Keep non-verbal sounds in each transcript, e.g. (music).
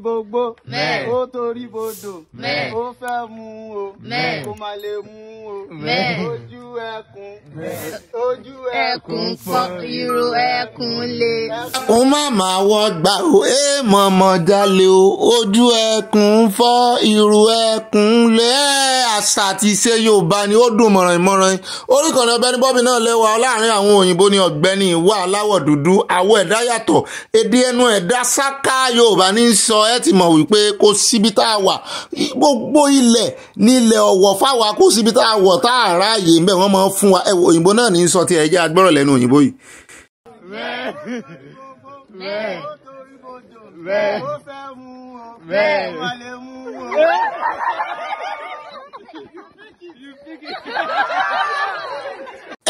gbogbo ó torí bodò ó fẹ́ mu o kó má lè mu o ojú ẹkùn ojú ẹkùn pọ̀ irú ẹkùn lè. ó má máa wọ gbà ó èèmọ̀ mọ̀ jalè o ojú ẹkùn fọ́ irú ẹkùn lè àṣà àti ìṣe Yorùbá ni ó dùn mọ̀ràn-mọ̀ràn orúkọ ní Ọ̀gbẹ́ni Bobby náà lẹ́wà láàrin àwọn òyìnbó ni ọ̀gbẹ́ni ìwà aláwọ̀ dúdú àwọ̀ ẹ̀dá yàtọ̀ èdè ẹnu ẹ̀dá sáká Yorùbá ní sọ ẹ́ ẹ ti mọ̀ wípé kò síbi tá a wà gbogbo ilẹ̀ nílẹ̀ ọ̀wọ̀ fáwa kò síbi tá a wọ̀ tá a ráàyè ń bẹ̀ wọ́n máa ń fún wa ẹ̀wọ̀ òyìnbó náà ní sọ ti ẹ̀ jẹ́ agbọ́rọ̀ lẹ́nu òyìnbó yìí. bẹ́ẹ̀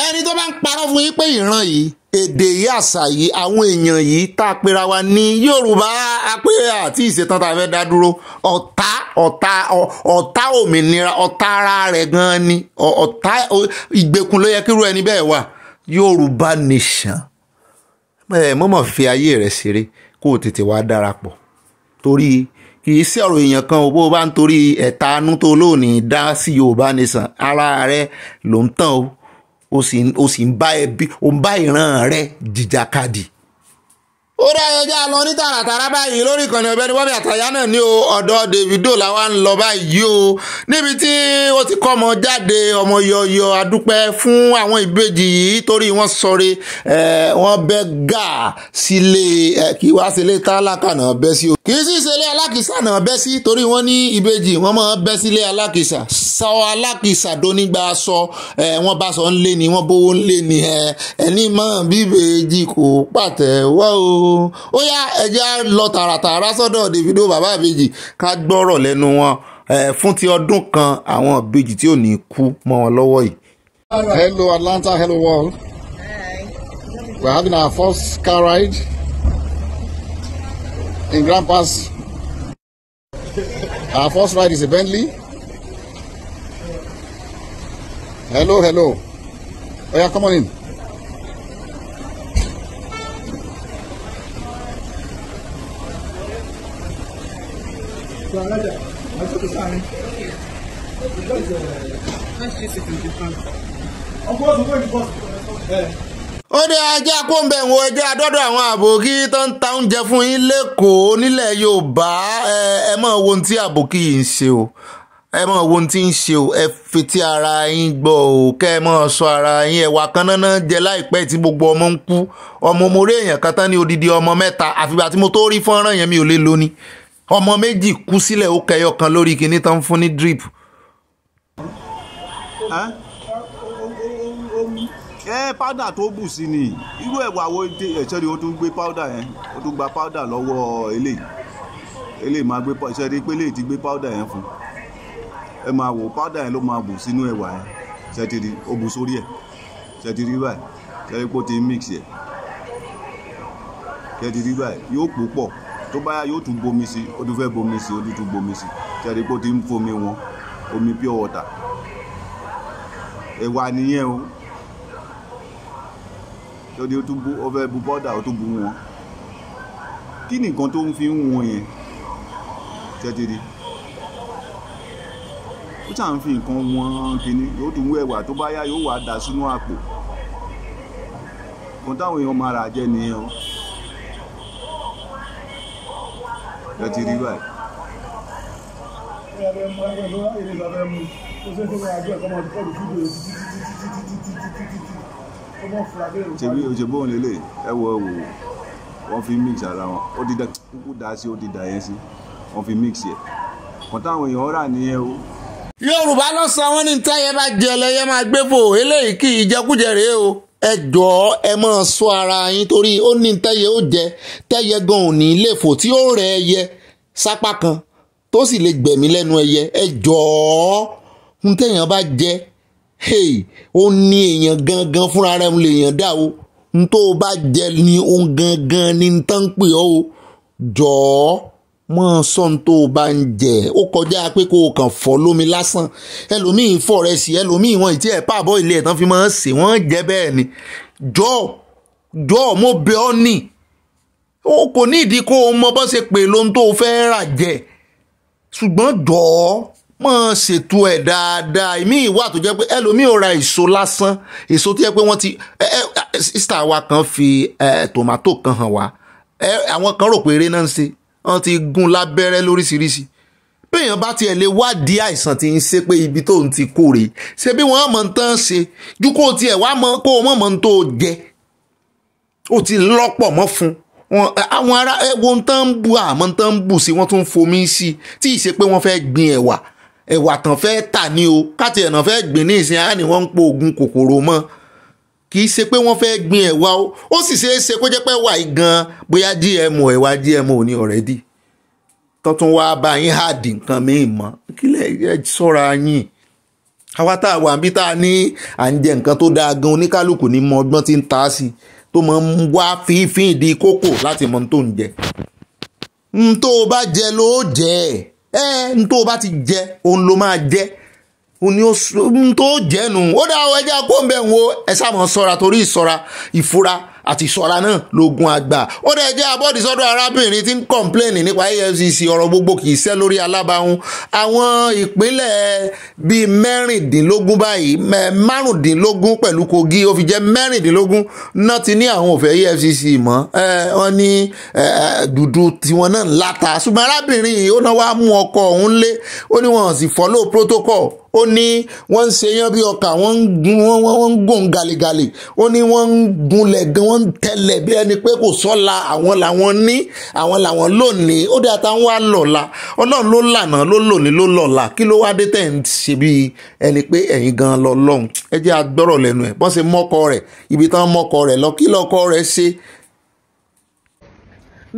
ẹni tó bá ń parọ́ fún yín pé ìran yìí èdè yìí àṣà yìí àwọn èèyàn yìí tá a pera wa ní Yorùbá apẹ́ àti ìṣetán tá a fẹ́ dá dúró ọ̀tá ọ̀tá ọ̀tá òmìnira ọ̀tá ara rẹ̀ gan-an ni ọ̀tá ìgbèkùn ló yẹ kírú ẹni bẹ́ẹ̀ wà Yorùbá nation ẹ mọ́mọ́ fi ayé rẹ̀ ṣeré kó o tètè wá darapọ̀ torí kì í sí ọ̀rọ̀ èèyàn kan ò bó o bá ń torí ẹ̀tanú tó lónìí dá sí Yorùbá nation ara rẹ̀ ló ń tàn o o sì ń bá ẹbí o ń bá ìran rẹ jìjàkadì ó dáyọ já lọ ní tààràtàrà báyìí lórí ìkànnì Ọ̀gbẹ́ni Bobby Àtàyà náà ní o ọ̀dọ̀ Davido làwa ń lọ báyìí o níbi tí ó ti kọ́ ọmọ jáde ọmọ yọyọ adúpẹ́ fún àwọn ìbejì yìí torí wọ́n sọre wọ́n bẹ́ gà sílé kí wá sílé tálákà náà bẹ́ sí o kì í sì sílé alákìsà náà bẹ́ sí torí wọ́n ní ìbejì wọ́n máa bẹ́ sílé alákìsà sọ alákìsà dónígbà sọ wọ́n bá sọ ń ni wọ́n bówó ń ni ẹ̀ ẹ̀ ní mọ́ bíbejì kò pàtẹ́wọ́ o ó yá ẹja lọ tààràtààrà sọ́dọ̀ Davido bàbá àbejì ká gbọ́rọ̀ lẹ́nu wọn fún ti ọdún kan àwọn àbejì tí ò ní kú mọ́ wọn lọ́wọ́ yìí. hello Atlanta hello world Hi. we're having our first car ride in grandpa's our first ride is a Bentley hello hello oya oh, yeah, come on in. So Raja, I took a sign. Because uh, that's just a Of course, we're going to possible. Yeah. ó dé ajá kóńbẹ̀ wo ẹjọ́ adọ́dọ̀ àwọn àbòkí tó ń ta oúnjẹ fún yín lẹ́kọ̀ọ́ nílẹ̀ yorùbá ẹ mọ̀ wo ohun tí àbòkí yìí ń ṣe o ẹ mọ̀ wo ohun tí ń ṣe o ẹ fetí ara yín gbọ́ o kẹ́ ẹ mọ̀ sọ ara yín ẹ̀wà kan náà jẹ láìpẹ́ tí gbogbo ọmọ ń kú ọmọ mo rí èèyàn kan tán ní odidi ọmọ mẹ́ta àfìgbà tí mo tó rí fọ́nrán yẹn mi ò lè lóní ọmọ méjì kú sílẹ̀ ó kẹyọ kan lórí kinní tán fún ní drip. ẹ pádà tó bù sí ni irú ẹ̀wà wo ẹ̀ṣẹ́ ni ó tún gbé pádà yẹn ó tún gba pádà lọ́wọ́ eléyìí eléyìí máa gbé ẹ̀ṣẹ́ ni pé eléyìí ti gbé pádà yẹn fún ẹ máa wò pádà yẹn ló máa bù sínú ẹ̀wà yẹn ṣe ti rí ó bù sórí ẹ̀ ṣe ti rí báyìí ṣe rí pé ó ti mix yẹ ṣe ti rí báyìí yóò pò pọ̀ tó bá yá yóò tún bomi sí ó tún fẹ́ bomi sí ó tún tún bomi sí tẹ̀rí pé ó ti ń fomi wọn omi pure water ẹ̀wà nìyẹn o tó di ó tún bu ó fẹ́ bu bọ́dà ó tún bu wọn kí ni nǹkan tó ń fi ń wọn yẹn tẹ́tẹ́rì ó ṣà ń fi nǹkan wọn kínní yóò tún wú ẹ̀wà tó bá yá yóò wá dà sínú àpò kò táwọn èèyàn máa rà jẹ nìyẹn o. ẹ ti rí báyìí. ṣebí o ṣe bóun ẹ wọ ẹwò wọ́n fi mix ara wọn ó ti da kúkú dá sí ó ti dà yẹn sí wọ́n fi mix yẹ kàn táwọn èèyàn rà nìyẹn o. Yorùbá ló sọ wọn ní táyé bá jẹ lẹyẹ máa gbé bò eléyìí kì í jẹkújẹ rèé o ẹ jọ̀ọ́ ẹ máa sọ ara yín torí ó ní tẹ́yẹ ó jẹ tẹ́yẹ gan ò ní lè fò tí ó rẹ ẹyẹ sápá kan tó sì lè gbẹ̀mí lẹ́nu ẹyẹ ẹ jọ̀ọ́ ohun téèyàn bá jẹ ó ní èèyàn gangan fúnra rẹ̀ ń lè yàn dá o ohun tó o bá jẹ ni ohun gangan ni ń tán pè ọ́ o jọ̀ọ́ mọ́ sọ́n tó o bá ń jẹ ó kọjá pé kó o kàn fọ́ lómi lásán ẹlòmíì fọ́ rẹ sí ẹlòmíì wọn ìtí ẹ̀ pààbọ̀ ilé ẹ̀ tán fi máa ń sè wọ́n jẹ́ bẹ́ẹ̀ ni jọ́ jọ́ mo bẹ̀ ọ́ nì o kò ní ìdí kó o mọ bó ṣe pè lóhun tó o fẹ́ rà jẹ ṣùgbọ́n jọ́ mọ̀ ṣètò ẹ̀ dáadáa ìmí ìwà tó jẹ́ pé ẹlòmíì ò ra èso lásán èso tó jẹ́ pé wọ́n ti sísítà wa kan fi tòmátò kan hàn wá àwọn kan rò pé eré náà ń ṣe wọ́n ti gún lábẹ́rẹ́ lóríṣiríṣi béèyàn bá tiẹ̀ lè wádìí àìsàn tí ń ṣe pé ibi tó ń ti kórè ṣe bí wọ́n á mọ̀ ń tán ṣe ju kó tiẹ̀ wá mọ̀ kó o mọ̀ mọ̀ ń tó jẹ ó ti lọ́pọ̀ mọ́ fún àwọn ará ẹ̀wọ̀n tán ń bu àmọ́ tán ń bù sí wọ́n tún ń fomi sí i tí ì ṣe pé wọ́n fẹ́ gbin ẹ̀wà ẹ̀wà tán fẹ́ tà ní o káti ẹ̀nà fẹ́ gbìn ní ìsìn á ní wọ́n ń po oògùn kòkòrò mọ́ kì í ṣe pé wọ́n fẹ́ẹ́ gbin ẹ̀wà o ó sì ṣeé ṣe kó jẹ́ pé wà í gan bóyá GMO ẹ̀wà GMO ò ní already tọ́tún wá bá yín háàdì nǹkan míì mọ́ kí lẹ̀ ẹ sọ́ra yín àwa tá a wà níbi tá a ní à ń jẹ nǹkan tó dáa gan oníkálukú ní mọ ọgbọ́n tí ń ta sí i tó mọ ń wá fífín ìdí kókò láti mọ ohun tó ń jẹ ohun tó o bá jẹ ló jẹ ẹ ohun tó o bá ti jẹ òun ló máa jẹ ni ó tó jẹ́nu ó dá ẹja kó ń bẹ̀ ń wo ẹ sáà mọ̀ ṣọ́ra torí ìṣọ́ra ìfura àti ìṣọ́ra náà lógun àgbà ó dẹ̀ jẹ́ abọ́dì sọ́dọ̀ arábìnrin tí ń kọ̀ǹpléènì nípa EFCC ọ̀rọ̀ gbogbo kì í ṣẹ́ lórí alábàáhùn àwọn ìpínlẹ̀ bíi mẹ́rìndínlógún báyìí márùndínlógún pẹ̀lú Kogi ó fi jẹ́ mẹ́rìndínlógún náà ti ní àwọn ò fẹ́ EFCC mọ́ wọ́n ní dúdú tiwọn náà láta ṣùgbọ́n arábìnrin yìí ó náà wá mú ọkọ òun lé ó ní wọn sì follow protocol ó ní wọ́n ń ṣe yán bí ọkà wọ́n ń gùn galegale ó ní wọ́n ń gunlẹ̀ gan wọ́n ń tẹ̀lẹ̀ bí ẹni pé kò sọ́la àwọn làwọn ní àwọn làwọn lónìí ó dé àtàwọn wá lọ́la ọlọ́run ló lànà ló lónìí ló lọ́la kí ló wá dé tẹ̀ ń ṣe bí ẹni pé ẹ̀yin gan lọ lọ́hùn ẹ jẹ́ agbọ́rọ̀ lẹ́nu ẹ̀ bọ́n ṣe mọ́kọ rẹ̀ ibi tán mọ́kọ rẹ̀ lọ kí lọ́kọ rẹ̀ ṣe.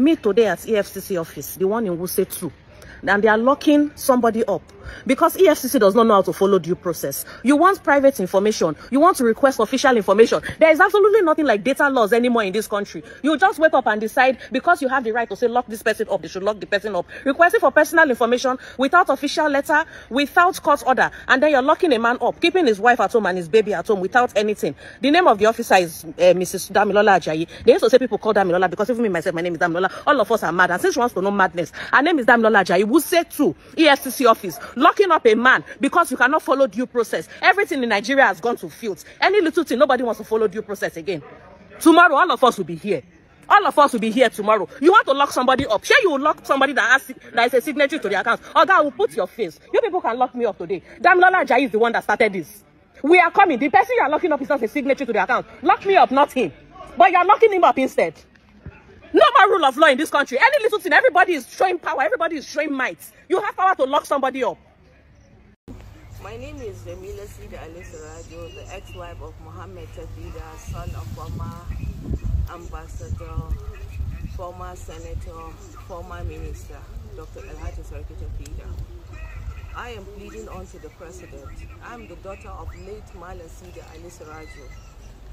meet today at EFCC office the one in Wuse 2 and they are locking somebody up because EFCC does not know how to follow due process. You want private information. You want to request official information. There is absolutely nothing like data laws anymore in this country. You just wake up and decide because you have the right to say lock this person up, they should lock the person up. Requesting for personal information without official letter, without court order, and then you're locking a man up, keeping his wife at home and his baby at home without anything. The name of the officer is uh, eh, Mrs. Damilola Ajayi. They used to say people call Damilola because even me myself, my name is Damilola. All of us are mad, and since she wants to know madness, her name is Damilola Ajayi. We'll say true, EFCC office locking up a man because you cannot follow due process. Everything in Nigeria has gone to fields. Any little thing, nobody wants to follow due process again. Tomorrow, all of us will be here. All of us will be here tomorrow. You want to lock somebody up. Sure, you will lock somebody that has that is a signature to the account. Or that will put your face. You people can lock me up today. Damilola Ajayi is the one that started this. We are coming. The person you are locking up is not a signature to the account. Lock me up, not him. But you are locking him up instead. my rule of law in this country. Any little thing, everybody is showing power. Everybody is showing might. You have power to lock somebody up. My name is Jamila Sida Ali the ex-wife of Mohammed Tafida, son of former ambassador, former senator, former minister, Dr. Elhati Sarki Tafida. I am pleading on to the president. I am the daughter of late Mala Sida Alisarajo,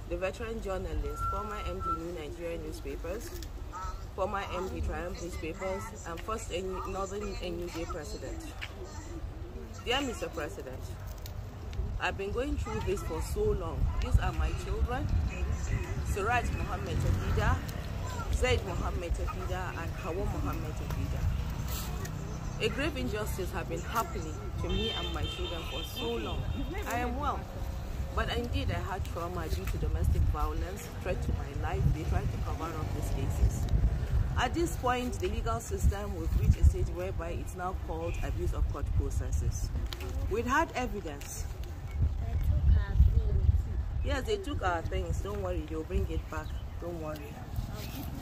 the veteran journalist, former MD New Nigerian Newspapers, former MD Triumph Newspapers, and first Northern NUJ president. Dear Mr. President, I've been going through this for so long. These are my children, Suraj Mohammed Tafida, Zaid Mohammed Tafida, and Hawa Mohammed Tafida. A grave injustice has been happening to me and my children for so long. I am well, but indeed I had trauma due to domestic violence, threat to my life. They tried to cover up these cases. At this point, the legal system will reach a stage whereby it's now called abuse of court processes. We had evidence. Yes, they took our things. Don't worry, they'll bring it back. Don't worry.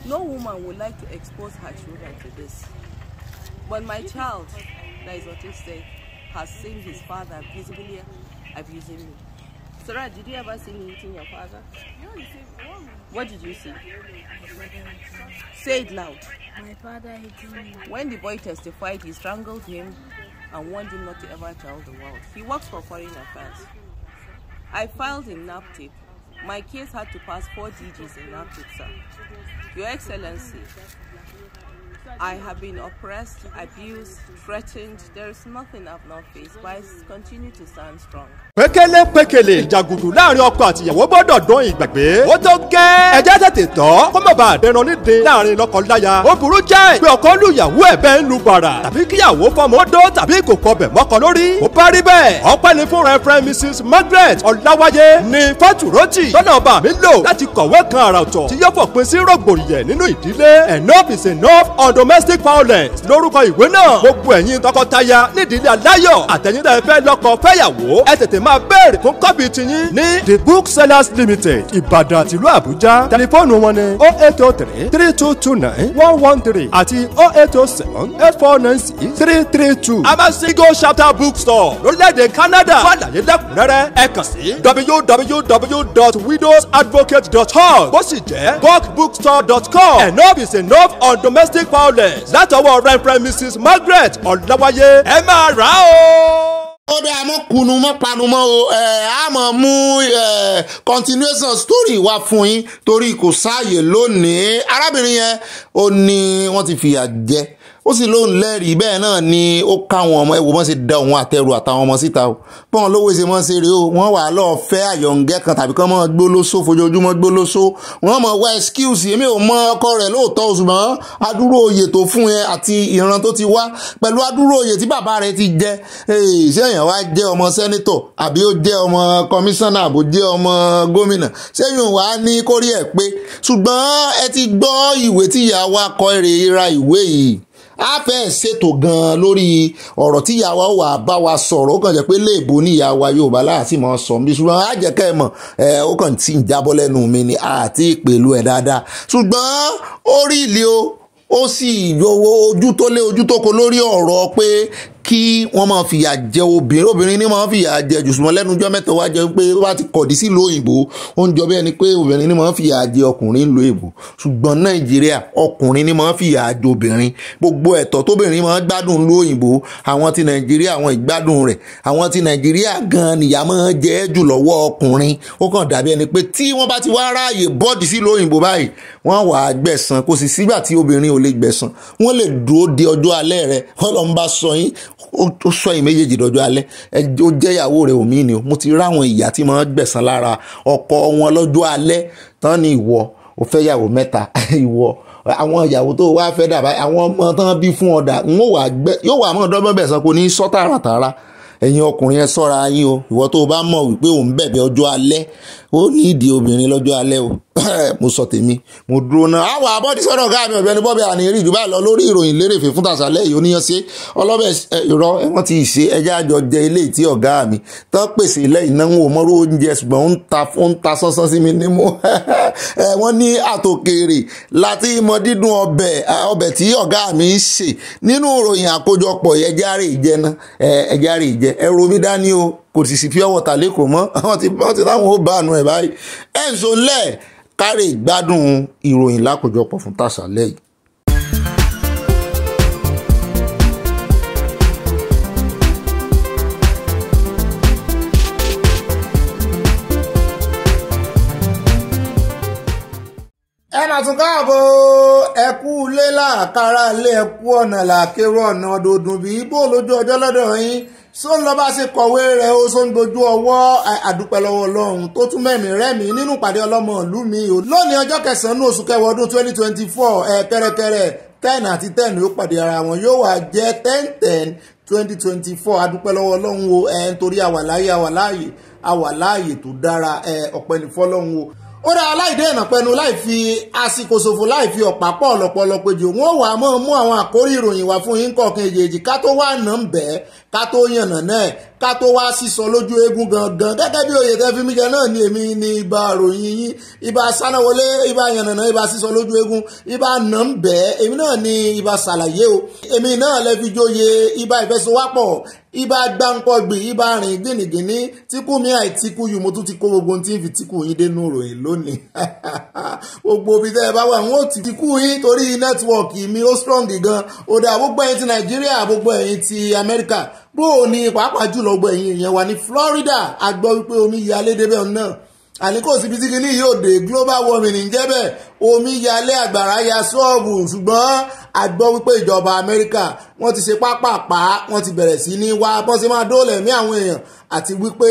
No woman would like to expose her children to this. But my child, that is autistic, has seen his father visibly abusing me. Sarah, did you ever see me hitting your father? No, you see what did you see? Say it loud. My father hit When the boy testified, he strangled him and warned him not to ever tell the world. He works for foreign affairs. I filed in NAPTIP. My case had to pass four DGs in NAPTIP, sir. Your Excellency, I have been oppressed, abused, threatened. There is nothing I've not faced. But I continue to stand strong? pékélé pékélé ìjàgùdù láàrin ọkọ àtìyàwó gbọ́dọ̀ dán ìgbàgbé ó tó gẹ́ ẹ̀jẹ̀ tètè tọ́ kó má bàa dẹran nídìí láàrin lọ́kọláya ó burú jẹ́ pé ọkọ lùyàwó ẹ̀ bẹ́ẹ̀ ń lu bàrà tàbí kíyàwó fọmọ dó tàbí kò kọbẹ̀ mọ́kọ lórí ó bá rí bẹ́ẹ̀ ọpẹ́ ni fúnra ẹ̀fẹ́ Mrs Margaret Ọláwáyé ni fàtúrótì lọ́nà ọba mi lò láti kọ̀wé kan àrà ọ̀tọ̀ tí yóò fòpin sí rògbòdìyẹ nínú ìdílé enough is enough on domestic violence lórúkọ ìwé náà gbogbo ẹ̀yin tọkọtaya nídìílé aláyọ̀ àtẹ̀yìn tẹ́ fẹ́ lọ́kọ fẹ́yàwó ẹ tètè máa béèrè fún kọ́bì tiyín ní the booksellers limited ìbàdàn àtìlú àbújá tẹlifóònù wọn ni oh eight oh three three two two nine one one three àti oh eight oh seven eight four nine six three three two. amasigo chapter bookstore lórílẹ̀‐èdè canada fún àlàyé lẹ́kùnrẹ́rẹ́ ẹ kàn sí www.widowsadvocate.org bó sì jẹ́ gawkbookstore.com enough is enough on domestic violence flawless látọwọ́ reverend mrs margaret ọ̀làwáyé ẹ máa rà á o ó dé amúkunu mọ́panumọ́ o a mọ̀ mú continuation story wá fún yín torí kò sáàyè lónìí arábìnrin yẹn ó ní wọ́n ti fìyà jẹ ó sì lóun lẹ́rìí bẹ́ẹ̀ náà ni ó káwọn ọmọ ẹ̀wò mọ́ ṣe da òun àtẹrù àtàwọn ọmọ síta o bọ́n lówó ṣe mọ́ ṣe rèé o wọ́n wà lọ́ọ́ fẹ́ àyọ̀ǹgẹ́ kan tàbí kán mọ́ gbólóso fojoojúmọ́ gbólóso wọ́n mọ̀ wá excuse èmi ò mọ ọkọ rẹ̀ lóòótọ́ ṣùgbọ́n adúrò oyè tó fún yẹn àti ìran tó ti wá pẹ̀lú adúrò oyè tí bàbá rẹ̀ ti jẹ ṣé èèyàn wá jẹ́ ọmọ sẹ́nítọ̀ àbí ó jẹ́ ọmọ kọmíṣánná àbò jẹ́ ọmọ gómìnà ṣéyìn wá ní ti gbọ́ ìwé tíyàwó akọ á fẹ́ ṣètò gan-an lórí ọ̀rọ̀ tí ìyá wa ó wà bá wa sọ̀rọ̀ ó kàn jẹ́ pé léèbó ní ìyá wa Yorùbá láàtì mọ́ sọ bí ṣùgbọ́n á jẹ́ kẹ́ ẹ mọ̀ ẹ ó kàn ti ń jábọ́ lẹ́nu mi ni àti ìpèlú ẹ̀ dáadáa ṣùgbọ́n ó rí ilé o ó sì yọwọ́ ojú tó lé ojú tó kó lórí ọ̀rọ̀ pé kí wọ́n máa fìyà jẹ obìnrin obìnrin ni máa fìyà jẹ jù ṣùgbọ́n lẹ́nu ọjọ́ mẹ́ta wá jẹ pé ó bá ti kọ̀dí sí ìlú òyìnbó ó bẹ́ẹ̀ ni pé obìnrin ni máa fìyà jẹ ọkùnrin ìlú òyìnbó ṣùgbọ́n nàìjíríà ọkùnrin ni máa fìyà jẹ obìnrin gbogbo ẹ̀tọ́ tóbìnrin máa gbádùn ìlú òyìnbó àwọn ti nàìjíríà àwọn ìgbádùn rẹ̀ àwọn ti nàìjíríà gan nìyà máa jẹ jù lọ́wọ́ ọkùnrin ó kàn dàbí ẹni pé tí wọ́n bá ti wá ráàyè bọ́ọ̀dì sí ìlú òyìnbó báyìí wọ́n wà á gbẹ̀san kò sì sígbà tí obìnrin ò lè gbẹ̀san wọ́n lè dúró de ọjọ́ alẹ́ rẹ̀ ọlọ́run bá sọ yín ó sọ yìí méjèèjì dọjọ́ alẹ́ ó jẹ́ ìyàwó rẹ̀ òmí ni mo ti ráwọn ìyá tí máa ń gbẹ̀san lára ọkọ wọn lọ́jọ́ alẹ́ tán ni ìwọ ò fẹ́ yàwó mẹ́ta (laughs) ìwọ àwọn ìyàwó tó wá fẹ́ dàbá àwọn ọmọ tán bí fún ọ̀dà n ó wà gbẹ yóò wà mọ́ ọ̀dọ́gbọ́n bẹ̀san kò ní sọ tààràtààrà ẹ̀yin ọkùnrin ẹ sọ́ra yín o ìwọ tó o bá mọ̀ wípé òun bẹ̀bẹ̀ ọjọ́ alẹ́ ó ní ìdí obìnrin lọ́jọ́ alẹ́ o (coughs) mo sọ tèmi mo dúró náà àwọn àbọ̀dí sọ̀rọ̀ ọ̀gá mi ọ̀gbẹ́ni lọ lórí ìròyìn lérèfé fún tàṣálẹ́ yìí oníyan ṣe ọlọ́bẹ̀ ìrọ ẹ̀wọ̀n ti ṣe ẹja àjọ jẹ ilé tí ọ̀gá mi tán pèsè ilẹ̀ ìnáwó mọ́rú oúnjẹ ṣùgbọ́n ó ń ta si ń ta sánsán sí mi nímú (laughs) wọ́n ní àtòkèrè láti mọ dídùn ọbẹ̀ ọbẹ̀ tí mi ń ṣe nínú ìròyìn àkójọpọ̀ kò sì sí pure water lẹ́kọ̀ọ́ mọ́ àwọn (laughs) ti wọ́n ti láwọn ó bá àánú ẹ̀ báyìí ẹ̀ ń so lẹ̀ káre ìgbádùn ìròyìn lákòjọpọ̀ fún tàṣálẹ̀ yìí. ẹ máa tún káàbọ̀ ẹkú ilé làkàrà ilé ẹkú ọ̀nà làkèrò ọ̀nà ọdọọdún bíi bó lójú ọjọ́ lọ́dọ̀ yín só ń lọ bá ṣe kọ̀wé rẹ̀ o só ń dojú ọwọ́ àdúpẹ́ lọ́wọ́ ọlọ́run tó tún mẹ́mí rẹ́mí nínú ìpàdé ọlọ́mọ ìlú mi ò lónìí ọjọ́ kẹsàn-án oṣù kẹwàá ọdún twenty twenty four ẹ̀ kẹ́rẹ́kẹ́rẹ́ ten àti ten yóò pàdé ara wọn yóò wá jẹ́ ten ten twenty twenty four adúpẹ́ lọ́wọ́ ọlọ́run o ẹ̀ nítorí àwàláyé àwàláyé àwàláyé tó dára ẹ̀ ọ̀pẹ́ ní fọ́lọ́run o ó dá aláìdé ẹ̀nà pẹnu láì fi àsìkò ṣòfò láì fi ọ̀pá pọ̀ ọ̀lọ́pọ̀lọ́ péjọ wọn ò wá mọ́ mú àwọn àkórí ìròyìn wá fún yín kọ̀ọ̀kan èjèèjì ká tó wà nà ń bẹ́ẹ̀ ká tó yànnà náà ká tó wá sísọ lójú eégún gangan gẹ́gẹ́ bí oyè tẹ́ fi mí náà ni èmi ni ibà ròyìn yín ibà sánáwọlé ibà yànnànà ibà sísọ lójú eégún ibà nà ń bẹ́ èmi náà ni ibà sàlàyé o èmi náà lè fi joyè ibà ìfẹsowápọ̀ ibà gbáǹpọ̀gbì ibà rìn gìnìgìnì tíkú mi àìtíkú yìí mo tún ti kó gbogbo ohun tí ń fi tíkú yín dénú ròyìn lónìí (laughs) gbogbo ibi tẹ́ ẹ bá wà wọ́n ti kú yín torí nẹ́tíwọ̀kì mi ó strong gan ó dá gbogbo ẹ̀yin ti nàìjíríà gbogbo ẹ̀yin ti amẹ́ríkà bó o ní pàápàá jùlọ gbogbo ẹ̀yin èèyàn wà ní florida a gbọ́ wípé omi yalé débẹ̀ náà àní síbi tí kinní yóò dé global warming ń jẹ́ bẹ́ẹ̀ omi yalé àgbàrá ya ṣọ́ọ̀bù ṣùgbọ́n a gbọ́ wípé ìjọba amẹ́ríkà wọ́n ti ṣe pápápá wọ́n ti bẹ̀rẹ̀ sí ní wá bọ́n ṣe máa dóòlà ẹ̀mí àwọn èèyàn àti wípé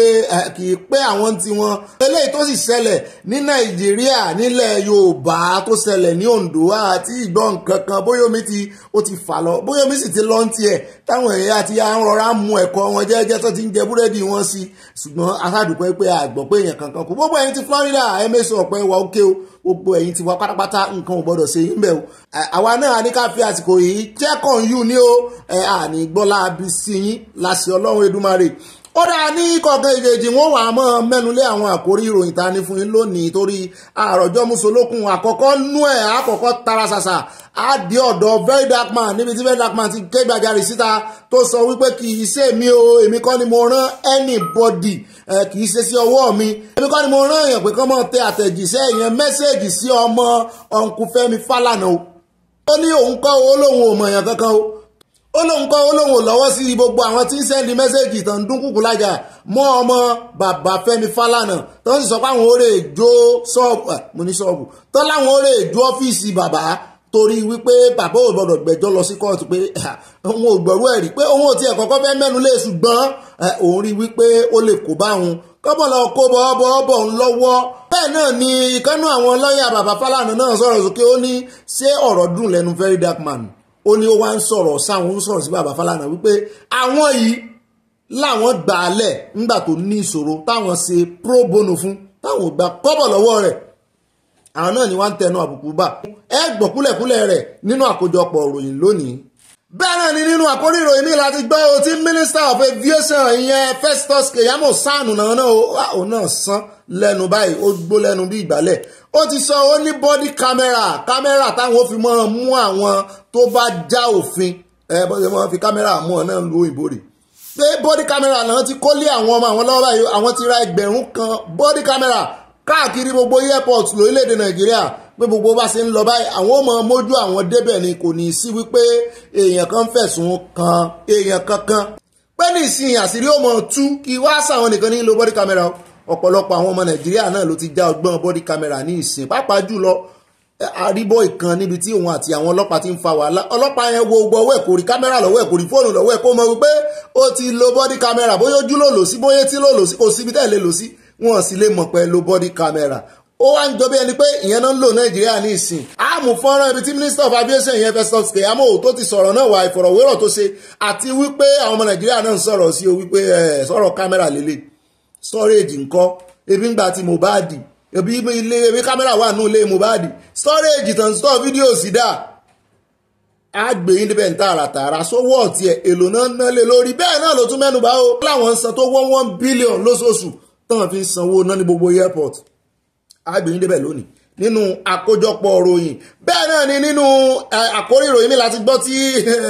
kì í pé àwọn ti wọn. eléyìí tó sì ṣẹlẹ̀ ní nàìjíríà nílẹ̀ yorùbá tó ṣẹlẹ̀ ní ondo àti ìgbọ́n kankan bóyá omi ti ó ti fà lọ bóyá sì ti lọ ń tiẹ̀ táwọn èèyàn àti arọra mu ẹ̀kọ́ wọn jẹ́jẹ́ tó ti ń jẹ búrẹ́dì wọn sí ṣùgbọ́n aṣáàdùpẹ́ pé àgbọ̀ pé èèyàn kankan kù gbogbo ẹ̀yin ti florida ẹ̀ mẹ́sàn-án ọ̀pẹ́ wa ó o gbogbo ẹ̀yin ti wá pátápátá nǹkan ò gbọ́dọ̀ ṣe yín bẹ̀ o àwa náà ní ká fi àsìkò yìí check on you ní o àní gbọ́lá abisi yín láṣẹ ọlọ́run Èdùmàrè ó dáa ní kọ̀ọ̀kan ìjèjì wọn wà á mọ́ mẹ́nulé àwọn àkórí ìròyìn ta ni fún yín lónìí torí àròjọ musolókun àkọ́kọ́ nú ẹ̀ àkọ́kọ́ tara ṣàṣà á ọ̀dọ̀ very dark man níbi tí very dark man ti ké gbàjarì síta tó sọ wípé kì í ṣe mi o èmi kọ́ ni mo rán anybody kì í ṣe sí ọwọ́ mi èmi kọ́ ni mo rán èèyàn pé kọ́ mọ́ tẹ àtẹ̀jíṣẹ́ èèyàn mẹ́sẹ̀gì sí ọmọ ọ̀nkú Fẹ́mi Fálànà o ó ní òun kọ́ o ó lóun kọ́ ó lóun ò lọ́wọ́ sí gbogbo àwọn tí ń sẹ́ndì mẹ́sẹ́jì tó ń dúnkùkù lájà mọ́ ọmọ bàbá Fẹ́mi Fálànà tó ń sì sọ pé àwọn òòrè ìjó ṣọ́ọ̀bù mo ní ṣọ́ọ̀bù tó láwọn òòrè ìjó ọ́fíìsì bàbá torí wípé bàbá ò gbọdọ̀ gbẹ̀jọ́ lọ sí kóòtù pé òun ò gbọ̀rú ẹ̀ rí pé òun ò tiẹ̀ kọ́kọ́ fẹ́ mẹ́nu lé ṣùgbọ́n òun rí wípé ó lè kó bá òun kọ́bọ̀ lọ kó bọ́ọ̀bọ̀ ń lọ́wọ́ bẹ́ẹ̀ náà ni ìkánú àwọn lọ́ọ̀yà bàbá Fálànà náà sọ̀rọ̀ sókè ó ní ṣé ọ̀rọ̀ dùn lẹ́nu very dark man ó ní ó wá ń sọ̀rọ̀ sáwọn ń sọ̀rọ̀ sí bàbá Fálànà wípé àwọn yìí láwọn gbà á lẹ̀ nígbà tó ní ìṣòro táwọn ṣe pro bono fún táwọn ò gba kọ́bọ̀ lọ́wọ́ rẹ̀ àwọn náà ni wọ́n ń tẹnu àbùkù bá ẹ gbọ́ kúlẹ̀kúlẹ̀ rẹ̀ nínú àkójọpọ̀ ìròyìn lónìí bẹ́ẹ̀ náà ni nínú àkórí ìròyìn mi láti gbọ́ o tí minister of aviation ìyẹn Festus Keyamo Ṣàánú náà náà ó náà san lẹ́nu báyìí ó gbó lẹ́nu bí ìgbálẹ̀ ó ti sọ ó ní bọ́dí kámẹ́rà kámẹ́rà táwọn ó fi mọ́ mú àwọn tó bá já òfin ẹ bọ́dí wọn fi kámẹ́rà mú ọ náà lu òyìnbó rè pé bọ́dí kámẹ́rà náà ti kólé àwọn ọmọ àwọn lọ́wọ́ báyìí àwọn ti ra ẹgbẹ̀rún kan bọ́dí kámẹ́rà káàkiri gbogbo airport lórílẹ̀‐èdè nàìjíríà pé gbogbo bá ṣe ń lọ báyìí àwọn ọmọ mójú àwọn débẹ̀ ni kò ní í sí wípé èèyàn kan fẹ̀sùn kan èèyàn kankan pé ní ìsìn àṣírí ó mọ̀ tú kí wá sáwọn nìkan ní lo body camera o ọ̀pọ̀lọpọ̀ àwọn ọmọ nàìjíríà náà ló ti já ọgbọ́n body camera ní ìsìn pàápàá jùlọ àríbọ̀ ìkan níbi tí òun àti àwọn ọlọ́pàá ti ń fa wàhálà ọlọ́pàá yẹn wo gbọ́ ọwọ́ ẹ̀ kò rí kámẹ́rà lọ́wọ́ ẹ̀ rí fóònù lọ́wọ́ ẹ̀ kó mọ̀ wípé ó ti lo body camera bóyá ojú ló lò sí bóyá etí ló lò sí kò síbi tẹ́ lè lò sí wọn sì lè mọ̀ pé lo body camera ó wá ń jọ bí ẹni pé ìyẹn náà ń lò nàìjíríà ní ìsìn àmú fọ́nrán ibi tí minister of aviation ìyẹn Festus Keyamo tó ti sọ̀rọ̀ náà wà ìfọ̀rọ̀wérọ̀ tó ṣe àti wípé àwọn ọmọ nàìjíríà náà ń sọ̀rọ̀ sí o wípé sọ̀rọ̀ kámẹ́rà lélẹ̀ storage ńkọ́ ebi ńgbà tí Mohbad ebi ilé ebi kámẹ́rà wà nù ilé Mohbad storage tàn store fídíò sí dà á gbé yín débẹ̀ ní tààràtààrà sówó ọ̀tí ẹ̀ èlò náà ná lé lórí bẹ́ẹ̀ náà ló tún mẹ́nubà ó láwọn san tó wọ́n one billion lóṣooṣù tán fi ń sanwó náà ní gbogbo airport á gbé yín débẹ̀ lónìí nínú àkójọpọ̀ ìròyìn bẹ́ẹ̀ náà ni nínú àkórí ìròyìn mi láti gbọ́ tí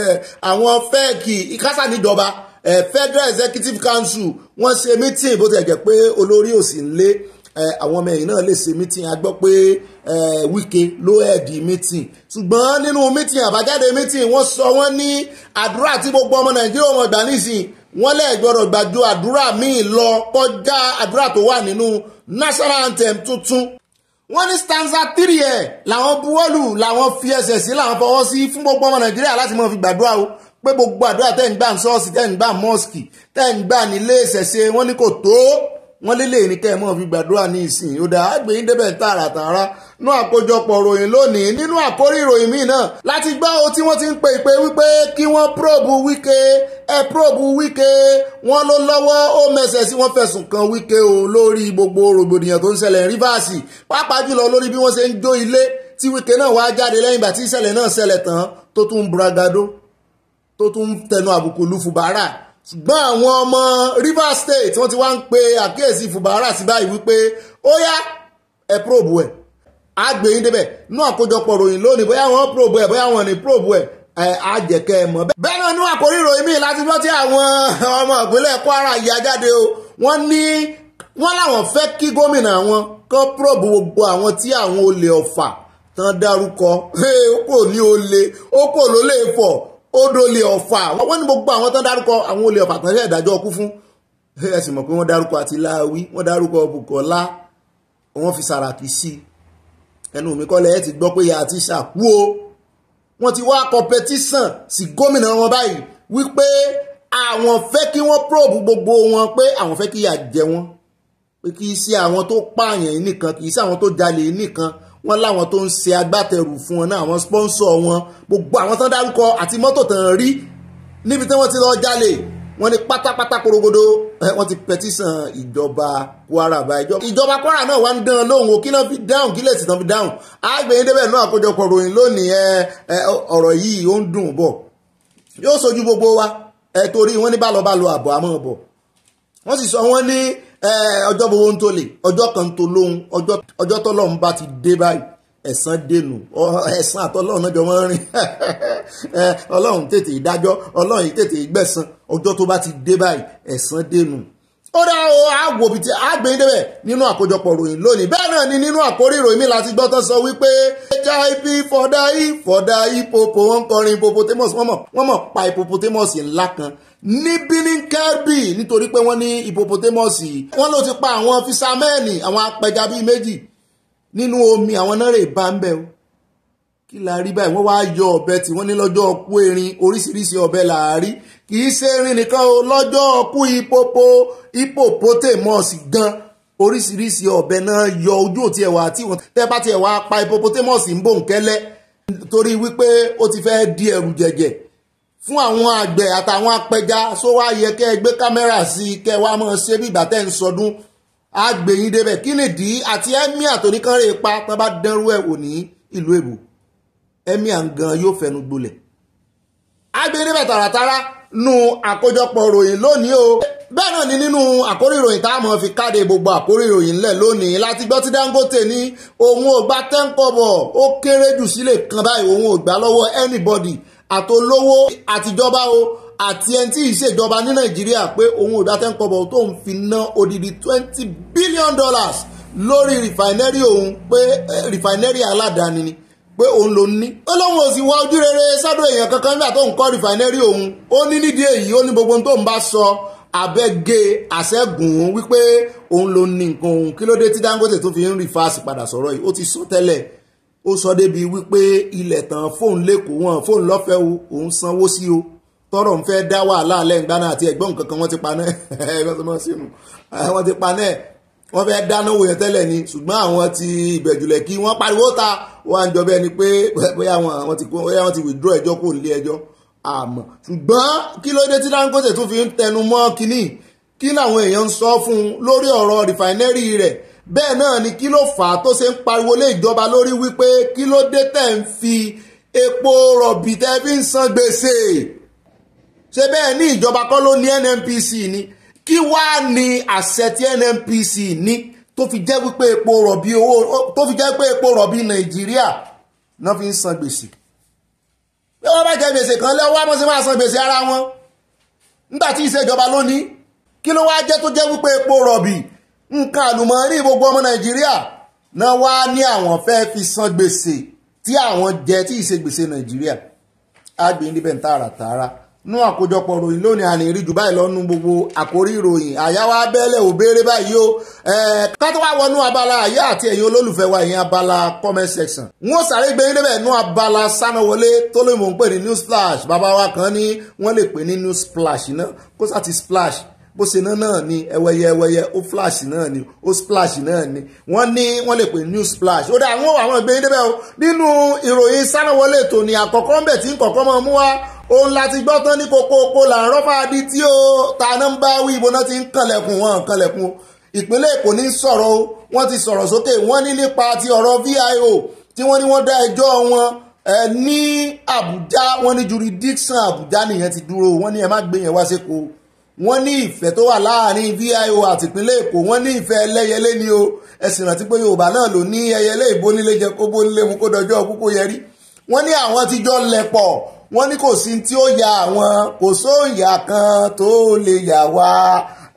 (laughs) àwọn fẹ́ẹ̀kì ìkásà níjọba Eh, federal executive council wọ́n ṣe meeting bó ti jẹ́ pé olórí ò sí nílé eh, àwọn ọmọ ẹ̀yìn náà lè ṣe meeting a gbọ́ pé eh, Wike ló ẹ̀dì meeting ṣùgbọ́n nínú meeting àbájáde meeting wọ́n sọ wọ́n ní àdúrà tí gbogbo ọmọ Nàìjíríà ọmọ ìgbà nísìnyí wọ́n lè gbọ́dọ̀ gbàjọ àdúrà míì lọ kọjá àdúrà tó wà nínú national anthem tuntun wọ́n ní stanza three ẹ̀ làwọn buwọ́lù làwọn fi ẹsẹ̀ sí làwọn fọwọ́ sí fún gbogbo ọmọ Nàìjíríà láti mọ̀ fi gbàdúrà o pé gbogbo àdúrà tẹ́ ń gbà ń ṣọ́ọ̀ṣì tẹ́ ń gbà mọ́ọ̀sì tẹ́ ń gbà nílé ìṣẹ̀ṣe wọ́n ní kò tó wọ́n lélẹ̀ ní kẹ́ ẹ̀ mọ́ fi gbàdúrà ní ìsìn òdà àgbẹ̀yìn débẹ̀ tààrà tààrà nú àkójọpọ̀ ìròyìn lónìí nínú àkórí ìròyìn míì náà láti gbá o tí wọ́n ti ń pe ìpè wípé kí wọ́n probe Wike ẹ probe Wike wọ́n ló lọ́wọ́ ó mẹsẹ̀ sí wọ́n fẹ̀sùn kan Wike o lórí gbogbo rògbòdìyàn tó ń ṣẹlẹ̀ rivers pàápàá jùlọ lórí bí wọ́n ṣe ń jó ilé tí Wike náà wá jáde lẹ́yìn ìgbà tí ìṣẹ̀lẹ̀ náà ṣẹlẹ̀ tán tó tún buragado tó tún tẹnu àbùkù lu Fubara ṣùgbọ́n àwọn ọmọ Rivers State wọ́n ti wá ń pe àkíyèsí Fubara sí báyìí wípé ó yá ẹ̀ probe ẹ̀ àgbèyìn débẹ̀ nú àkójọpọ̀ ròyìn lónìí bóyá wọ́n probe ẹ̀ bóyá wọ́n ní probe ẹ̀ àjẹkẹ́ mọ̀. bẹ́ẹ̀ náà ní àkórí ìròyìn míì láti gbọ́ tí àwọn (laughs) ọmọ ìpínlẹ̀ Kwara ya jáde o wọ́n ní wọ́n láwọn fẹ́ kí gómìnà àwọn kan probe gbogbo àwọn tí àwọn olè Ọ̀fà tán dárúkọ (laughs) ó kò ní olè ó kò lólè fọ̀ odò olè ọ̀fà wọ́n ní gbogbo àwọn tán dárúkọ àwọn olè ọ̀fà tán ṣe ìdájọ́ ọkú fún ẹ sì mọ̀ pé wọ́n dárúkọ àti láàwí wọ́n dárúkọ Bùkọ́lá wọ́n fi Sàràkí sí ẹnu mi kọ́lẹ̀ ẹ ti gbọ́ pé ya àti ṣàkú o wọ́n ti wá kọ̀pẹ́tísàn sí gómìnà wọn báyìí wípé àwọn fẹ́ kí wọ́n probe gbogbo wọn pé àwọn fẹ́ kí ìyà jẹ wọn pé kì í ṣe àwọn tó pààyàn nìkan kì í ṣe àwọn tó jalè nìkan wọ́n láwọn tó ń ṣe agbátẹrù fún wọn náà àwọn spọ́nsọ̀ wọn gbogbo àwọn tán dárúkọ àti mọ́tò tán rí níbi tí wọ́n ti lọ jalè wọ́n ní pátápátá korogodo wọ́n ti pẹtísàn ìjọba Kwara bá ìjọba Kwara náà wá ń dán lóhùn o kí náà fi dáhùn kí lẹ́sìn náà fi dáhùn àgbẹ̀yìn débẹ̀ náà àkójọpọ̀ ròyìn lónìí ọ̀rọ̀ yìí ó ń dùn bọ̀ yóò sojú gbogbo wa ẹ̀ torí wọ́n ní bá lọ bá lọ àbọ̀ àmọ́ bọ̀ wọ́n sì sọ wọ́n ní ọjọ́ gbogbo ń tó lè ọjọ́ kan tó lóhun ọjọ́ tọ́lọ́run bá ti dé báyìí ẹ̀san dènù ẹ̀san àtọ́lọ́run náà jọ wọ́n rìn (laughs) ọlọ́run tètè ìdájọ́ ọlọ́run tètè ìgbẹ̀san ọjọ́ tó bá ti dé báyìí ẹ̀san dènù. ó dá o àwòbí tí a gbé débẹ̀ nínú àkójọpọ̀ ròyìn lónìí bẹ́ẹ̀ náà ni nínú àkórí ìròyìn mi láti gbọ́ tán sọ wípé hiv fọdá i fọdá i popo wọn kọrin hippopotamus wọn mọ̀ pa hippopotamus ńlá kan ní bíníkẹ́bì nítorí pé wọ́n ní ìpòpótémọ́sì wọ́n ló ti pa àwọn fisamẹ́ẹ̀nì àwọn apẹja bíi méjì nínú omi àwọn náírà ìbá ń bẹ̀ o kí la rí báyìí wọ́n wá yọ ọ̀bẹ tí wọ́n ní lọ́jọ́ ọkú erin oríṣiríṣi ọ̀bẹ là á rí kì í ṣe erin nìkan o lọ́jọ́ ọkú ìpòpó ìpòpótémọ́sì gan oríṣiríṣi ọ̀bẹ náà yọ ojú òtí ẹ̀wà àti ìwọ̀n tẹ́ bá ti ẹ̀wà pa ìpòpótémọ́sì ń bò ń kẹ́lẹ́ torí wípé ó ti fẹ́ di ẹ̀rù jẹ̀jẹ̀ fún àwọn àgbẹ̀ àtàwọn apẹja só wá yẹ kẹ́ ẹ gbé kámẹ́rà sí i kẹ́ ẹ wá mọ̀ ṣe bí ìgbà tẹ́ ń sọdún àgbẹ̀yìn débẹ̀ kí nìdí àti ẹ́míà tó ní kán rè pa tó bá dẹ́rú ẹ̀ wò ní ìlú èbò ẹ́míà gan yóò fẹnu gbolẹ̀ àgbẹ̀yìn débẹ̀ tààràtàrà nu àkójọpọ̀ ìròyìn lónìí o bẹ́ẹ̀ náà ni nínú àkórí ìròyìn tá a mọ̀ fi káde gbogbo àkórí ìròyìn ńlẹ̀ lónìí láti gbọ́ tí Dangote ní òun ò gba tẹ́ńkọ̀bọ̀ ó kéré jù sílẹ̀ kan báyìí òun ò gbà lọ́wọ́ anybody àtolówó àtijọba o àti ẹni tí ìṣèjọba ní nàìjíríà pé òun ò dá ten kọ́bọ̀ tó ń fi ná odidi twenty billion dollars lórí rìfàìnẹ́rì òun pé eh, rìfàìnẹ́rì aládàáni ni pé òun ló ní. ó lóun ò sì wá ojú rere sọ́dọ̀ èèyàn kankan nígbà tó ń kọ́ rìfàìnẹ́rì òun ó ní nídìí èyí ó ní gbogbo tó ń bá sọ abẹ́gẹ́ àṣẹ́gun wípé òun ló ní nǹkan òun kí ló dé tí Dangote tó fi ń rìfáàsì padà sọ̀rọ̀ yìí ó ti sọ tẹ́lẹ̀ ó sọ débi wípé ilẹ̀ tán fóun lẹ́kọ̀ọ́ wọn fóun lọ́fẹ̀ẹ́ o òun sanwó sí o tọrọ ń fẹ́ dá wàhálà lẹ́ǹgbá náà àti ẹ̀gbọ́n kankan wọ́n ti pa náà (laughs) wọ́n ti pa náà wọ́n fẹ́ dáná wò yẹn tẹ́lẹ̀ ni ṣùgbọ́n àwọn ti ìbẹ̀jùlẹ̀ kí wọ́n pariwo ta wọ́n àjọ bẹ́ẹ̀ ni pé (laughs) bóyá wọ́n ti bóyá wọ́n ti withdraw ẹjọ́ kò lé ẹjọ́ àmọ́ ṣùgbọ́n kí ló dé tí Dangote tún fi ń tẹnu mọ́ kínní kí làwọn èèyàn ń sọ fún un lórí ọ̀rọ̀ rìfàìnẹ́rì rẹ̀ bẹ́ẹ̀ náà ni kí ló fà á tó ṣe ń pariwo lé ìjọba lórí wípé kí ló dé tẹ̀ ń fi epo rọ̀bì tẹ́ fi ń san gbèsè ṣé bẹ́ẹ̀ ní ìjọba kọ́ ló ní NNPC ni kí wàá ní àṣẹ tí NNPC ní tó fi jẹ́ wípé epo rọ̀bì owó tó fi jẹ́ pé epo rọ̀bì Nàìjíríà náà fi ń san gbèsè bí wọ́n bá jẹ gbèsè kan lẹ́wọ́ wọ́n sì máa san gbèsè ara wọn nígbà tí ìṣèjọba ló kí ló wáá jẹ́ tó jẹ́ wípé epo rọ̀bì nǹkan àlùmọ́ọ́rí gbogbo ọmọ nàìjíríà náà wá ní àwọn fẹ́ fi san gbèsè tí àwọn jẹ tí ìṣe gbèsè nàìjíríà àgbè e níbẹ̀ ń tààràtààrà nú àkójọpọ̀ ròyìn lónìí àníírí jù báyìí lọ́nu gbogbo àkórí ìròyìn àyáwá abẹ́lẹ̀ òbéèrè báyìí o ká wá wọnú abala àyá àti ẹ̀yin olólùfẹ́ wa ìyẹn abala comment section. n ó sáré gbé níbẹ̀ nú abala sánáwọlé tó lóyún mò ń pè ní news flash bàbá wa kan ní wọ́n lè pè ní news splash náà kó sá ti splash bó ṣe ná náà ni ẹwẹyẹ ẹwẹyẹ ó flash náà ni ó splash náà ni wọ́n ní wọ́n lè pè new splash ó dá àwọn àwọn ìgbẹ́yìn débẹ̀ o nínú ìròyìn sánáwọlé ètò ní àkọ́kọ́ ń bẹ̀ tí ń kọ̀ọ̀kan mọ́ mú wá òun láti gbọ́ tán ní kokoko là ń rọ́fà di tí ó ta náà wí ìbò náà ti ń kanlẹ̀kùn wọn kanlẹ̀kùn ìpínlẹ̀ èkó ní sọ̀rọ̀ o wọ́n ti sọ̀rọ̀ sókè wọ́n ní nípa ti ọ̀rọ̀ VIO tí wọ́n ní wọ́n dá ẹjọ́ wọn ní Àbújá wọ́n ní jurisdiction Àbújá nìyẹn ti dúró wọ́n ní ẹ má gbé yẹn wá sékòó wọ́n ní ìfẹ́ tó wà láàrin VIO àtìpínlẹ̀ Èkó wọ́n ní ìfẹ́ ẹlẹ́yẹlé ni o ẹ̀sìn rántí pé Yorùbá náà ló ní ẹyẹlé ìbónílé jẹ kó bónílé mu kó dọjọ́ kúkú yẹrí wọ́n ní àwọn ti jọ lẹ̀ pọ̀ wọ́n ní kò sí tí ó ya àwọn kò sóòyà kan tó lè yà wá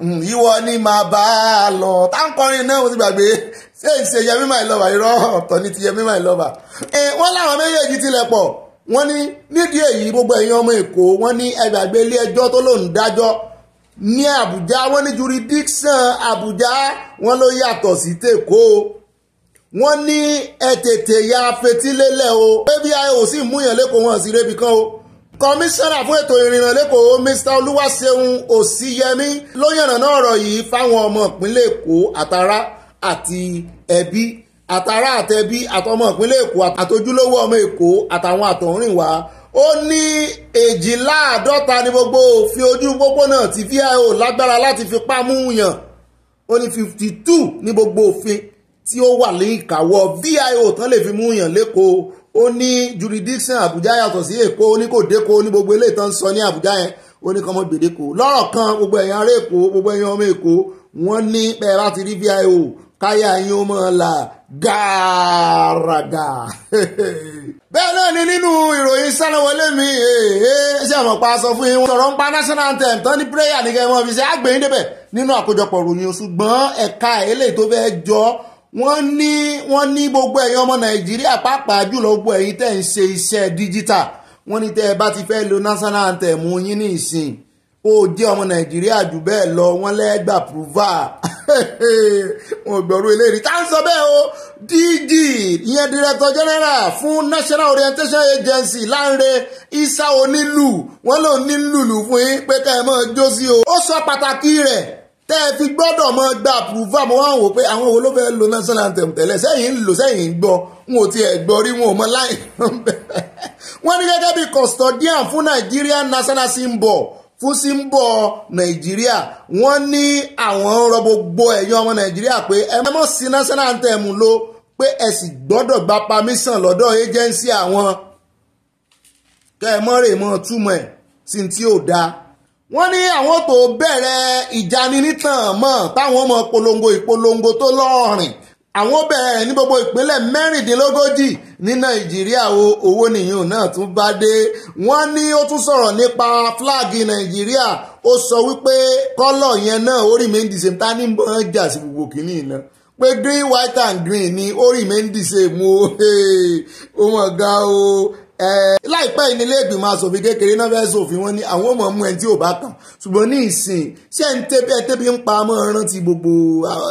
hmm, ìwọ ni màá bá a lọ táǹkọrin náà mo ti gbàgbé ṣé ìṣe Yẹmí my lover irọ́ ọ̀tọ̀ ni ti Yẹmí my lover wọ́n láwọn méjèèjì tilẹ̀ pọ̀ wọ́n ní nídìí èyí gbogbo ẹ̀yin ọmọ Èkó wọ́n ní ẹgbàgbé ilé ẹjọ́ tó lòún dájọ́ ní abuja wọ́n ní jurisdiction Àbújá wọ́n ló yàtọ̀ sí tèkó wọ́n ní ẹ ya fetílélẹ̀ o bébí ayé ò sì mú yàn lẹ́kọ̀ọ́ wọn sí rébi kan o kọmíṣánná fún ètò ìrìnnà lẹ́kọ̀ọ́ Mr Olúwaṣeun Òsíyẹmí ló yànnàná ọ̀rọ̀ yìí fáwọn ọmọ ìpínlẹ̀ Èkó àtàrà àti ẹbí àtàrà àtẹbí àtọmọ ìpínlẹ̀ Èkó àtòjúlówó ọmọ Èkó àtàwọn àtọ̀húnrìnwá ó ní èjìláàdọ́ta ni gbogbo òfin ojú pópó náà tí vio lágbára láti fi pámú yàn ó ní fifty two ní gbogbo òfin tí ó wà ní ìkàwọ́ vio tán lè fi mú yàn lẹ́kọ̀ọ́ ó ní jurisdiction àbújá yàtọ̀ sí èkó ó ní kò déko ó ní gbogbo eléyìí tán ń sọ ní àbújá yẹn ó ní kọ́mọ gbèdéko lọ́rọ̀ kan gbogbo ẹ̀yàn ará èkó gbogbo ẹ̀yàn ọmọ èkó wọ́n ní bẹ́ẹ̀ bá rí vio káyà yín ó máa là gàràgà. bẹ́ẹ̀ náà ni nínú ìròyìn sánáwọlé mi ṣé àmọ̀ pa sọ fún yín wọ́n sọ̀rọ̀ ń pa national anthem tán ní prayer nìkan ẹ̀mọ́ fi ṣe àgbẹ̀yìn débẹ̀ nínú àkójọpọ̀ ròyìn ṣùgbọ́n ẹ̀ka eléyìí tó fẹ́ jọ wọ́n ní wọ́n ní gbogbo ẹ̀yin ọmọ nàìjíríà pàápàá jùlọ gbogbo ẹ̀yin tẹ̀ ń ṣe iṣẹ́ digital wọ́n ní tẹ́ ẹ bá ti fẹ́ lo national anthem yín ní ìsìn ó jẹ́ ọmọ nàìjíríà jù bẹ́ẹ̀ lọ wọ́n lẹ́gbàá provide (laughs) wọn ò gbọ́rú eléyìí tá à ń sọ bẹ́ẹ̀ o DG ìyẹn director general fún National Orientation Agency Lánre Isa Onílù wọn lòun ní lùlù fún yín pé ká ẹ mọ̀ jó sí o ó sọ pàtàkì rẹ̀ tẹ́ ẹ fi gbọ́dọ̀ mọ gba àpùrùfà mo wọ́n wò pé àwọn owó ló fẹ́ lo national anthem tẹ́lẹ̀ sẹ́yìn ń lò sẹ́yìn ń gbọ́ n ò tiẹ̀ gbọ́ rí wọn ò mọ láì. (laughs) wọ́n ní gẹ́gẹ́ bí custodian fún Nigerian national symbol fún símbọ̀ nàìjíríà wọ́n ní àwọn rọ gbogbo ẹ̀yin ọmọ nàìjíríà pé ẹ mọ̀ sí national anthem lo pé ẹ sì gbọ́dọ̀ gba permission lọ́dọ̀ agency àwọn kẹ́ ẹ mọ̀ rè mọ̀ túmọ̀ ẹ̀ sí tí ò dáa wọ́n ní àwọn tó bẹ̀rẹ̀ ìjáni nítàn mọ́ táwọn ọmọ polongo ìpolongo tó lọ́ọ̀rìn àwọn bẹ̀rẹ̀ ní gbogbo ìpínlẹ̀ mẹ́rìndínlógójì ní nàìjíríà owó nìyẹn náà tún bá dé wọ́n ní ó tún sọ̀rọ̀ nípa fúláàgì nàìjíríà ó sọ wípé kọ́lọ̀ yẹn náà ó remain the same ta ní bọ́n jà sí gbogbo kìíní náà pé green white and green ni ó remain the same o ó mọ̀ ga o láìpẹ́ yìí nílé ìgbìmọ̀ asòfin kékeré náà fẹ́ sòfin wọn ni àwọn ọmọ ọmọ ẹ̀ tí ò bá kàn ṣùgbọ́n ní ìsìn ṣé ń tẹ́bi ń pa ọmọ rántí gbogbo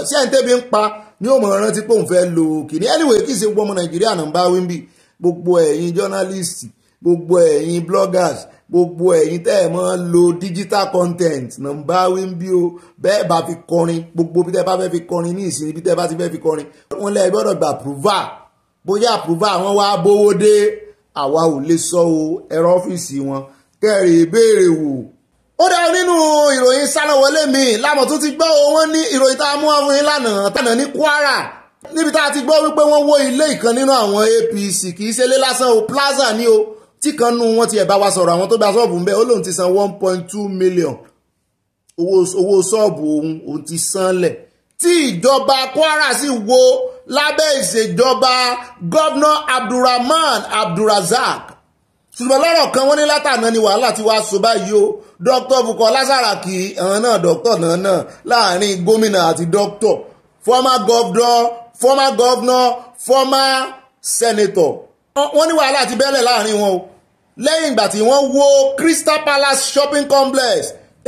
ṣé ń tẹ́bi ń pa ni ó mọ̀ rántí pé òun fẹ́ lo kìíní anyway kì í ṣe gbogbo ọmọ nàìjíríà náà ń bá wí ń bì gbogbo ẹ̀yin journalist gbogbo ẹ̀yin bloggers gbogbo ẹ̀yin tẹ́ ẹ̀ mọ́ lo digital content náà ń bá wí ń bí o bẹ́ẹ̀ bá fi kọrin gbogbo bí tẹ́ bá fẹ́ fi kọrin ní ìsìn ibi tẹ́ bá ti fẹ́ fi kọrin wọ́n lẹ́yìn gbọ́dọ̀ gba approval bóyá approval wọn wá bówó dé àwa ò lè sọ o ẹ̀rọ ọ́fíìsì wọn kẹ́rì ìbéèrè wò ó dá nínú ìròyìn sánáwọlé mi lámọ̀ tó ti gbọ́ wọ́n ní ìròyìn tá a mú ọmọ yín lánàá tànà ní Kwara níbi tá a ti gbọ́ wípé wọ́n wó ilé ìkan nínú àwọn APC kì í ṣe lé lásán o plaza ni o tí kan nú wọn ti ẹ̀ bá wa sọ̀rọ̀ àwọn tó gba ṣọ́ọ̀bù ń bẹ́ ó lóun ti san one point two million owó ṣọ́ọ̀bù òun òun ti sanlẹ̀ tí ìjọba Kwara sì wo lábẹ́ ìṣèjọba gọ́vnà Abdulrahman Abdulrazak ṣùgbọ́n lọ́rọ̀ kan wọ́n ní látàná ni wàhálà ti wá so báyìí o dókítà Bukola Saraki àwọn náà dókítà náà náà láàrin gómìnà àti dókítà former governor former governor former senator wọ́n ní wàhálà ti bẹ́lẹ̀ láàrin wọn o lẹ́yìn ìgbà tí wọ́n wó Crystal Palace shopping complex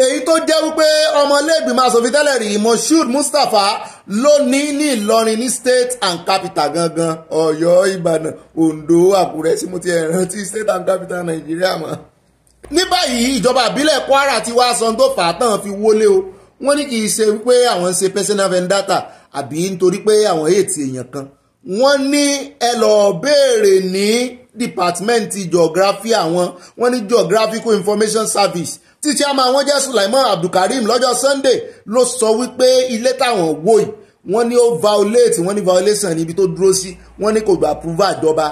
èyí tó jẹ́ wípé ọmọlẹ́gbìmọ̀ asòfin tẹ́lẹ̀ rí moshood mustapha ló ní ní ìlọrin ní state and capital gangan ọ̀yọ́ ìbàdàn oǹdó àkúrẹ́ tí mo ti rántí state and capital nàìjíríà mọ́. ní báyìí ìjọba ìbílẹ̀ kwara ti wá san tó fà á tán fi wọlé o wọ́n ní kì í ṣe wípé àwọn ń ṣe personal vendetta àbí nítorí pé àwọn èèyàn ti èèyàn kan wọ́n ní ẹ lọ́ọ́ béèrè ní dìpàtímẹ́ǹtì geography àwọn wọ́n ní geographical information service tí chairman wọn jẹ́ Sulaiman Abdulkareem lọ́jọ́ Sunday ló sọ wípé ilé táwọn wò yìí wọ́n ní ó violate wọ́n ní violation níbi tó dúró sí wọ́n ní kò gba approval ìjọba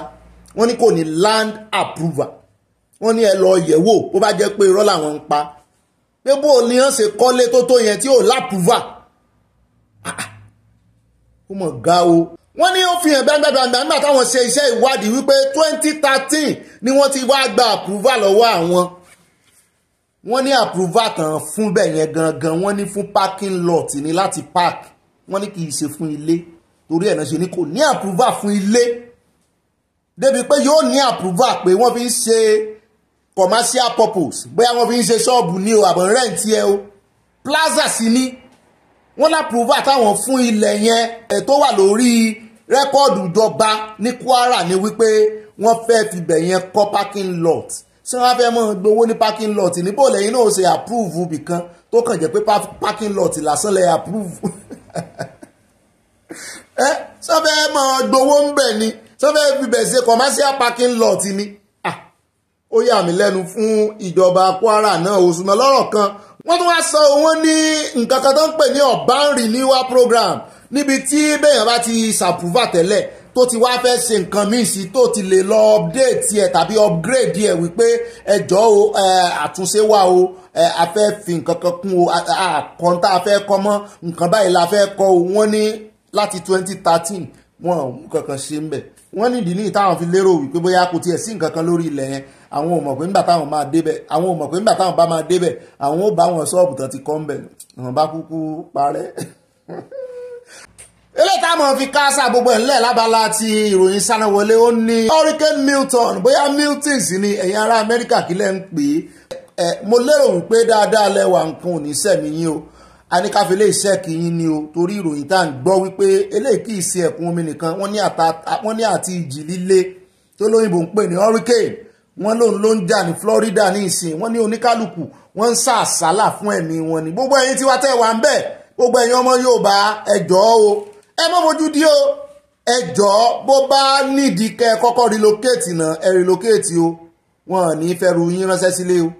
wọ́n ní kò ní land approval wọ́n ní ẹ lọ yẹ̀wò bó bá jẹ́ pé irọ́ làwọn ń pa pé bó ni wọ́n ṣe kọ́lé tó tó yẹn tí ò lápúvà ah, ah. ó mọ̀ ga o wọ́n ní ó fi hàn gbàgbàgbà nígbà táwọn ṣe iṣẹ́ ìwádìí wípé twenty thirteen ni wọ́n ti wá gba àpúrúvà lọ́wọ́ àwọn wọ́n ní àpúrúvà tán fún bẹ́ẹ̀ yẹn gangan wọ́n ní fún parking lot ní láti park wọ́n ní kì í ṣe fún ilé torí ẹ̀ náà ṣe ni kò ní àpúrúvà fún ilé débi pé yóò ní àpúrúvà pé wọ́n fi ń ṣe commercial purpose bóyá wọ́n fi ń ṣe ṣọ́ọ̀bù ní o àbọ̀ rẹ́ǹtì ẹ o plaza sí ni wọ́n lápúrúvà táwọn fún ilẹ̀ yẹn tó wà lórí rẹ́kọ́ọ̀dù ìjọba ní Kwara ni wípé wọ́n fẹ́ fi bẹ̀ yẹn kọ́ parking lot ṣé wọ́n fẹ́ mọ́ gbowó ní parking lot níbo lẹ́yìn náà ṣe approve bìkan tó kàn jẹ́ pé parking lot lásán lẹ́ approve ẹ (laughs) eh? ṣé wọ́n fẹ́ mọ́ gbowó ń bẹ̀ ni ṣé wọ́n fẹ́ fi bẹ̀ ṣe commercial parking lot ni ah, ó yà mí lẹ́nu fún ìjọba Kwara náà òṣùnà lọ́rọ̀ kan wọ́n tún wá sọ wọ́n ní nǹkan kan tó ń pè ní urban renewal program níbi tí bẹ́yàn bá ti ṣàpùvà tẹ́lẹ̀ tó ti wá fẹ́ ṣe nǹkan míì sí tó ti lè lọ update ẹ̀ tàbí upgrade ẹ̀ wípé ẹjọ́ o àtúnṣe wà o a fẹ́ fi nǹkan kan kún o àkọ́ńtà a fẹ́ kọ́ mọ́ nǹkan báyìí la fẹ́ kọ́ o wọ́n ní láti twenty thirteen wọn ò mú kankan ṣe ń bẹ̀ wọ́n nídìí ní ìtàwọn fi lérò wípé bóyá kò tiẹ̀ sí nǹkan kan lórí ilẹ̀ yẹn àwọn ò mọ̀ pé nígbà táwọn máa débẹ̀ àwọn ò mọ̀ pé nígbà táwọn bá máa débẹ̀ àwọn ò bá wọn ṣọ́ọ̀bù tán ti kọ́ ń bẹ̀ wọn bá kúkú parẹ́. (laughs) eléyìí táwọn fi káásà gbogbo ẹ̀ lábala ti ìròyìn sanáwọlé ó ní hurricane milton bóyá milton sì ni ẹ̀yin ará amẹ́ríkà kílẹ̀ ń pè é mo lérò wípé dáadáa lẹ́wà nǹkan ò ní sẹ̀mí yín o aníkàfẹ́ lè ṣẹ́ẹ̀kì yín ni o torí ìròyìn tá à ń gbọ́ wípé eléyìí kì í ṣe ẹ̀kún omi nìkan wọ́n ní àti ìjì líle tó lóyìnbó ń pè ní hurricane wọ́n lòun ló ń jà ní Florida ní ìsìn wọ́n ní oníkálukú wọ́n ń sàsálà fún ẹ̀mí wọn ni gbogbo ẹ̀yin tí wàá tẹ̀ wá ń bẹ̀ gbogbo ẹ̀yin ọmọ Yorùbá ẹ̀jọ́ o ẹ mọ́ fojú dí o ẹ jọ̀ọ́ bó bá nídìí kẹ́ ẹ relocate náà ẹ relocate o wọn ò ní fẹ́ ru yín ránṣẹ́ sílé o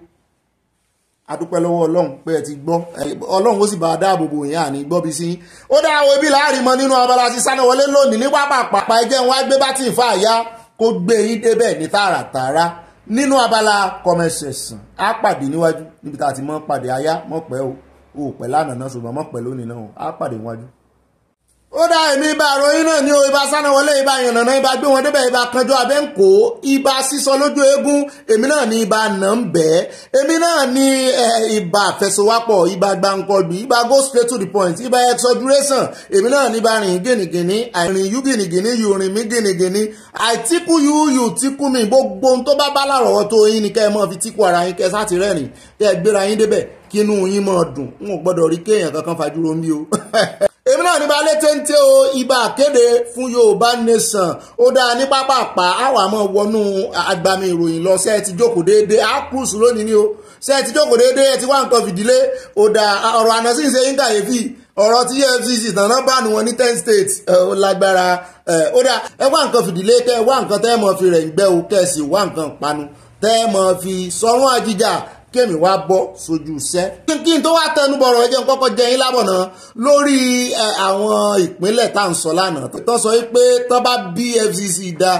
adúpẹ́ lọ́wọ́ ọlọ́run pé ẹ ti gbọ́ ọlọ́run ó sì bá a dáàbò bò yín àní gbọ́ bí sí yín ó dáwọ́ ibi láàrin mọ́ nínú abala ti sáná wọlé lónìí ní pápápá ẹjẹ́ wọn á gbé bá tì í fà yá kó gbé yín débẹ̀ ní tààràtààrà nínú abala kọmẹsẹ̀sìn á pàdé níwájú níbi tá a ti mọ́ pàdé aya mọ́ pẹ́ o ò pẹ́ lánàá náà ṣùgbọ́n mọ́ pẹ́ lónìí náà á pàdé níwájú ó dá èmi ibà àròyìn náà ní o ibà sánáwọlé ibà yànnàná ibà gbé wọn débẹ̀ ibà kanjọ abẹ́ ń kó ibà sísọ lójú eégún èmi náà ní ibà nà ń bẹ́ èmi náà ní ibà fẹsowápọ̀ ibà gbàǹkọ̀gbì ibà go straight to the point ibà exoduration èmi náà ní ibà rìn gìnìgìnì àìrìn yú gìnìgìnì yù rìn mí gìnìgìnì àìtíkù yú yù tíkù mi gbogbo ohun tó bá bá lárọ̀ọ́ tó yín ni kẹ́ ẹ mọ́ fi tíkù ara yín kẹ́ ẹ sá ti rẹ́rìn kẹ́ ẹ gbéra yín débẹ̀ kínú yín mọ̀ dùn n ò gbọ́dọ̀ rí kéèyàn kankan fajúro mi o (laughs) èmi náà ní balẹ̀ téńté o ibà kéde fún Yorùbá Nation ó dáa ní pápápá àwọn àmọ́ wọnú agbami ìròyìn lọ sẹ́ẹ̀ ti jókòó déédéé á kúrúsù lónìí ni o sẹ́ẹ̀ ti jókòó déédéé ẹ ti wá nǹkan fìdílé ó dáa ọ̀rọ̀ àná sì ń ṣe yín kàyéfì tí EFCC tàná bá wọn ní ten states ó lágbára ó dáa ẹ wá nǹkan fìdílé kẹ wá nǹkan tẹ́ mọ̀ fi rẹ̀ ń gbẹ́ o kẹ́ sì wá nǹkan panu tẹ́ mọ̀ fi sọ́run àjíjà kémi wá bọ́ sójú iṣẹ́. kí n tó wá tẹnu bọ̀rọ̀ ẹjẹ́ kọ́kọ́ jẹ yín lábọ̀nà lórí àwọn ìpínlẹ̀ tá à ń sọ lánàá tó sọ pé tó bá bí FCC dá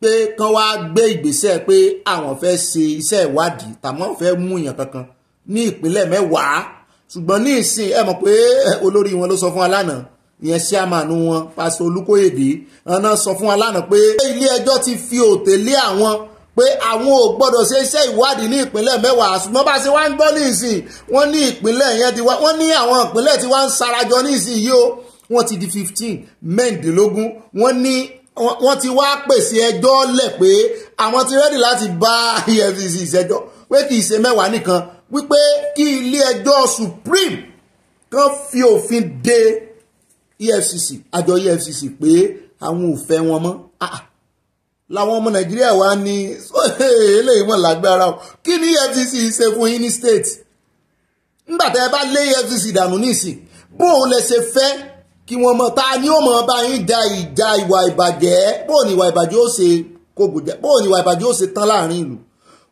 pé kán wá gbé ìgbésẹ̀ pé àwọn fẹ́ ṣe iṣẹ́ ìwádìí tàmọ́ fẹ́ mú èèyàn kankan ní ìpínlẹ̀ mẹ́wàá ṣùgbọ́n ní ìsìn ẹ mọ̀ pé olórí wọn ló sọ fún wa lánàá ìyẹn ṣíàmánu wọn pásítọ̀ Olúkóyèdè ọ̀nà sọ fún wa lánàá pé ilé ẹjọ́ ti fi òtè lé àwọn pé àwọn ò gbọ́dọ̀ ṣe iṣẹ́ ìwádìí ní ìpínlẹ̀ mẹ́wàá ṣùgbọ́n bá ṣe wá ń gbọ́ ní ìsìn wọ́n ní ìpínlẹ̀ yẹn ti wá wọ́n ní àwọn ìpínlẹ̀ tí wọ́n ń sarajọ ní ìsìn yìí o wọ́n ti di fifteen mẹ́ǹdínlógún wọ́n ní wọ́n ti wá pèsè ẹjọ́ lẹ̀ pé àwọn ti rẹ́dì láti bá EFCC ṣẹjọ́ pé kì í ṣe mẹ́wàá nìkan wípé kí ilé ẹjọ́ supreme kan fi òfin de EFCC àjọ EFCC pé àwọn ò fẹ́ wọn mọ́ ah, ah làwọn ọmọ nàìjíríà wa ní (laughs) eléyìí mọ̀ lágbára o kí ni efcc ṣe fún yín ní state nígbà tẹ́ ẹ bá lé efcc dànù nísìn bó o lè ṣe fẹ́ kí wọ́n mọ̀ ta ni ó mọ̀ bá yín da ìjà ìwà ìbàjẹ́ bó o ní ìwà ìbàjẹ́ ó ṣe kókò jẹ́ bó ìwà ìbàjẹ́ ó ṣe tán láàrin ìlú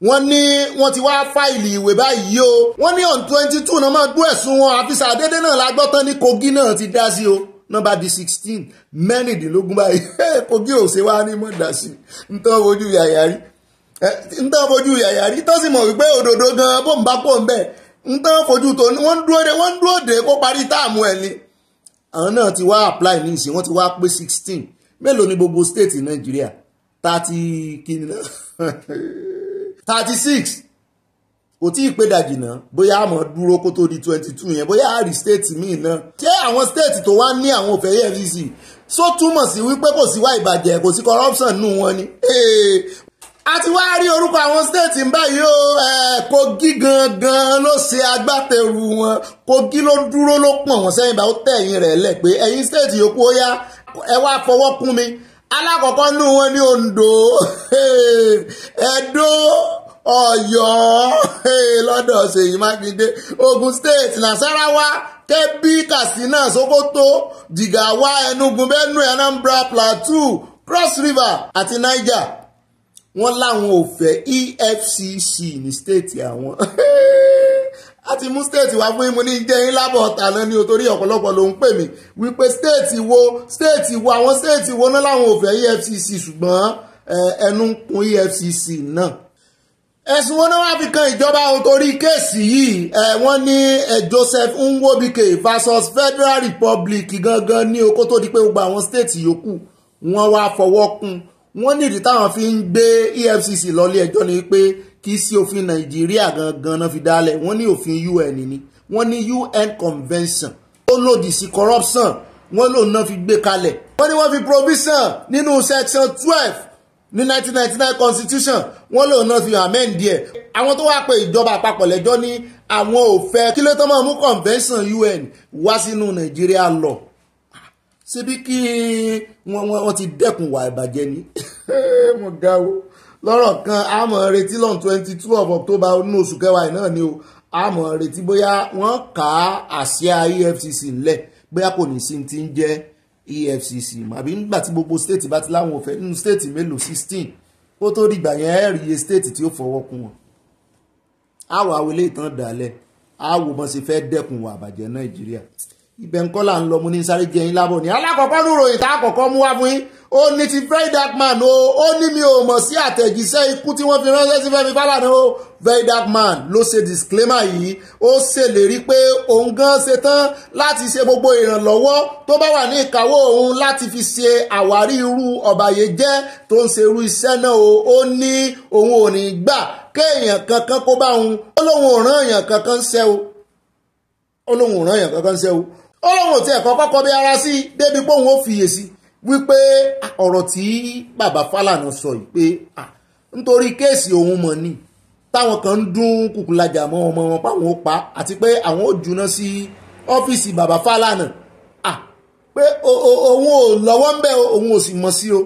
wọ́n ní wọ́n ti wá fáìlì ìwé báyìí o wọ́n ní on twenty two náà máa gbọ́ ẹ̀sùn wọn àfisà dédé náà la gbọ́ ní kogi náà ti dá sí o nọ́mbà bíi sixteen mẹ́rìndínlógún báyìí (laughs) kogi ò ṣe wá ní mọ̀dásí ntọ́ fojú yàyàrí eh, ntọ́ fojú yàyàrí tó sì mọ̀ wípé òdòdó gan bó ń bá pọ̀ ń bẹ̀ ntọ́ fojú tó wọ́n dúró de wọ́n dúró de kó parí táàmù ẹ̀ ni àwọn náà ti wá apply ní ìsìn wọ́n ti wá pé sixteen mélòó ni gbogbo state nàìjíríà thirty (laughs) thirty six kò tí ì pé dàjì náà bóyá àmọ́ dúró kó tó di twenty two yẹn bóyá àrí stéètì míì náà ṣé àwọn stéètì tó wá ní àwọn òfẹ́ EFCC só túmọ̀ sí wípé kò sí wá ìbàjẹ́ kò sí corruption nù wọn ni a ti wá rí orúkọ àwọn stéètì báyìí o Kogi gangan ló ṣe agbátẹrù wọn Kogi ló dúró ló pọ̀n wọ́n sẹ́yìn bá ó tẹ̀yìn rẹ̀ lẹ̀ pé ẹ̀yin stéètì yòókù ó yá ẹ wá fọwọ́ kún mi alákọ̀ọ́kọ́ nù wọn ní Ondo Ẹdó ọ̀yọ́ lọ́dọ̀ ṣèyí mákindé ogun state nasarawa kebbi katsina sokoto jigawa enugu benue anambra plateau cross river àti niger wọ́n láwọn ò fẹ́ efcc ní state àwọn (laughs) a ti mú state wá fún imú ní jẹ́ yín lábọ̀ tàná ní torí ọ̀pọ̀lọpọ̀ ló ń pè mí wípé state wo state wo àwọn state wo náà láwọn ò fẹ́ efcc ṣùgbọ́n eh, ẹnu ń efcc náà ẹ̀sùn wọn náà wá fi kan ìjọba torí kéèsì yìí ẹ̀ wọ́n ní Joseph Nwobike versus Federal Republic gangan ní okó tó di pé gbogbo àwọn stéètì yòókù wọ́n wá fọwọ́ kún wọ́n nídìí táwọn fi ń gbé EFCC lọ́lé ẹjọ́ ni pé kì í sí òfin Nàìjíríà gangan náà fi dálẹ̀ wọ́n ní òfin UN ni wọ́n ní UN convention ó lòdì sí corruption wọ́n lòun náà fi gbé kalẹ̀ wọ́n ní wọ́n fi provision nínú section twelve ní 1999 constitution wọ́n lòun náà fi amend díẹ̀ àwọn tó wáá pe ìjọba àpapọ̀ lẹ́jọ́ ní àwọn ò fẹ́ kí ló tó máa mú convention UN wá sínú Nàìjíríà lọ síbi kí wọ́n ti dẹ́kun wà ìbàjẹ́ ni (laughs) mo ga o lọ́rọ̀ kan a mọ̀ retí lọ́n 22 of October nínú oṣù kẹwàá náà ni o a mọ̀ retí bóyá wọ́n kà á àsíá EFCC lẹ̀ bóyá kò ní sí ti ń jẹ́ EFCC àbí nígbà tí gbogbo state bá ti láwọn ò nínú state mélòó sixteen ó tó dìgbà yẹn ẹ rí iye state tí ó fọwọ́ kún wọn àwọ̀ àwọn ilé ìtàn dàlẹ̀ àwọ̀ bọ́n ṣe fẹ́ dẹ́kun wà bàjẹ́ Nàìjíríà ibẹ̀ ńkọ́ là ń lọ mú ní sáré jẹyìn lábọ̀ ní alákọ̀ọ́kọ́ nù ròyìn tá àkọ́kọ́ mú wá fún yín ó ní ti very dark man o ó ní mi ò mọ̀ sí àtẹ̀jíṣẹ́ ikú tí wọ́n fi ránṣẹ́ sí Fẹ́mi Fálànà o very dark man ló ṣe disclaimer yìí ó ṣèlérí pé òun gan ṣetán láti ṣe gbogbo ìrànlọ́wọ́ tó bá wà ní ìkáwọ́ òun láti fi ṣe àwárí irú ọ̀bàyéjẹ́ tó ń ṣe irú iṣẹ́ náà o ó ní òun ò ní gbà kéèyàn kankan kó bá òun ó lóun ò rán èèyàn kankan ṣẹ́ o ó lóun ò rán èèyàn kankan ṣẹ́ o ó lóun ò tiẹ̀ kọ́kọ́ kọ́ bí ara sí débi pé òun ó fiyèsí wípé ọ̀rọ̀ tí bàbá Fálànà sọ yìí pé nítorí kéèsì òun mọ̀ ni táwọn kan ń dún kùkùnlájà mọ́ ọmọ wọn páwọn ó pa àti pé àwọn ó juná sí ọ́fíìsì bàbá Fálànà pé òun ò lọ́wọ́ ń bẹ̀ òun ò sì mọ̀ sí o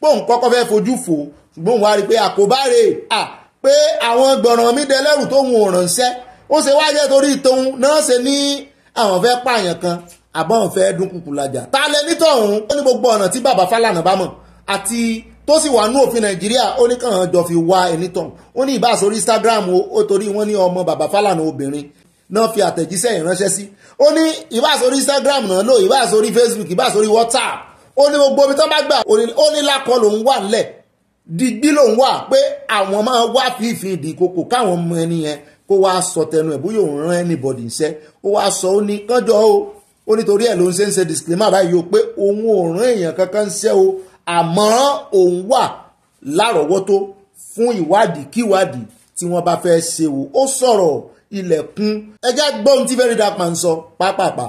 bóun kọ́kọ́ fẹ́ fojú fò ṣùgbọ́n òun wá rí i pé àkóbáre à pé àwọn gbọ̀ràn mi dẹlẹ́rù tóun ò ránṣẹ́ ó ṣe wáyé torí tóun náà ṣe ní àwọn fẹ́ pààyàn kan àbọ̀n fẹ́ dúnkùkù lajà ta lẹ nítọ̀hún ó ní gbogbo ọ̀nà tí bàbá Fálànà bá mọ̀ àti tó sì wà ní òfin Nàìjíríà ó ní kàn jọ fi wá ẹnítọ̀hún ó ní ìbá sórí Instagram ó torí wọ́n ní ọmọ bàbá Fálànà obìnrin náà fi àtẹ̀jíṣẹ́ ìránṣẹ́ sí ó ní ìbá sórí Instagram náà lò ìbá sórí Facebook ìbá sórí WhatsApp ó ní gbogbo omi tó bá gbà ó ní lákọ lòun wà nílẹ̀ digbí lòun wà pé àwọn máa wá fífi ìdìkòkò káwọn ọmọ ẹni yẹn kó wá sọ tẹnu ẹ̀ bóyá òun rán anybody iṣẹ́ ó wá sọ ó ní kánjọ́ o ó nítorí ẹ̀ ló ń ṣe ń ṣe disclaimer báyìí o pé òun ò rán èèyàn kankan ń o àmọ́ òun wà lárọ̀ọ́wọ́tó fún ìwádìí kíwádìí tí wọ́n bá fẹ́ ṣe o ó sọ̀rọ̀ ilẹ̀kùn ẹjẹ́ gbọ́n tí very dark man sọ pápápá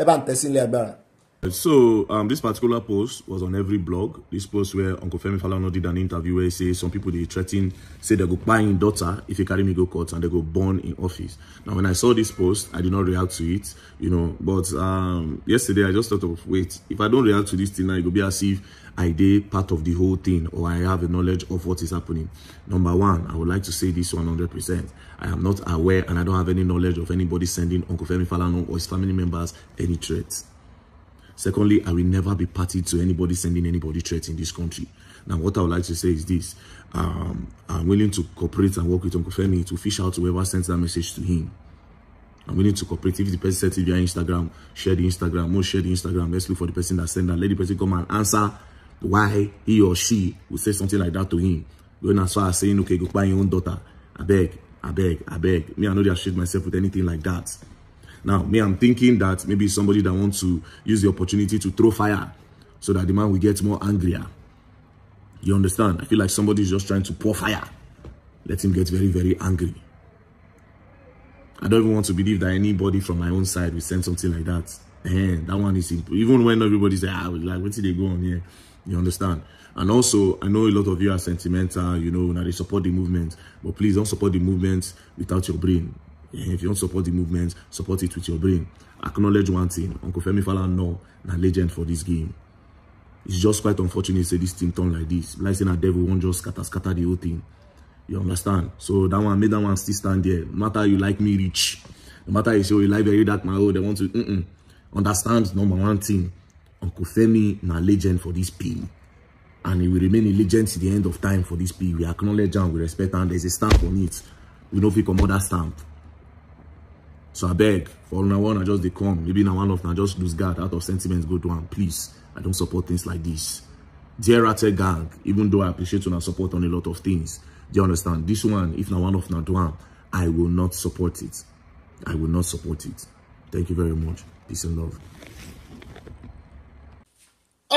ẹ bá ń tẹ̀sí ilé agbára. So um, this particular post was on every blog. This post where Uncle Femi Falana did an interview where he says some people they threaten, say they go buy in daughter if he carry me go court and they go burn in office. Now when I saw this post, I did not react to it, you know. But um, yesterday I just thought of wait, if I don't react to this thing now, it will be as if I did part of the whole thing or I have a knowledge of what is happening. Number one, I would like to say this 100%. I am not aware and I don't have any knowledge of anybody sending Uncle Femi Falana or his family members any threats. Secondly, I will never be party to anybody sending anybody threats in this country. Now, what I would like to say is this. Um, I'm willing to cooperate and work with Uncle Femi to fish out whoever sends that message to him. I'm willing to cooperate. If the person sent it via Instagram, share the Instagram, most share the Instagram. Let's look for the person that sent that. Let the person come and answer why he or she would say something like that to him. Going as far as saying, okay, go buy your own daughter. I beg, I beg, I beg. Me, I know they have shit myself with anything like that. Now, me, I'm thinking that maybe somebody that wants to use the opportunity to throw fire so that the man will get more angrier. You understand? I feel like somebody's just trying to pour fire. Let him get very, very angry. I don't even want to believe that anybody from my own side will send something like that. And eh, that one is even when everybody's like, ah, like, what did they go on here? You understand? And also, I know a lot of you are sentimental, you know, now they support the movement, but please don't support the movement without your brain. Eh, if you don't support the movement support it with your brain acknowledge one thing uncle femi falana na legend for this game it's just quite unfortunate say this team turn like this. like say na devil wan just scatter scatter the whole thing you understand so that one make that one still stand there no matter you like me rich, no matter you say oh you like very dark my own oh, they want to mm -mm. understand number one thing uncle femi na legend for this pin and he will remain a legend to the end of time for this pin we acknowledge am we respect and there's a stamp on it we no fit comot dat stamp so I beg for una one i just dey come maybe na one of na just lose guard out of sentiments go to am please i don't support things like this dear Rate gang even though i appreciate una support on a lot of things do you understand this one if na one of na do am i will not support it i will not support it thank you very much peace and love.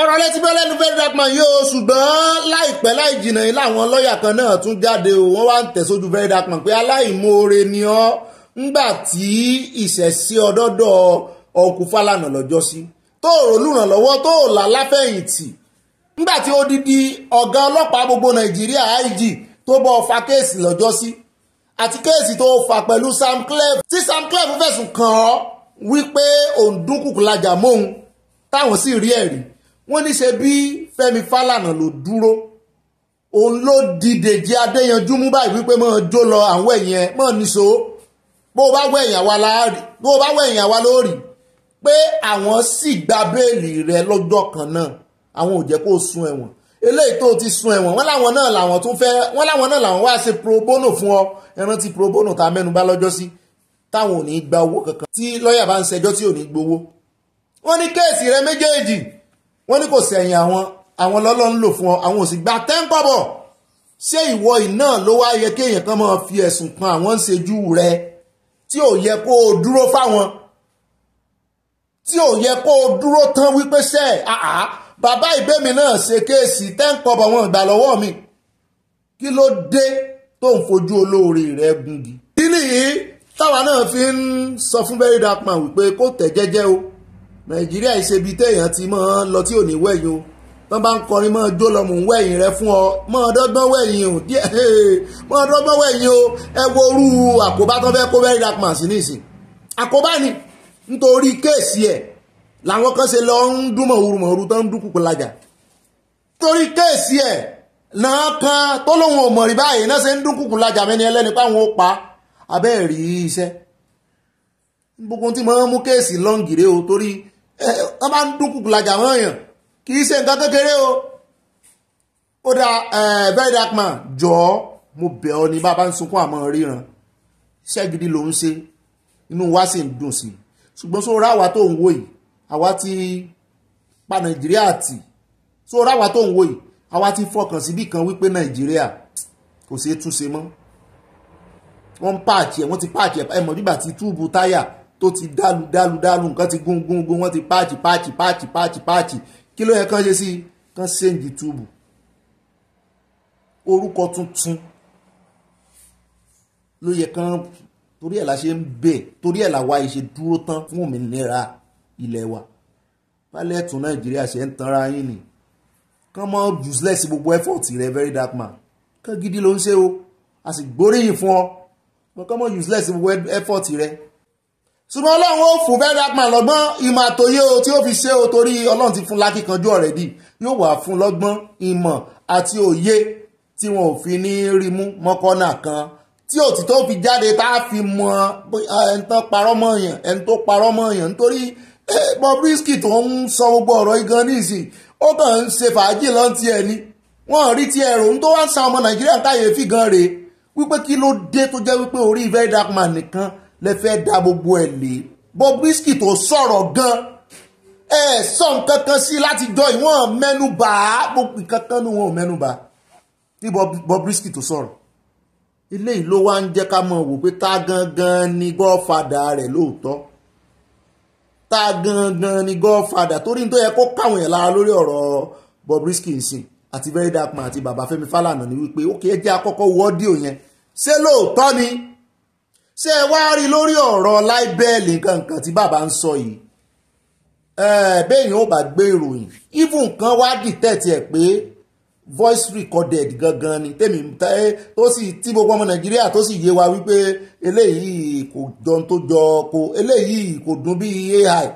ọ̀rọ̀ létí bẹ́ẹ̀ lẹ́nu fẹ́ẹ́ dàgbà yóò ṣùgbọ́n láìpẹ́ láì jìnnà yìí láwọn lọ́ọ̀yà kan náà tún jáde o wọ́n wá ń tẹ̀ sójú fẹ́ẹ́ dàgbà pé aláìmoore ni ọ́ ńgbà tí ìṣẹ̀sí ọdọ́dọ̀ ọkù Fálànà lọ́jọ́ sí tó rólùrànlọ́wọ́ tó là láfẹ̀yìntì ńgbà tí odidi ọ̀gá ọlọ́pàá gbogbo Nàìjíríà IG tó bọ́ fa kéèsì lọ́jọ́ sí àti kéèsì tó fà pẹ̀lú Sam Clef tí Sam Clef fẹ̀sùn kàn ọ́ wípé òun dúnkùkù lajà mọ́hun táwọn sì rí ẹ̀rí wọ́n ní ṣe bí Fẹ́mi Fálànà ló dúró òun ló dìde jẹ́ Adéyanjú mú báyìí wípé mọ́ jó lọ àwọn ẹ̀yẹn mọ́ níṣó bó o bá wọ èèyàn wa láàrí bó o bá wọ èèyàn wa lórí pé àwọn sì gba béèlì rẹ lọ́jọ́ kan náà àwọn ò jẹ́ kó o sun ẹ̀wọ̀n eléyìí tó ti sun ẹ̀wọ̀n wọ́n láwọn náà làwọn tún fẹ́ wọ́n láwọn náà làwọn wá ṣe pro bono fún ọ ẹran ti pro bono ta mẹ́nu bà lọ́jọ́ sí táwọn ò ní gba owó kankan tí lọ́ọ̀yà bá ń ṣẹjọ́ tí ò ní gbowó wọ́n ní kéèsì rẹ méjèèjì wọ́n ní kò sẹ̀yìn àwọn àwọn lọ́lọ́ ń lò fún ọ àwọn ò sì gba tẹ́ńkọ́bọ̀ ṣé ìwọ iná ló wá yẹ kéèyàn kan máa fi ẹ̀sùn kan àwọn ń ṣejú rẹ tí ò yẹ kó o dúró fáwọn tí ò yẹ kó o dúró tán wípé ṣe àá bàbá ìbémi náà ṣe kéèsì tẹ́ǹkọ̀bọ̀ wọn ìgbà lọ́wọ́ mi kí ló dé tó ń fojú olóore rẹ gungi. kí nìyí táwa náà fi ń sọ fún very dark man wípé kó tẹ̀ jẹ́jẹ́ o nàìjíríà ìṣebi téèyàn ti máa ń lọ tí ò ní wẹ̀yìn o wọ́n bá ń kọrin mọ́ ọjọ́ lọ mò ń wẹ̀yìn rẹ fún ọ mọ́ ọdọ́gbọ́n wẹ̀yìn o díẹ̀ eh, mọ́ ọdọ́gbọ́n wẹ̀yìn o ẹ wo àkóbá tó fẹ́ kó very dark man sí nísìn àkóbá ni nítorí kéèsì ẹ̀ làwọn kan ṣe lọ ń dúnmọ̀ orúmọ̀ orú tó ń dún kúkú lajà nítorí kéèsì ẹ̀ náà kan tó lóun ò mọ̀ rí báyìí náà ṣe ń dún kúkú lajà mẹ́ni ẹlẹ́ni páwọn ó pa abẹ́ẹ̀ rí iṣẹ́ gbogbo tí mo mú kéèsì lọ́ngìrè o torí ẹ eh, wọ́n bá ń dún kúkú lajà wọ́n yàn kì í ṣe nǹkan kékeré o ó da eh, very dark man jọ̀ọ́ mo bẹ̀ ọ́ ní bàbá ń sunkún àmọ́ ríran iṣẹ́ gidi ló ń ṣe inú wa sì ń dùn sí i ṣùgbọ́n sóra àwa tó ń wò yìí àwa ti pa nàìjíríà tì sóra àwa tó ń wò yìí àwa ti fọkàn síbì kan wípé nàìjíríà kò ṣeé túnṣe mọ́ wọ́n ń páàkì ẹ̀ wọ́n ti páàkì ẹ̀ mọ̀ nígbà tí túùbù táyà tó ti dálu dálu dálu nǹkan ti gún gún gún wọ́n ti páàkì páàkì páàkì páàkì páàkì kí ló yẹ kán ṣe sí kán ṣéǹjì túùbù orúkọ tuntun ló yẹ kán torí ẹ̀ la ṣe ń bẹ̀ torí ẹ̀ la wá ìṣe dúró tán fún òmìnira ilẹ̀ wa pálẹ̀tù nàìjíríà ṣe ń tanra yín ni kán mọ́ useless gbogbo effort rẹ very dark man kán gidi ló ń ṣe o a sì gbóríyìn fún ọ kán mọ́ useless gbogbo effort rẹ ṣùgbọ́n ọlọ́run ó fún bẹ́ẹ̀ dápọ̀ lọ́gbọ́n ìmọ̀ àtòyé o tí ó fi ṣe o torí ọlọ́run ti fún lákìkanjú ọ̀rẹ́ dì yóò wà fún lọ́gbọ́n ìmọ̀ àti òye tí wọn ò fi ní rí mú mọ́kànnà kan tí òtítọ́ fi jáde tá a fi mọ ẹni tó parọ́ mọ́ èèyàn ẹni tó parọ́ mọ́ èèyàn nítorí Bobrisky tó ń sọ gbogbo ọ̀rọ̀ igan nísìn ó kàn ń ṣe fàájì lọ́ntì ẹni wọ́n rí ti ẹ̀rù tó wá ń sa ọmọ Nàìjíríà táyé fi gan rèé wípé kí ló dé tó jẹ́ wípé orí Verydarkman nìkan lẹ fẹ́ da gbogbo ẹ̀ lé Bobrisky tó sọ̀rọ̀ gan ẹ sọ nǹkan kan sí láti jọ ìwọ̀n mẹ́nubà gbogbo kankan ní wọn ò mẹ́nubà tí Bobrisky tó sọ̀rọ̀ eléyìí ló wá ń jẹ́ ká mọ̀ wò pé ta gangan ni gọ́ọ̀fàdà rẹ̀ lóòótọ́ ta gangan ni gọ́ọ̀fàdà torí tó yẹ kó káwọn yẹn lára lórí ọ̀rọ̀ Bobrisky ń sìn àti very dark man àti bàbá Fẹ́mi Fálànà ni wípé ó kì í jẹ́ àkọ́kọ́ wọ́ọ́dì òyìn ṣé lóòótọ́ ni ṣé ẹ wá rí lórí ọ̀rọ̀ láìbẹ́ẹ̀lì nǹkan nǹkan tí bàbá ń sọ yìí bẹ́ẹ̀yìn ó bá gbé ìròyìn even nǹkan wá dìtẹ́ẹ̀tì ẹ̀ pé voice recorded gangan ni tèmi tó sì tí gbogbo ọmọ nàìjíríà tó sì yé wa wípé eléyìí kò jọ tó jọ kò eléyìí kò dún bí ai